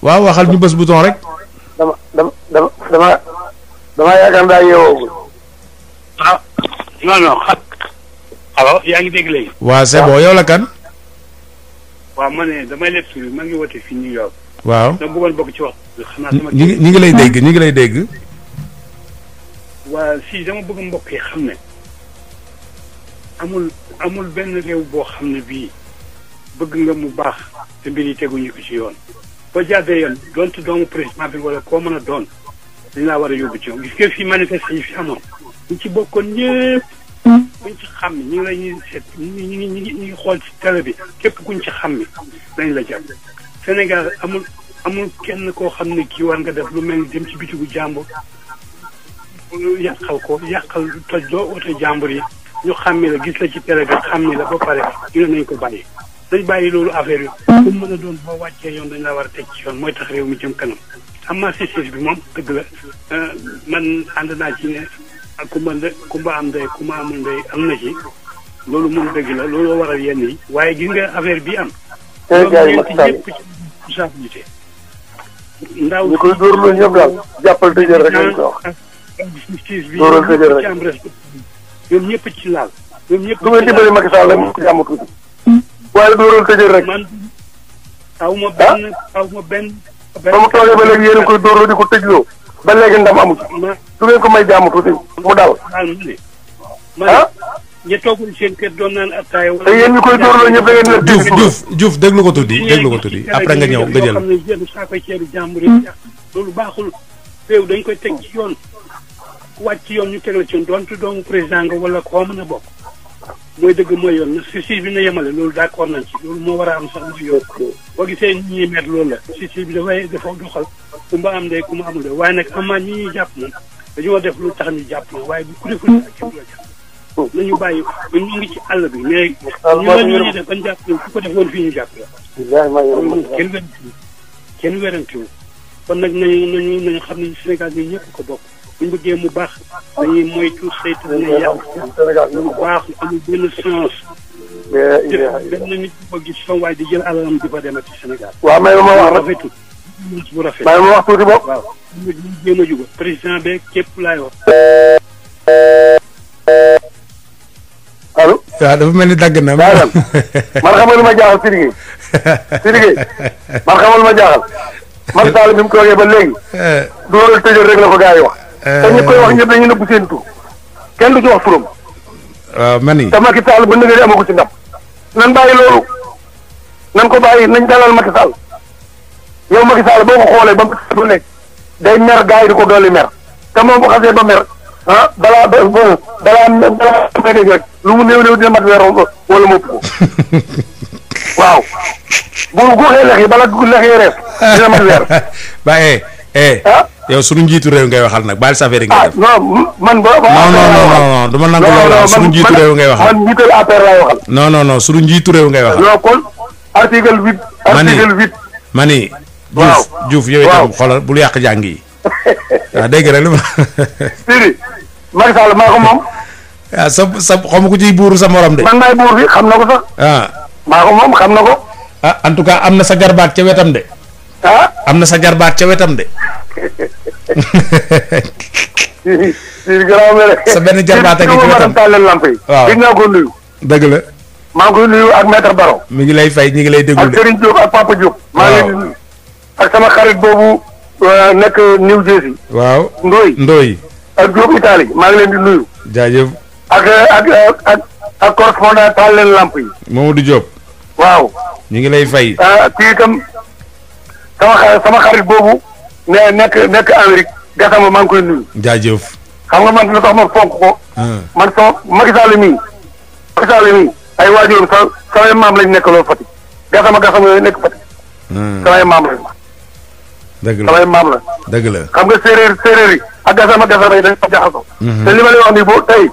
waaw waxal ñu bës bouton rek. dama dama dama dama yaakaar naa yeewoogul. ah allo yaa ngi dégg léegi. waa c'est bon yow la kan. waaw ma ne damay leb tur bi ma ngi woote fii New York. waaw dama bëggoon bokk ci wax. ñi ngi ñi ngi lay dégg ñi ngi lay dégg. waa si dama bëgg mbokk yi xam ne amul amul benn réew boo xam ne bii bëgg nga mu baax te mbir yi teguñu ko ci yoon. boo jàddee yoon donte doomu président bi koo mën a doon dañ laa war a yóbbu ci yoon gis nga fii manifeste yi fi amoon ñu ci bokkoon ñëpp. kuñ ci xam ne ñu ngi lay ñu ngi seet ñu ngi ñu ngi ñu xool ci télé bi képp kuñ ci xam ne dañ la jàpp Sénégal amul amul kenn koo xam ne kii war nga def lu mel ni dem ci bitigu jàmbur yàqal ko yàqal toj doo oto jàmbur yi ñu xam xàmmee la gis la ci télé bi xàmmee la ba pare ñu nañ ko bàyyi dañ bàyyi loolu affaire yi pour mën a doon boo wàccee yoon dañ la war a teg ci yoon mooy tax réew mi jëm kanam am na bi moom dëgg la euh, man ànd naa ci ne ak kumba ndey kumba am ndey kumba amul ndey am na ci loolu moom dëgg la looloo waral yenn yi. waaye gis nga affaire bi am. Sénégal Macky Sall ndaw ñu koy dóor loolu ñëpp daal jàppal tëjal rek lañ ko wax. dóoral tëjal rek ñoom ñëpp ñëpp ci laal lu may dimbali Macky Sall rek mu jàmm tuuti. waaye dóoral tëjal rek. man aw ma benn ah? aw ma benn. ba mu toogee ba léegi yéen a koy dóorloo di ko tëjloo. ba léegi ndam amu ci. du ngeen ko may jaamu tuuti mu dal. ah. ña toogul seen kër doon naan attaaya wala. te yéen ñu koy dóorloo ñëpp da ngeen di. Diouf Diouf Diouf déglu ko tuddi déglu ko tuddi après nga ñëw nga jël. loolu baaxul réew dañ koy teg ci yoon. ku wàcc ci yoon ñu teg la ci yoon doomu président nga wala koo mën a bokk. mooy dëgg mooy yoon na si si bi na yemale loolu d'accord nañ ci loolu moo war a am sax mooy yoon. boo gisee ñi met loolu la. si si bi dafay dafa doxal. kumba am ndey kumba amul ndey waaye nag amaa ñi ñuy jàpp moom dañoo def lu tax ñu jàpp moom waaye bu ku deful ak kenn du la jàpp nañu bàyyi ñu ngi ci àll bi mais ñu ñu def ban jàpp ku ko def woon fii ñu jàpp la kenn werantiwu kenn werantiwu kon nag nañu nañu nañu xam ne Sénégal ñun ko bokk bu ñu bëggee mu baax dañuy moytu saytu ne yàlla mu baax amul benn sens def benn nit bu ko gis sama waay di jël alalam di fa demati Sénégal waaw may ma wax rek mujj bu ma wax tuuti boobu. waaw mujj bu jéem a jubóo. dafa mel ni dagg na. man xamal lu ma jaaxal Sidiki. Sidiki man xamal lu ma jaaxal. man Sall bi mu toogee ba léegi. du waral tëjal rek la ko gars yi wax. Euh. te ñi koy wax ñëpp dañuy nëbb seen tur. kenn du ci wax turam. waaw man yi. te Macky Sall ba nëgëri amagu ci ndam. nan bàyyi loolu. nan ko bàyyi nañ dalal Macky Sall. yow Macky Sall boo ko xoolee ba nekk day mer gars ko dolli mer te bu xasee ba mer lu mu néew néew dina mat weer wala mu [LAUGHS] waaw bu guuxee lex yi bala lex yi rees dina mat weer. [LAUGHS] bàyyee eh. eh ah? yow suñu njiitu réew ngay waxal nag baal safari ngay ah, def. ah non man ba. non non non non du ma nangu loolu suñu njiitu réew ngay waxal. man njiital APR laay njiitu réew ngay waxal. non kon article huit. mani. waaw Diouf Diouf yow itam xoolal bul yàq jàng yi. [LAUGHS] waaw dégg nga li ma. Sidi. Macky Sall maa ko moom. waaw [LAUGHS] ah, sa sa xamu ko ciy buuru sa de. man maay buur bi xam na ko sax. ah xam na ko. Ah, en tout cas am na sa jarbaat ca wetam de. ah am na sa jarbaat ca wetam de. [LAUGHS] sa benn jarbaat a ngi ci wetam waaw gis naa maa ngi koy ngi lay fay ñi ngi lay déglu de ak ak sama xarit boobu euh, nekk New Jersey. waaw Ndoye Ndoye. ak Diop Italie maa ngi leen di nuyu. jaajëf. ak ak ak ak correspondant taal leen lamp yi. Mamadou waaw. ñu ngi lay fay. Ah, kii itam sama xa sama xarit boobu ne nekk nekk Amérique Gassama maa ngi koy nuyu. jaajëf. xam nga man li tax ma fonk ko. Ah. man sama Macky Sall mii. Macky Sall mii ay waajuram sa samay maam lañ nekkaloo Fatick Gassama Gassama yooyu nekk Fatick. Ah. samay maam lañ. dëgg la samay maam la. dëgg la xam nga séeréer séeréer yi ak gasama gasama yi dañu ko jaxasoo. Mhm. te li ma lay wax nii boo tey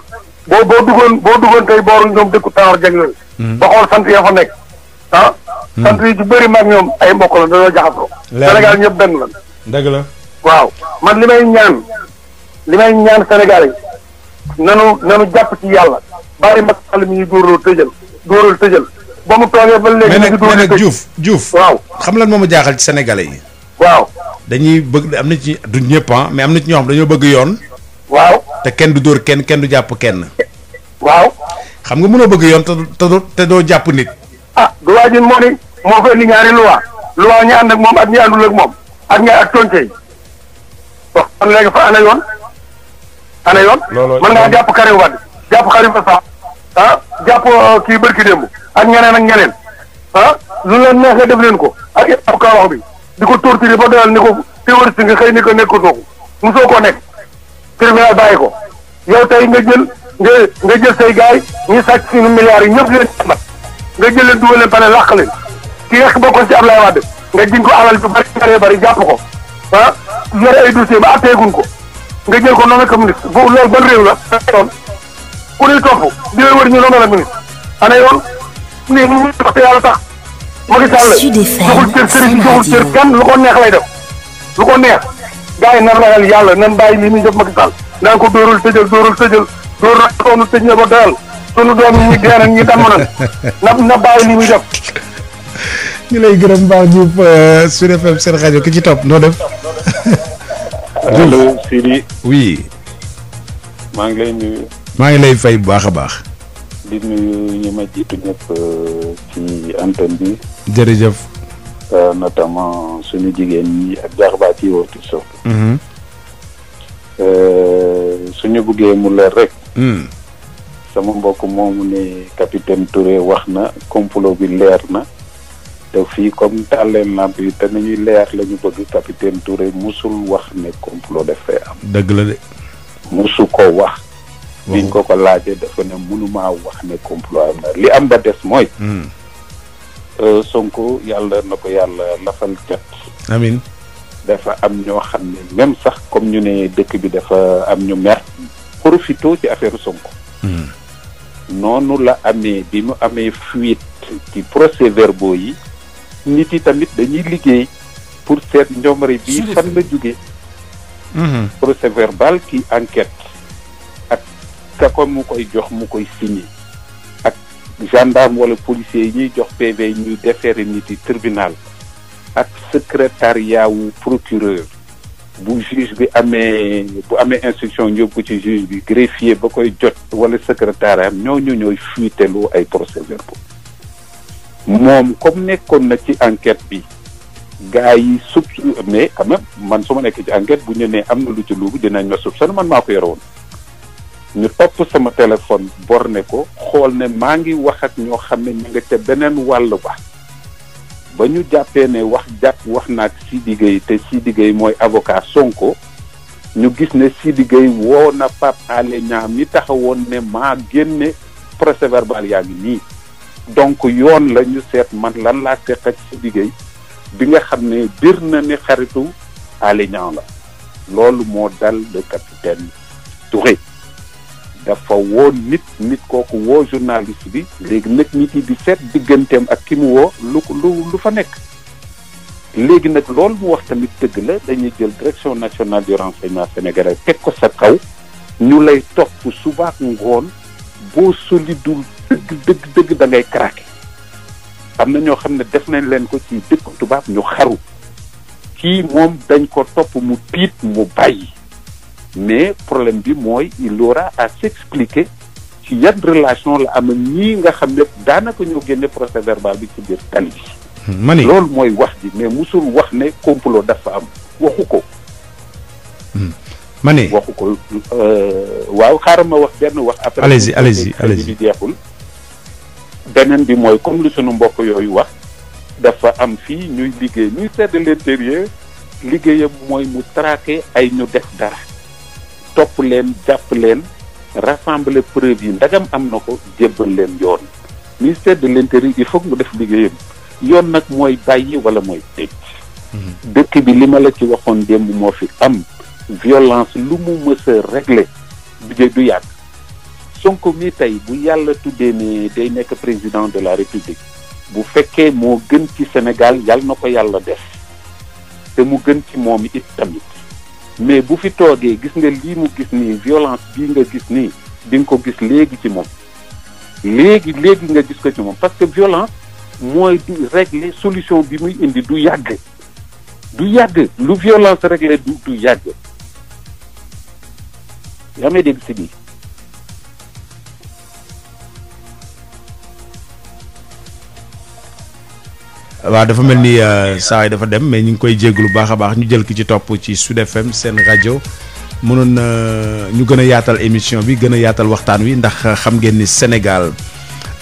boo boo duggoon boo duggoon tey booru ñoom dëkku Tanor Dieng yooyu. Mhm. ba xool sant ya fa nekk ah. Mhm. sant yi ci bëri mag ñoom ay mbokk la dañoo jaxasoo. Sénégal ñëpp benn la. dëgg la waaw man li may ñaan li may ñaan Sénégal yi nanu nanu jàpp ci yàlla bàyyi mag xale mi ñuy dóorloo tëjal dóoral tëjal ba mu toogee ba léegi. ñu ngi dóor a tëj mais nag Diouf Diouf. waaw xam lan moo ma jaaxal ci sénégalais yi. waaw dañuy bëgg am na ci du ñëpp ah, mais am na ci ñoo xam dañoo bëgg yoon. waaw te kenn du dóor kenn kenn du jàpp kenn. waaw. xam nga mënoo bëgg yoon te te te doo jàpp nit. ah du waa ji moo ni moo fay ni ñaari luwaa luwaa ñi ànd ak moom ak ñi àndul ak moom ak ñaar ak tonte yi wax kon léegi fa ana yoon. ana yoon mën ngaa jàpp Karim Wade jàpp Khalifa Sall ah jàpp euh, kii bërki démb ak ñeneen ak ñeneen ah lu leen neexee def leen ko ak yëpp kaw wax bi. di ko torturer ba doyal ni ko terroriste nga xëy ni ko nekkatoo ko mosoo ko nekk tribunal bàyyi ko yow tey nga jël nga nga jël say gaay ñi sàcc suñu milliards yi ñëpp leen amat nga jël leen dugal leen pare làq leen ci Ablaye Wade nga jiñ ko alal bu bari bari bari jàpp ko ah yore ay dossier ba atteeguñ ko nga jël ko nommé ko ministre boobu loolu ban réew la yoon ku ñuy topp di lay wër ñu nommé a ministre ana yoon lii mu wax te yàlla Macky Sall joxul cër sëriñ joxul cër kan lu ko neex lay def lu ko neex gars yi nan ragal yàlla nan bàyyi li muy def Macky Sall naan ko dóorul tëjal dóorul tëjal dóor na doonu tëj na ba doyal sunu doom yi ñu dee nañ ñu damm nañ na na bàyyi li muy def [LAUGHS] ñu lay gërëm baax Diouf euh, Sud FM seen rajo ki ci topp noo def [LAUGHS] allo Sidi oui maa ngi lay nuyu maa ngi lay fay bu baax a baax di nuyu ma jiitu ñëpp euh, ci antenne bi. jërëjëf. Euh, notamment suñu jigéen ñi ak jaaxbaat yi woote so. suñu buggee mu leer rek. Mm. sama mbokk moomu ne capitaine Touré wax na complot bi leer na te fii comme taal leen yi te nañuy leer la ñu bëgg capitaine Touré musul wax ne complot dafay am. dëgg la de. musu ko wax. biñ ko ko laajee dafa ne mënumaa wax ne complot li am ba des mooy hmm. euh, Sonko yàlla na ko yàlla lafal cat amin dafa am ñoo xam ne même sax comme ñu ne dëkk bi dafa am ñu mer profito ci affaire Sonko hmm. noonu la amee bi mu amee fuite ci procès verbaux yi nit yi tamit dañuy liggéey pour seet njombare bii fan la jóge hmm. procès verbal qui enquête ka ko mu koy jox mu koy signé ak gendarme wala policier yi ñuy jox PV ñuy defeere nit yi tribunal ak secrétariat wu procureur bu juge bi amee bu amee instruction ñëw ko ci juge bi greffier ba koy jot wala secrétaire am ñu ñooy fuiteloo ay procès-verbaux moom comme nekkoon nag ci enquête bi gars yi sub mais quand même man su ma nekk ci enquête bu ñu nee am na lu ci luubu dinañ ma soupçonné man maa ko yore ñu topp sama téléphone borné ko xool ne maa ngi wax ak ñoo xam ne ñu nga ca beneen wàll ba ba ñu jàppee ne wax jàpp wax naag Sidi Gueye te Sidi Gueye mooy avocat Sonko ñu gis ne ci Gueye woo na Pape Alé Niang mi taxawoon ne maa génne procès verbal yaa ngi nii donc yoon lañu seet man lan laa seq ak Sidi Gueye bi nga xam ne biir na ne xaritu Alé la loolu moo dal le capitaine Touré dafa woo nit nit kooku woo journaliste bi léegi nag nit yi di set digganteem ak ki mu woo lu lu lu fa nekk léegi nag loolu mu wax tamit tëgg la dañuy jël direction nationale du renseignement sénégalais teg ko sa kaw ñu lay topp subaak ngoon boo solidul dëgg dëgg dëgg da ngay craqué am na ñoo xam ne def nañ leen ko ci dëkk tubaab ñu xaru kii moom dañ ko topp mu tiit mu bàyyi mais problème bi mooy il a à s'expliquer ci yan relation la am ñii nga xam ne daanaka ñoo génne procès verbal bi ci biir tali bi. Hmm, ma ni loolu mooy wax bi mais musul wax ne complot dafa am waxu ko. Hmm. ma ne waxu ko euh, waaw xaaral ma wax benn wax. après allez-y allez-y allez-y jeexul. beneen bi mooy comme lu sunu mbokk yooyu wax dafa am fii ñuy liggéey ministère de l'intérieur liggéeyam mooy mu traqué ay ñu def dara. topp leen jàpp leen rassembler preuve yi ndagam am na ko jébbal leen yoon ministère de l'intérieur il faut mu def liggéeyam yoon nag mooy bàyyi wala mooy tëj mhm. dëkk bi li ma la ci waxoon démb moo fi am violence lu mu mës a régler du yàgg Sonko mi tey bu yàlla tuddee ne day nekk président de la république bu fekkee moo gën ci Sénégal yàlla na ko yàlla def te mu gën ci moom it tamit mais bu fi toogee gis nga lii mu gis nii violence bi nga gis nii di nga ko gis léegi ci moom léegi léegi nga gis ko ci moom parce que violence mooy du régler solution bi muy indi du yàgg du yàgg lu violence régler du du yàgg yaa may dégg si bii waaw dafa mel ni euh, saa dafa dem mais ñu ngi koy jégalu baax a baax ñu jël ki ci topp ci Sud FM seen rajo mënoon na euh, ñu gën a yaatal émission bi gën a yaatal waxtaan wi ndax euh, xam ngeen ni Sénégal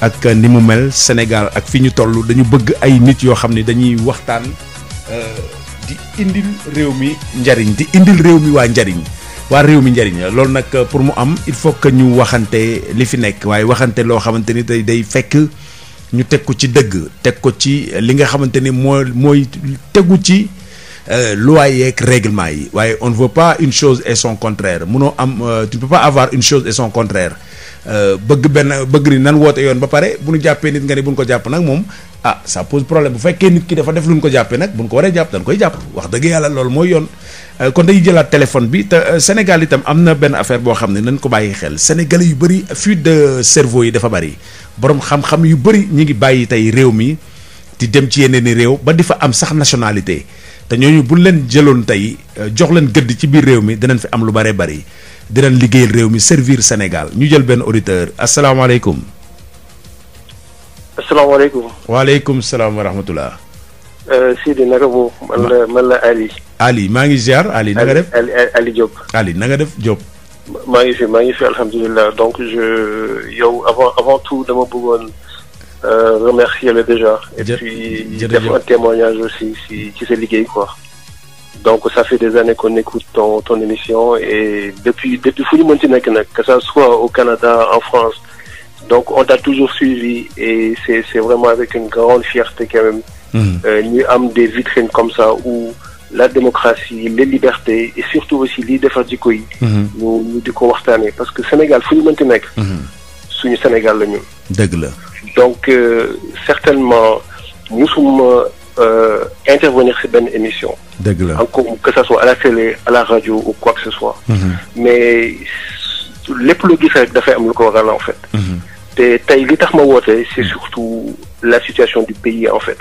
ak ni mu mel Sénégal ak fi ñu toll dañu bëgg ay nit yoo xam ne dañuy waxtaan di indil réew mi njariñ di indil réew mi waa njariñ waa réew mi njariñ loolu nag pour mu am il faut que ñu waxante li fi nekk waaye waxante loo xamante ni day day fekk. ñu teg ko ci dëgg teg ko ci li nga xamante ni moo mooy tegu ci euh, loi yeeg réglement yi waaye on ne veut pas une chose et son contraire noo am euh, tu ne peux pas avoir une chose et son contraire euh, bëgg benn bëgg ni nan woote yoon ba pare bu ñu jàppee nit nga ne bu ñu ko jàpp nag moom ah ça pose problème bu fekkee nit ki dafa def lu ñu ko jàppee nag bu ñu ko waree jàpp dañ koy jàpp wax dëgg yàlla loolu mooy yoon kon day jëlaat téléphone bi te Sénégal itam am na benn affaire boo xam ne nañ ko bàyyi xel sénégalais yu bëri fuite de cerveau yi dafa bëri borom xam-xam yu bëri ñi ngi bàyyi tey réew mi di dem ci yeneen i réew ba di fa am sax nationalité te ñu bu leen jëloon tey euh, jox leen gëdd ci biir réew mi dinañ fi am lu bare bari dinañ liggéeyal réew mi servir Sénégal ñu jël benn auditeur asalaamaaleykum. asalaamaaleykum. waaleykum salaam wa rahmatullah. Euh, Sidi naka boobu. man la man la Ali. Ali maa ngi ziar Ali. na nga def Ali Ali Ali na nga def Diop. maa ngi fi maa ngi fi alhamdulilah donc yow avant tout dama bëggoon euh, remercier la déjà. et puis un témoignage aussi si ci sa liggéey quoi. donc ça fait des années qu'on écoute ton émission et depuis depuis fu ñu mën ci nekk nag que ça soit au Canada en France donc on t'a toujours suivi et c'est vraiment avec une grande fierté quand même. Euh, ñuy am des comme ça la démocratie les libertés et surtout aussi liy defar jikko yi. Mhm. ñu di ko waxtaanee parce que Sénégal fu ñu mënti nekk. Mhm. suñu Sénégal la ñun. la donc euh, certainement musuma euh, intervenir ci benn émission. dëgg la encore que ça soit à la télé à la radio ou quoi que ce soit. Mhm. mais lépp lu gis rek dafay am lu ko waral en fait. te tey li tax ma woote c'est surtout la situation du pays en fait.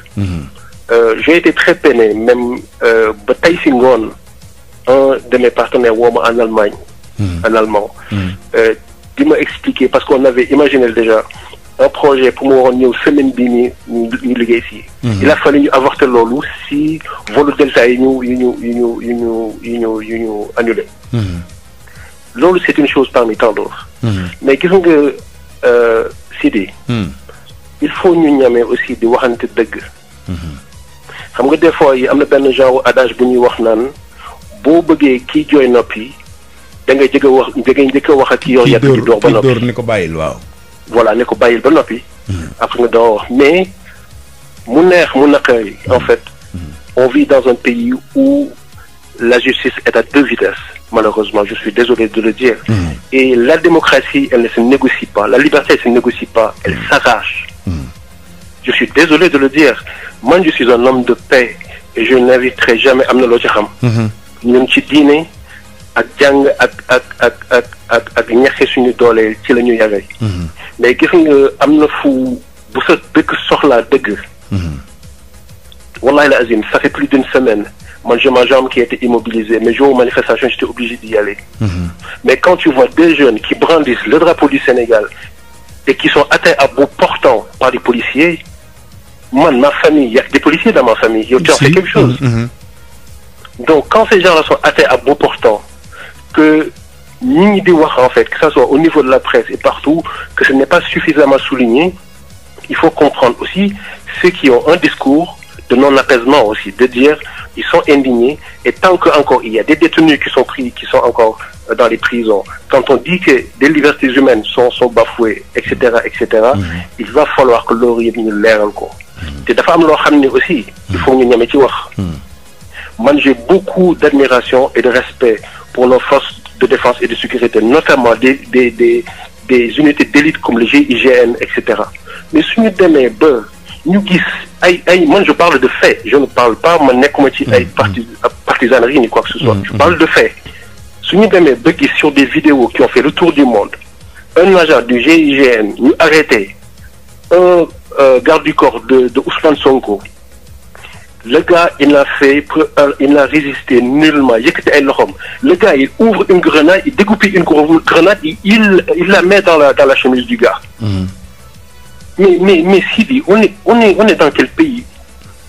Euh, j'ai été très peiné même euh, ba tey si ngoon un de mes partenaires woo ma en Allemagne. Hmm. en allemand. Hmm. Euh, di ma expliquer parce qu'on avait imaginé déjà un projet pour mu waroon ñëw semaine bii nii ñu ñu liggéey si. Hmm. il a fallu ñu avorter loolu si volu delta yi ñu yu ñu yu ñu yu ñu annulé. loolu c'est une chose parmi tant d'autres. mais gis nga Sidi. il faut ñu ñamee aussi di waxante dëgg. xam nga des fois yi am na benn genre adage bu ñuy wax naan boo bëggee kii jooy noppi da nga jëkk a wax da ngay wax ak kii yor yàq di door ba noppi ni ko bàyyil waaw voilà ni ko bàyyil ba noppi hmm. après nga doo wax mais mu neex mu naqari en hmm. fait hmm. on vit dans un pays où la justice est à deux vitesses malheureusement je suis désolé de le dire et la démocratie elle ne se négocie pas la liberté elle ne se négocie pas elle s'arrache je suis désolé de le dire je suis un homme de paix et je n'inviterai jamais am na loo ci xam. Mhm. ñun ci diine ak jàng ak ak ak suñu doole ci la ñu yàggee. Mhm. mais gis nga am na fu bu sa dëkk soxlaa dëgg. Mhm. wallahi la azim ça fait plus d'une semaine man j'ai ma jambe qui était immobilisée mais jour manifestation j'étais obligé d'y aller. Mmh. mais quand tu vois deux jeunes qui brandissent le drapeau et qui sont atteints à bout portant par des policiers. man, ma famille, il y a que des policiers dans ma famille. Mm-hmm, mm-hmm. Donc, quand ces gens-là sont atteints à bout portant, que ni en fait, que ce soit au niveau de la presse et partout, que ce n'est pas suffisamment souligné, il faut comprendre aussi ceux qui ont un discours de non-apaisement aussi, de dire ils sont indignés et tant qu'encore il y a des détenus qui sont pris, qui sont encore euh, dans les prisons, quand on dit que des libertés humaines etc., mm-hmm. il va falloir que l'orient nous l'air encore. te dafa am loo xam ne aussi. il faut ñu ñeme ci wax. man j'ai beaucoup d'admiration et de respect pour nos forces de défense et de sécurité notamment des des des des unités d'élite comme le GIGN et cetera mais suñu demee ba ñu gis ay ay je parle de fait je ne parle pas ma nekkuma ci ay mm-hmm. parti partisanerie ni quoi que ce soit. je mm-hmm. parle de fait suñu demee ba gis sur des vidéos qui ont fait le tour du monde un agent du GIGN ñu arrêté euh, garde du corps de, de Ousmane Sonko le gars il n'a euh, résisté nullement yëkkati ay le gars il ouvre une grenade il découpe une grenade il la met dans la chemise du gars. Mhm. mais mais on est dans quel pays.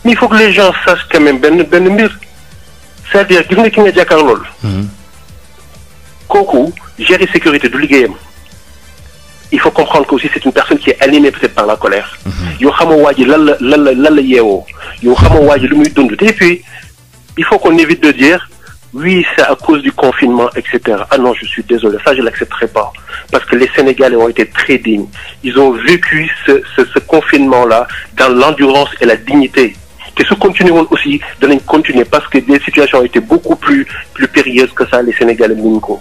mais il faut que les gens sachent quand même c'est-à-dire gis nga ki nga jàkkaar lool. Mhm. kooku sécurité du liggéeyam. il faut comprendre que aussi c'est une personne qui est animée peut-être par la colère. Mhm. yoo xamoo waa ji lan la lan la lan la yeewoo yoo xamoo waa ji muy dund et puis il faut qu'on évite de dire oui c'est à cause du confinement et cetera ah non je suis désolé je l'accepterai pas parce que les Sénégalais ont été très dignes ils ont vécu ce ce ce confinement là dans l'endurance et la dignité te su continuer woon aussi danañ continuer parce que des situations ont été beaucoup plus plus périlleuses que ça les Sénégalais mënuñ ko.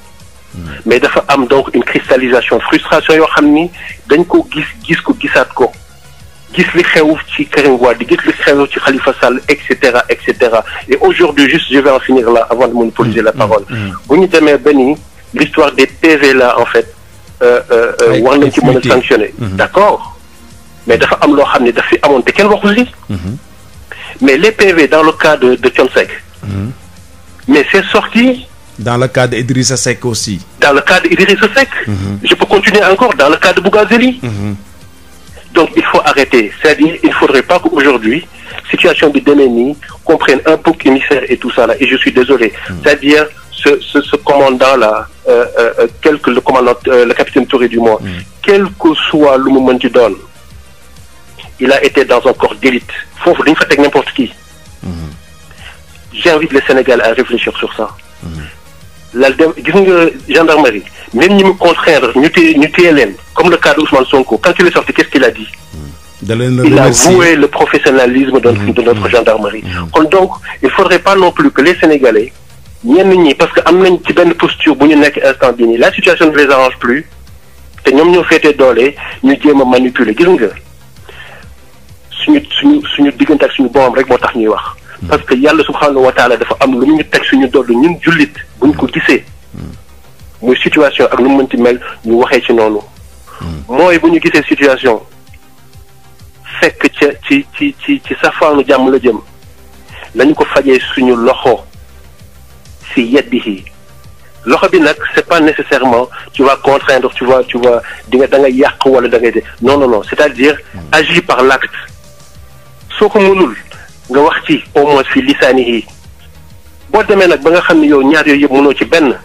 mais dafa am donc une cristallisation frustration yoo xam ni dañ ko gis gis ko gisaat ko gis li xew ci Karim Wade di gis li xew ci Khalifa Sall et cetera et cetera et aujourd'hui juste je vais en finir là avant de monopoliser la mm, parole mm, mm. bu ñu demee ba ni l'histoire des PV là en fait euh, euh, euh, war nañ a sanctionner mm-hmm. d'accord mais dafa am loo xam ni daf fi amoon te kenn waxu mm-hmm. mais les PV dans le cas de de mm-hmm. mais c'est sorti Dans le cas d'Idrissa Seck aussi. Dans le cas d'Idrissa Seck. Mm Je peux continuer encore dans le cas de Bougazeli. Mm Donc il faut arrêter. C'est-à-dire il ne faudrait pas qu'aujourd'hui, situation de Dénéni, qu'on prenne un bouc émissaire et tout ça là. Et je suis désolé. Mmh. C'est-à-dire ce, ce, ce commandant-là, euh, euh, quel euh, que le commandant, euh, capitaine Touré du moins, mhm. quel que soit le moment du donne, il a été dans un corps d'élite. Il faut venir avec qui. Mmh. J'ai envie le Sénégal à réfléchir sur ça. Mhm. la dem gis nga gendarmerie même ñi mu contraindre ñu t ñu téye leen comme le cas de Ousmane Sonko quand il est sorti qu'est-ce qu'il a dit. da leen la remercier il a voué le professionnalisme de notre gendarmerie. Mm-hmm. Mm-hmm. kon donc il faudrait pas non plus que les Sénégalais ñenn ñi parce que am nañ ci benn posture bu ñu nekk instant bii nii la situation ne les arrange plus te ñoom ñoo féetee doole ñu jéem a manipuler gis nga suñu suñu suñu diggante ak suñu borom rek moo tax ñuy wax. parce que yàlla subhaanahu wa taala dafa am lu mu ñu teg suñu dodd ñun jullit buñ ko gisee. muy situation ak lu mu mënti mel ñu waxee ci noonu. mooy bu ñu gisee situation fekk ca ci ci ci ci safaanu jàmm la jëm lañu ko fajee suñu loxo si yeddihi loxo bi nag c'est pas nécessairement ci vas contraindre tu vas tu vas di nga da nga yàq wala dangay ngay de non non non c'est-à-dire hmm. agir par l'acte soo ko mënul nga wax ci au moins fii lisaani yi boo demee nag ba nga xam ne yow ñaar yooyu yëpp mënoo ci benn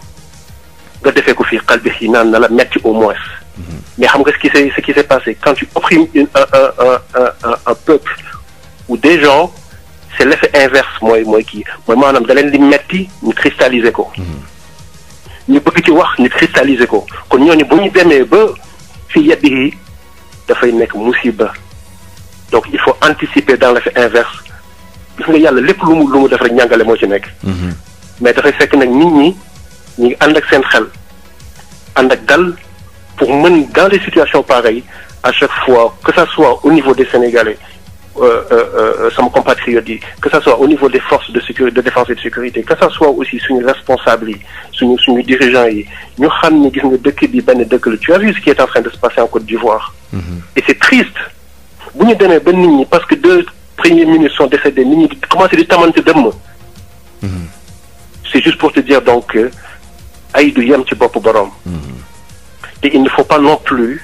nga defee ko fii xalbi yi naan na la metti au moins. Mm-hmm. mais xam nga ci qui s'est ce qui s'est passé quand tu opprimes une un un un un peuple ou des gens c'est l'effet inverse mooy mooy kii mooy maanaam da leen di metti ñu ko. Mm-hmm. ñu bëgg ci wax ñu cristalliser ko kon ñooñu bu ñu demee ba fi yeddi yi dafay nekk musiba donc il faut anticiper dans l'effet inverse. gis nga yàlla lépp lu mu lu mu def rek njàngale moo ci nekk. Mhm. mais dafay fekk nag nit ñi ñu ngi ànd ak seen xel ànd ak dal pour mën dans des situations pareilles à chaque fois que ça soit au niveau des Sénégalais euh, euh, euh, sama compatriotes yi que ça soit au niveau des forces de sécurité de défense et de sécurité que ça soit aussi suñu responsables yi suñu suñu dirigeants yi ñu xam ne gis nga dëkk bi benn dëkk la tu as vu ce qui est en train de se passer en Côte d'Ivoire. Mhm. et c'est triste bu ñu demee ba premiers ministres sont décédés nit ñi commencé di tamante dem. Mhm. c'est juste pour te dire donc ay du yem ci bopp boroom. Mhm. te il ne faut pas non plus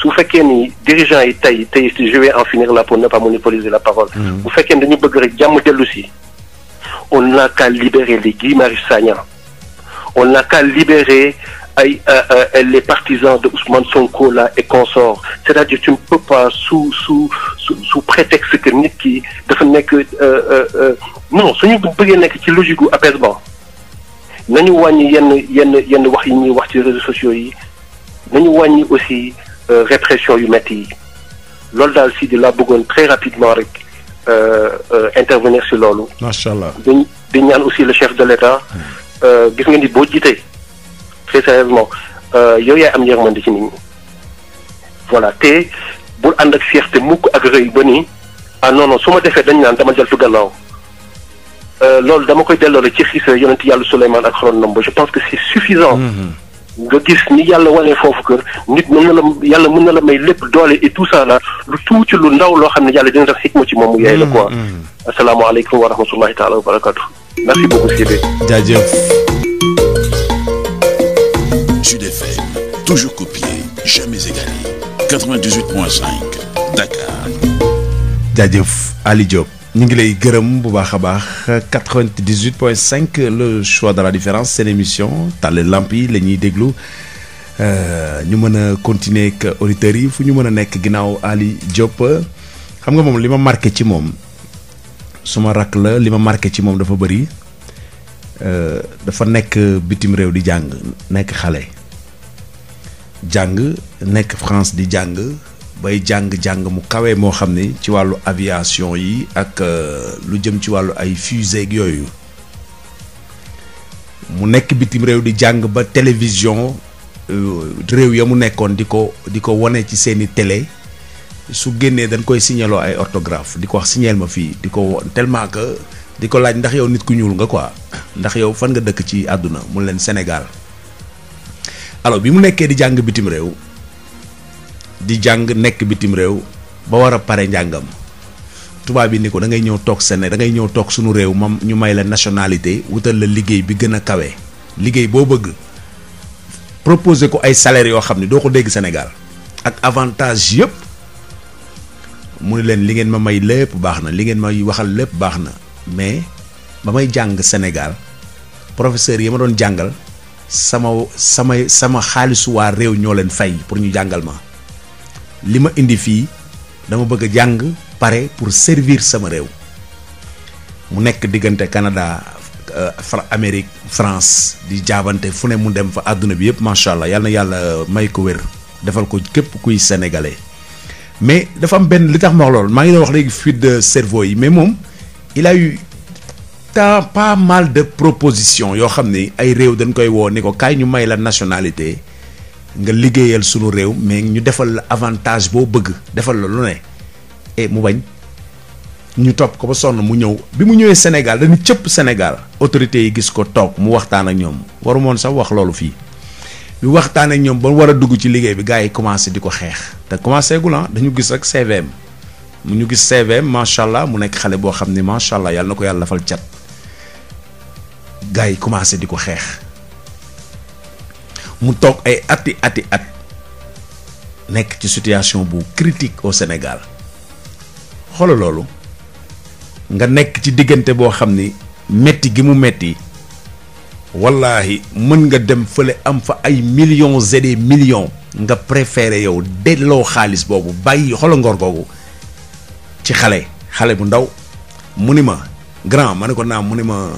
su fekkee ni dirigeants yi tey tey si je vais en finir là pour ne pas monopoliser la parole. Mhm. bu fekkee ni dañu bëgg rek jàmm dellu si. on n'a qu'à libérer les Guy on n'a qu'à libérer. ay euh, euh, euh, les partisans de Ousmane Sonko là et consorts c'est-à-dire tu ne peux pas sous sous sous sous prétexte que nit ki dafa nekk non suñu bëggee nekk ci logique gu apaisement nañu wàññi yenn yenn yenn wax yi ñuy wax ci réseaux sociaux yi nañu wàññi aussi répression yu métti yi loolu daal si di laa bëggoon très rapidement rek intervenir si loolu. macha allah di ñaan aussi le chef de l'État gis nga ni boo jiitee très sérieusement euh, yow yaay am yërmande ci nit voilà te bul ànd ak fierté mukk ak rëy ba nii ah non su ma defee dañ naan dama deltu gannaaw euh, loolu dama koy delloo ci xisa yonent yàlla Souleymane ak xorondom ba je pense que c'est suffisant. Mm-hmm. nga gis ni yàlla wanee foofu kër nit mën na la yàlla mën na la may lépp doole et tout ça là lu tuuti lu ndaw loo xam ne yàlla dina def xikma ci moom mu yaay la quoi. Mm-hmm. asalaamaaleykum wa rahmatullahi taala wa barakatu. merci beaucoup Sud FM toujours copié jamais égalé jaajëf Ali Diop. ñu ngi lay gërëm bu baax a baax 98.5 le choix de la différence seen émission tàll lamp yi la ñuy déglu euh, ñu mën a continuer ak auditeurs yi fu ñu mën a nekk ginnaaw Ali Diop xam nga moom li ma marqué ci moom suma rak la li ma marqué ci moom dafa bëri. Euh, dafa nekk bitim réew di jàng nekk xale jàng nekk France di jàng bay jàng-jàng mu kawee moo xam ne ci wàllu aviation yi ak euh, lu jëm ci wàllu ay fusée ak yooyu mu nekk bitim réew di jàng ba télévision euh, réew ya mu nekkoon di ko di ko wone ci seeni tele su génnee dañ koy signaloo ay orthographe di ko wax signal ma fii di ko won tellement di ko laaj ndax yow nit ku ñuul nga quoi ndax yow fan nga dëkk ci àdduna mu leen Sénégal alors bi mu nekkee di jàng bitim réew di jàng nekk bitim réew ba war a pare njàngam tubaab bi ni ko da ngay ñëw toog Séné da ngay ñëw toog sunu réew mam ñu may la nationalité wutal la liggéey bi gën a kawe liggéey boo bëgg proposé ko ay salaire yoo xam ne doo ko dégg Sénégal ak avantage yëpp mu ne leen li ngeen ma may lépp baax na li ngeen may waxal lépp baax na mais ba may jàng senegal professeur yi ma doon jàngal sama samay sama xaalisuwaa réew ñoo leen fay pour ñu jàngal ma li ma indi fii dama bëgg a jàng pare pour servir sama réew mu nekk diggante Canada euh, fra Amérique France di jaabante fu ne mu dem fa àdduna bi yëpp macha allah yal yàlla may ko wér defal ko képp kuy sénégalais mais dafa am benn li tax ma wax loolu maa ngi doon wax léegi fuite de cerveau yi mais moom. il yu eu tant pas mal de propositions yoo xam ni ay réew dañ koy woo ni ko kaay ñu may la nationalité nga liggéeyal sunu réew mais ñu defal la avantage boo bëgg defal la lu ne et mu bañ ñu topp ko ba sonn mu ñëw bi mu ñëwee Sénégal dañu cëpp Sénégal autorité yi gis ko toog mu waxtaan ak ñoom waru moon sax wax loolu fii bi waxtaan ak ñoom ba war a dugg ci liggéey bi gars yi commencé di ko xeex te commencé gulan ah, dañu gis rek CVM mu ñu gis CV macha allah mu nekk xale boo xam ni macha allah yàlla na ko yàlla lafal cat gars yi commencé di ko xeex mu toog ay ati ati at nekk ci situation bu critique au Sénégal xoolal loolu nga nekk ci diggante boo xam ni metti gi mu metti wallaahi mën nga dem fële am fa ay millions et des millions nga préféré yow delloo xaalis boobu bàyyi xoolal ngor googu. ci xale xale bu ndaw mu ni ma grand ma ne ko naam mu ni ma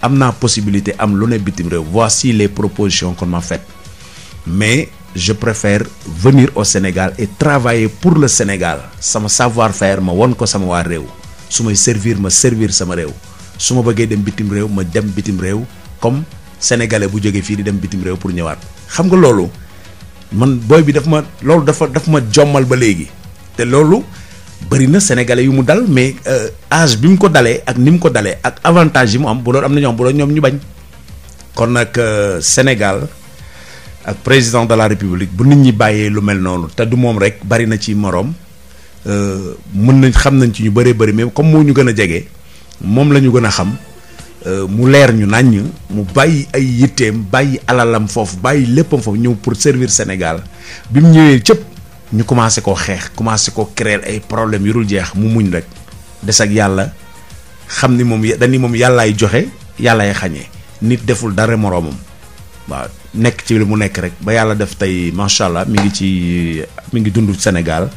am naa possibilité am lu ne bitim réew voici les propositions qu'on m'a faites mais je préfère venir au Sénégal et travailler pour le Sénégal sama savoir fair ma won ko sama waa réew su may servir ma servir sama réew su ma bëggee dem bitim réew ma dem bitim réew comme sénégalais bu jógee fii di dem bitim réew pour ñëwaat xam nga loolu man booy bi daf ma loolu dafa daf ma jommal ba léegi te loolu bëri na sénégalais yu mu dal mais age euh, bi mu ko dalee ak ni mu ko dalee ak avantage yi mu am bu doon am na ñoom bu doon ñoom ñu bañ kon nag euh, Sénégal ak président de la république bu nit ñi bàyyee lu mel noonu te du moom rek bari na ci moroom euh, mën nañ xam nañ ci ñu bëree bari mais comme moo ñu gën a jege moom la ñu gën a xam mu leer ñu naññ mu bàyyi ay yitteem bàyyi alalam foofu bàyyi léppam foofu ñëw pour servir Sénégal bi mu ñëwee cëpp ñu commencé koo xeex commencé koo créer ay problèmes yu dul jeex mu muñ rek des ak yàlla xam ni moom dañu moom yàllaay joxe yàllaay xañee nit deful dara moroomam waaw nekk ci li mu nekk rek ba yàlla def tey macha allah mi ngi ci mi ngi dund Sénégal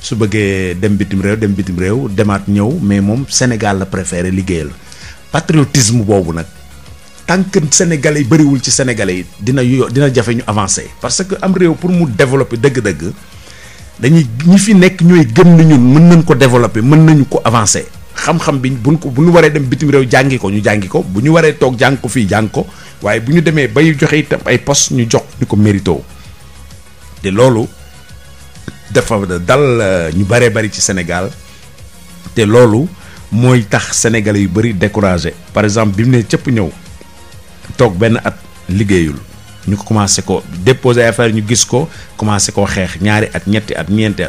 su bëggee dem bitim réew dem bitim réew demaat ñëw mais moom Sénégal la préféré liggéeyal patriotisme boobu nag tant que sénégalais yi bëriwul ci sénégalais yi dina yo dina jafe ñu avancer parce que am réew pour mu développer dëgg dañuy ñi fi nekk ñooy gën na ñun mën nañ ko développer mën nañu ko avancer xam-xam bi buñ ko bu ñu waree dem bitim réew jàngi ko ñu jàngi ko bu ñu waree toog jàng ko fii jàng ko waaye bu ñu demee bay joxe itam ay post ñu jox ñu ko mérito te loolu dafa dal euh, ñu baree bari ci Sénégal te loolu mooy tax sénégalais yu bëri découragé par exemple bi mu nee cëpp ñëw toog benn at liggéeyul ñu ko commencé ko déposer affaire ñu gis ko commencé koo xeex ñaari at ñetti at ñeenti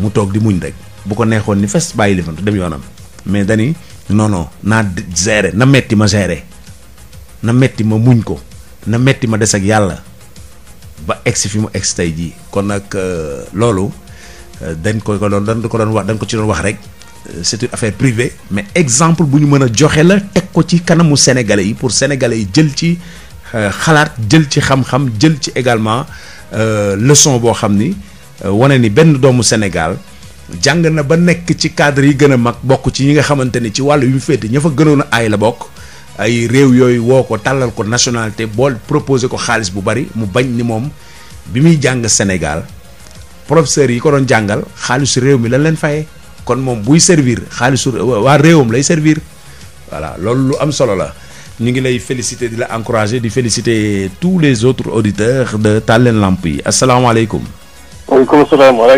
mu toog di muñ rek bu ko neexoon ni fes bàyyi li dem yoonam mais dañuy non non naa gérer na metti ma gérer na metti ma muñ ko na metti ma des ak yàlla ba egsi fi mu egsi tey jii kon nag euh, loolu euh, dañ ko ko doon dañ ko doon wax dañ ko ci doon wax rek euh, c'est une affaire privée mais exemple bu ñu mën a joxe la teg ko ci kanamu sénégalais yi pour sénégalais yi jël ci Euh, xalaat jël ci xam-xam jël ci également euh, leçon boo xam ni euh, wane ni benn doomu Sénégal jàng na ba nekk ci cadre yi gën a mag bokk ci ñi nga xamante ni ci wàll yu mu féete ña fa gënoon a ay la bokk ay réew yooyu woo ko tàllal ko nationalité bool proposé ko xaalis bu bari mu bañ ni moom bi muy jàng Sénégal professeurs yi ko doon jàngal xaalisu réew mi lañ leen fayee kon moom buy servir xaalisu waa réewam lay servir voilà loolu lu am solo la. ñu ngi lay féliciter di la encourager di féliciter tous les autres auditeurs de Taal Leen Lamp yi asalaamaaleykum. waaleykum salaam wa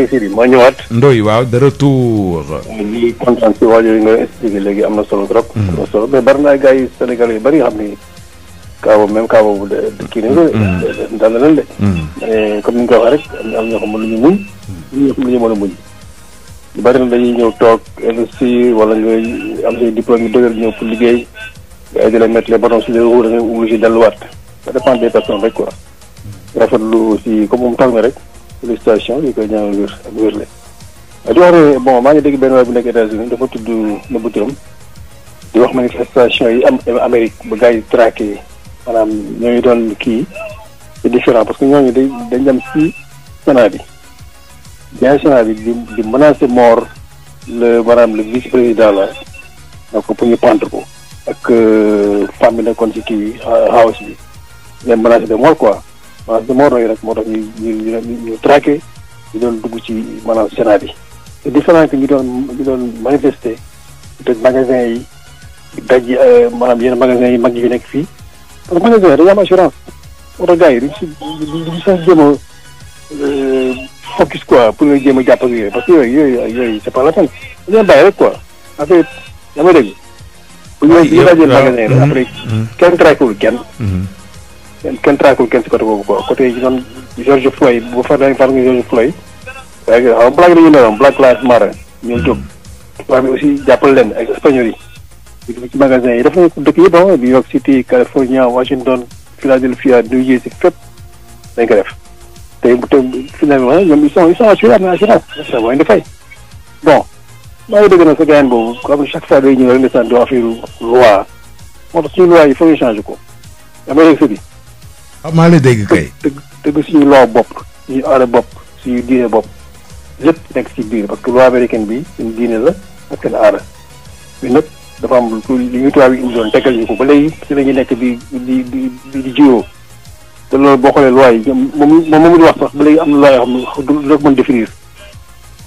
ñëwaat. Ndoye waaw de retour. ngi kontaan si waajur yi nga léegi am na solo trop. solo mais bari na ay gars Sénégal yu bari nga xam ni kaa boobu même kaa mm-hmm. mm-hmm. comme ni nga ko waxee rek am na ñoo xam ñu muñ. ñu ñoo xam ne dañuy ñëw toog investir wala ñooy am say diplôme yu ñëw pour liggéey. gars yi di la mettre les bâtons sur les roues da ngay obligé delluwaat ça dépend rek quoi. Hmm. rafetlu aussi wax ne bon maa ngi dégg benn waay bu nekk États-Unis dafa tudd nëbbu turam di wax manifestation yi am Amérique ba gars yi traqué maanaam ñooñu doon kii c'est différent parce que ñooñu dañ dañ dem si Sénat bi. bien Sénat bi di di menacer mort le maanaam le vice président la donc pour ñu pendre ko. ak euh, femme bi nekkoon ci kii euh, house bi leen menacé de mort quoi menacé de mort yooyu rek moo tax ñu ñu ñu traqué ñu doon dugg ci maanaam Sénat bi te différent que ñu doon ñu doon te magasin yi daj euh, maanaam yenn magasin yi mag yi nekk fii parce que magasin dañoo am assurance moo tax gars yi duñ sax jéem a focus quoi pour nga jéem a jàpp ak yooyu parce que yooyu yooyu yooyu c'est pas la peine dañoo bàyyi rek quoi affaire yaa may bu ñu bu ñu dajee magasin après kenn traquewul kenn. kenn traquewul kenn si côté boobu quoi côté yi man George Floyd bu fa dañ far nga George Floyd. black la ñu newoon black lives matter bi aussi jàppal leen ak espagnol yi. def ci magasin yi def nañu ko dëkk yëpp ah New York City California Washington Philadelphia New Jersey fépp dañ ko def. tey bu tey finalement ñoom ils sont ils sont assurés am na assurance. waaye dafay bon. maa ngi dégg nag sa gaayen boobu comme chaque fois day ñëw rek ndeysaan di yi foog ñu ko yaa may dégg maa ngi dégg dëgg dëgg suñu loi bopp suñu aada bopp suñu diine bopp lépp nekk ci biir parce que bi diine la ak seen aada dafa am li ñu tubaab yi indi doon tegal ñu ko ba léegi si la ñu nekk bi di di di jiwoo te loolu boo xoolee loi yi moom moom mu di wax sax ba léegi am na loi yoo xam ne du la mën définir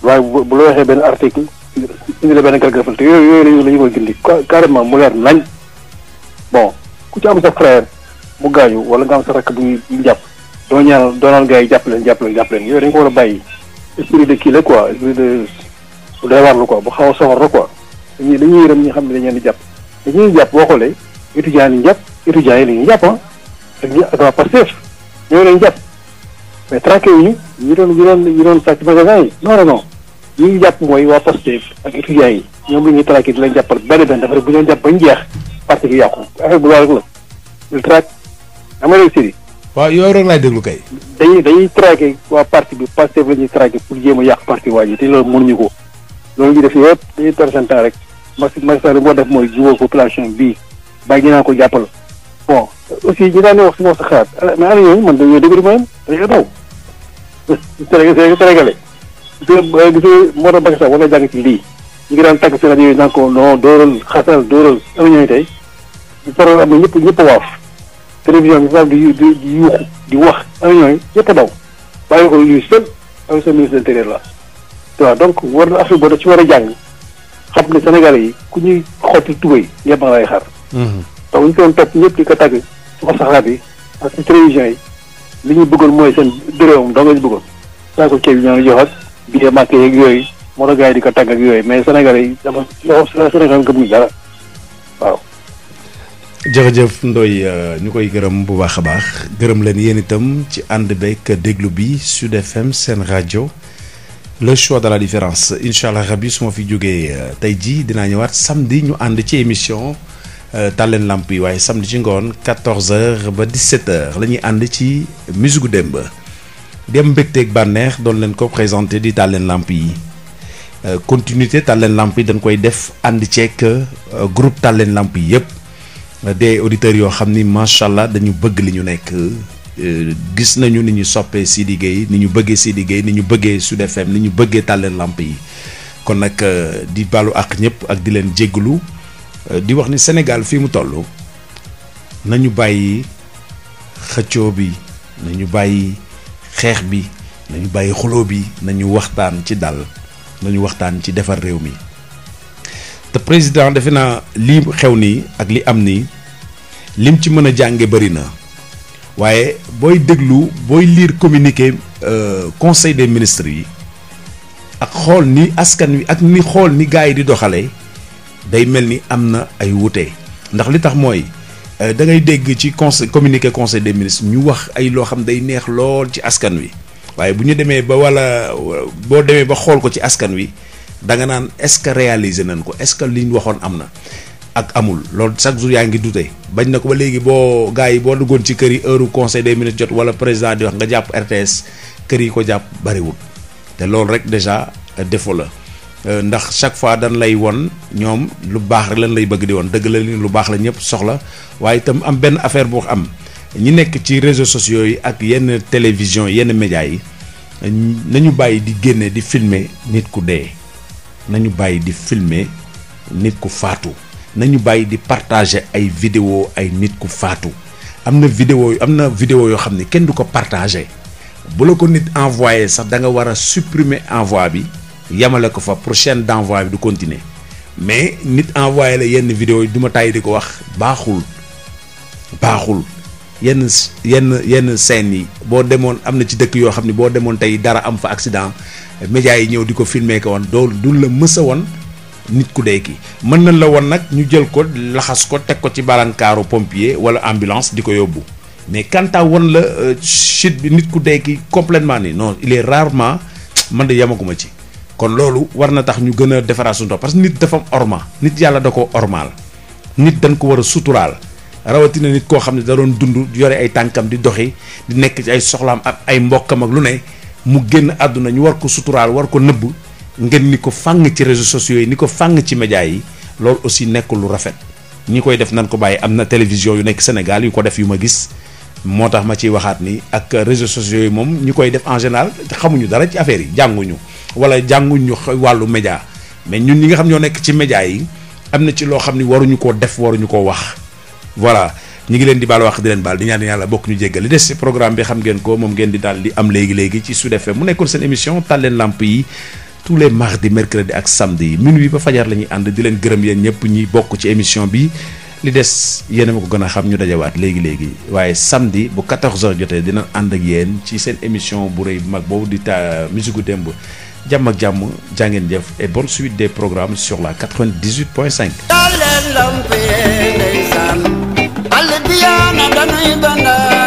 waaye bu la waxee benn article indi la benn calcul te ku ci am sa frère mu gaañu wala nga am sa ñu jàpp doo ñaanal doonal gars jàpp leen jàpp leen jàpp leen yooyu dañ ko war a la quoi esprit xaw a soxor la quoi dañuy dañuy yërëm ñi xam ne dañ leen di jàpp dañuy leen di jàpp boo xoolee étudiants yi ñu jàpp étudiants yi la ñuy jàpp ah ñu ñu doon ñu doon ñu doon sàcc magasin yi non non non. li ñu jàpp mooy waa Pastef ak étudiants yi ñoom la ñuy traqué di leen jàppal benn benn dafa bu leen jàpp bañ jeex parti bi yàqu affaire bu loolu rek la ñu traqué dama dégg Sidi. waaw yow rek kay. dañuy dañuy traqué waa parti bi Pastef la ñuy traqué pour jéem a yàq parti waa ji te loolu mënuñu ko loolu ñu def yëpp dañuy tor seen rek Macky Macky Sall moo def mooy jubóo population bii bàyyi ñu naan ko jàppal bon aussi ñu daan wax si wax sa xalaat ah, mais ana ñooñu man dañoo déglu ma yem dañoo daw. gis gis moo tax Macky Sall war na jàng ci lii ngi daan tàgg si rajo yi naan ko non dóoral xasal dóoral am ñooy tey bu parole am na ñëpp ñëpp waaf télévision bi faam di di di yuuxu di wax am ñooy ñëpp a daw bàyyi ko luy seul avec sa ministre la waaw donc war na affaire boo da ci war a jàng xam ne Sénégalais yi ku ñuy xotti tubéy ñëpp a lay xaar mm-hmm. donc ñu doon topp ñëpp di ko tàgg ci saxaat yi ak ci télévision yi li ñu bëggoon mooy seen dërëwam doo nga ñu bëggoon saa ko ceeb biir màkk yeeg yooyu moo tax gars yi di ko tàgg ak yooyu mais Sénégalais yi dafa yoo Sénégal gëmuñu dara waaw. jërëjëf Ndoye euh, ñu koy gërëm bu baax a baax gërëm leen yéen itam ci ànd beeg déglu bi Sud FM seen rajo le choix de la différence incha allah rabi su ma fi jógee euh, tey jii dinaa ñëwaat samedi ñu ànd ci émission euh, tàlleen lamp yi waaye samedi ci ngoon 14h ba 17h la ñuy ànd ci musique gu démb. dem mbégteeg bànneex doon leen ko présenté di tàlleen làmp yi euh, continuité tàlleen làmp yi dañ koy def ànd ceeg euh, groupe tàlleen làmp yi yëpp euh, des auditeurs yoo xam ni macha allah dañu bëgg li ñu nekk gis nañu ni ñu soppee Sidy liggéey ni ñu bëggee Sidy liggéey ni ñu bëggee Sud FM ni ñu bëggee tàlleen làmp yi kon nag di baalu ak ñëpp ak di leen jégglu di wax ni Sénégal fi mu toll nañu bàyyi xëccoo bi ñu bàyyi xeex bi nañu bàyyi xuloo bi nañu waxtaan ci dal nañu waxtaan ci defar réew mi te président defe naa lii xew nii ak li am ni lim ci mën a jànge bëri na waaye booy déglu booy lire communiqué euh, conseil des ministres yi ak xool ni askan wi ak ni xool ni gars yi di doxalee day mel ni am na ay wute ndax li tax mooy Euh, da ngay dégg ci conseil communiqué conseil des ministres ñu wax ay loo xam day neex lool ci askan wi waaye bu ñu demee ba wala boo demee ba xool ko ci askan wi da nga naan est-ce que réaliser nañ ko est-ce que liñ waxoon am na ak amul loolu chaque jour yaa ngi du dute bañ na ko ba léegi boo gars yi boo duggoon ci kër yi heure conseil des ministres jot wala président di wax nga jàpp RTS kër yi ko jàpp bariwul te loolu rek déjà euh, défaut la. Euh, ndax chaque fois dañ lay won ñoom lu baax rek lañ lay bëgg di woon dëgg la lu baax la ñëpp soxla waaye itam am benn affaire boo am ñi nekk ci réseau sociaux yi ak yenn télévision yenn médias yi nañu bàyyi di génne di filmer nit ku dee nañu bàyyi di filmer nit ku faatu nañu bàyyi di partager ay vidéo ay nit ku faatu am na vidéo yu am na vidéo yoo xam ne kenn du ko partager bu la ko nit envoyé sax da nga war a supprimer envoi bi yemale ko fa prochaine d'envoi bi du continuer mais nit envoyé la yenn vidéo yi du ma tàyyi di ko wax baaxul baaxul yenn yenn yenn scènes yi boo demoon am na ci dëkk yoo xam ne boo demoon tey dara am fa accident médias yi ñëw di ko filmer ko woon doo du la mës a woon nit ku dee ki mën nañ la woon nag ñu jël ko laxas ko teg ko ci barankaaru pompier wala ambulance di ko yóbbu mais quant won la chute euh, bi nit ku dee kii complètement ni non il est rarement man de yamaguma ci kon loolu war na tax ñu gën a defaraat suñu parce que nit dafa orma nit yàlla da ko ormaal nit dañ ko war a suturaal rawatina nit koo xam ne da doon dund yore ay tànkam di doxi di nekk ci ay soxlaam ak ay mbokkam ak lu ne mu génn àdduna ñu war ko suturaal war ko nëbb ngeen ni ko fàng ci réseaux sociaux yi ni ko fàng ci médias yi loolu aussi nekk lu rafet ñi koy def nan ko bàyyi am na télévision yu nekk Sénégal yu ko def yu ma gis moo tax ma ciy waxaat ni ak réseaux sociaux yi moom ñi koy def en général xamuñu dara ci affaire yi jànguñu wala jànguñu wàllu média mais ñun ñi nga xam ñoo nekk ci média yi am na ci loo xam ni waruñu koo def waruñu koo wax voilà ñu ngi leen di baal wax di leen baal di ñaan yàlla bokk ñu jéggal li des ci programme bi xam ngeen ko moom ngeen di daal di am léegi léegi ci su FM mu nekkoon seen émission taal leen lamp yi tous les mardis mercredi ak samedi minuit ba fajar la ñuy ànd di leen gërëm yéen ñëpp ñi bokk ci émission bi li des yéen ma ko gën a xam ñu dajawaat léegi léegi waaye samedi bu 14h jotee dina ànd ak yéen ci seen émission bu rëy bu mag boobu di ta musique démb. jàmm ak jàmm jàngeen jëf et bon suite des programmes sur la 98 point 5. daal leen lamp yee ndeysaan àll bi yaa na dañuy danda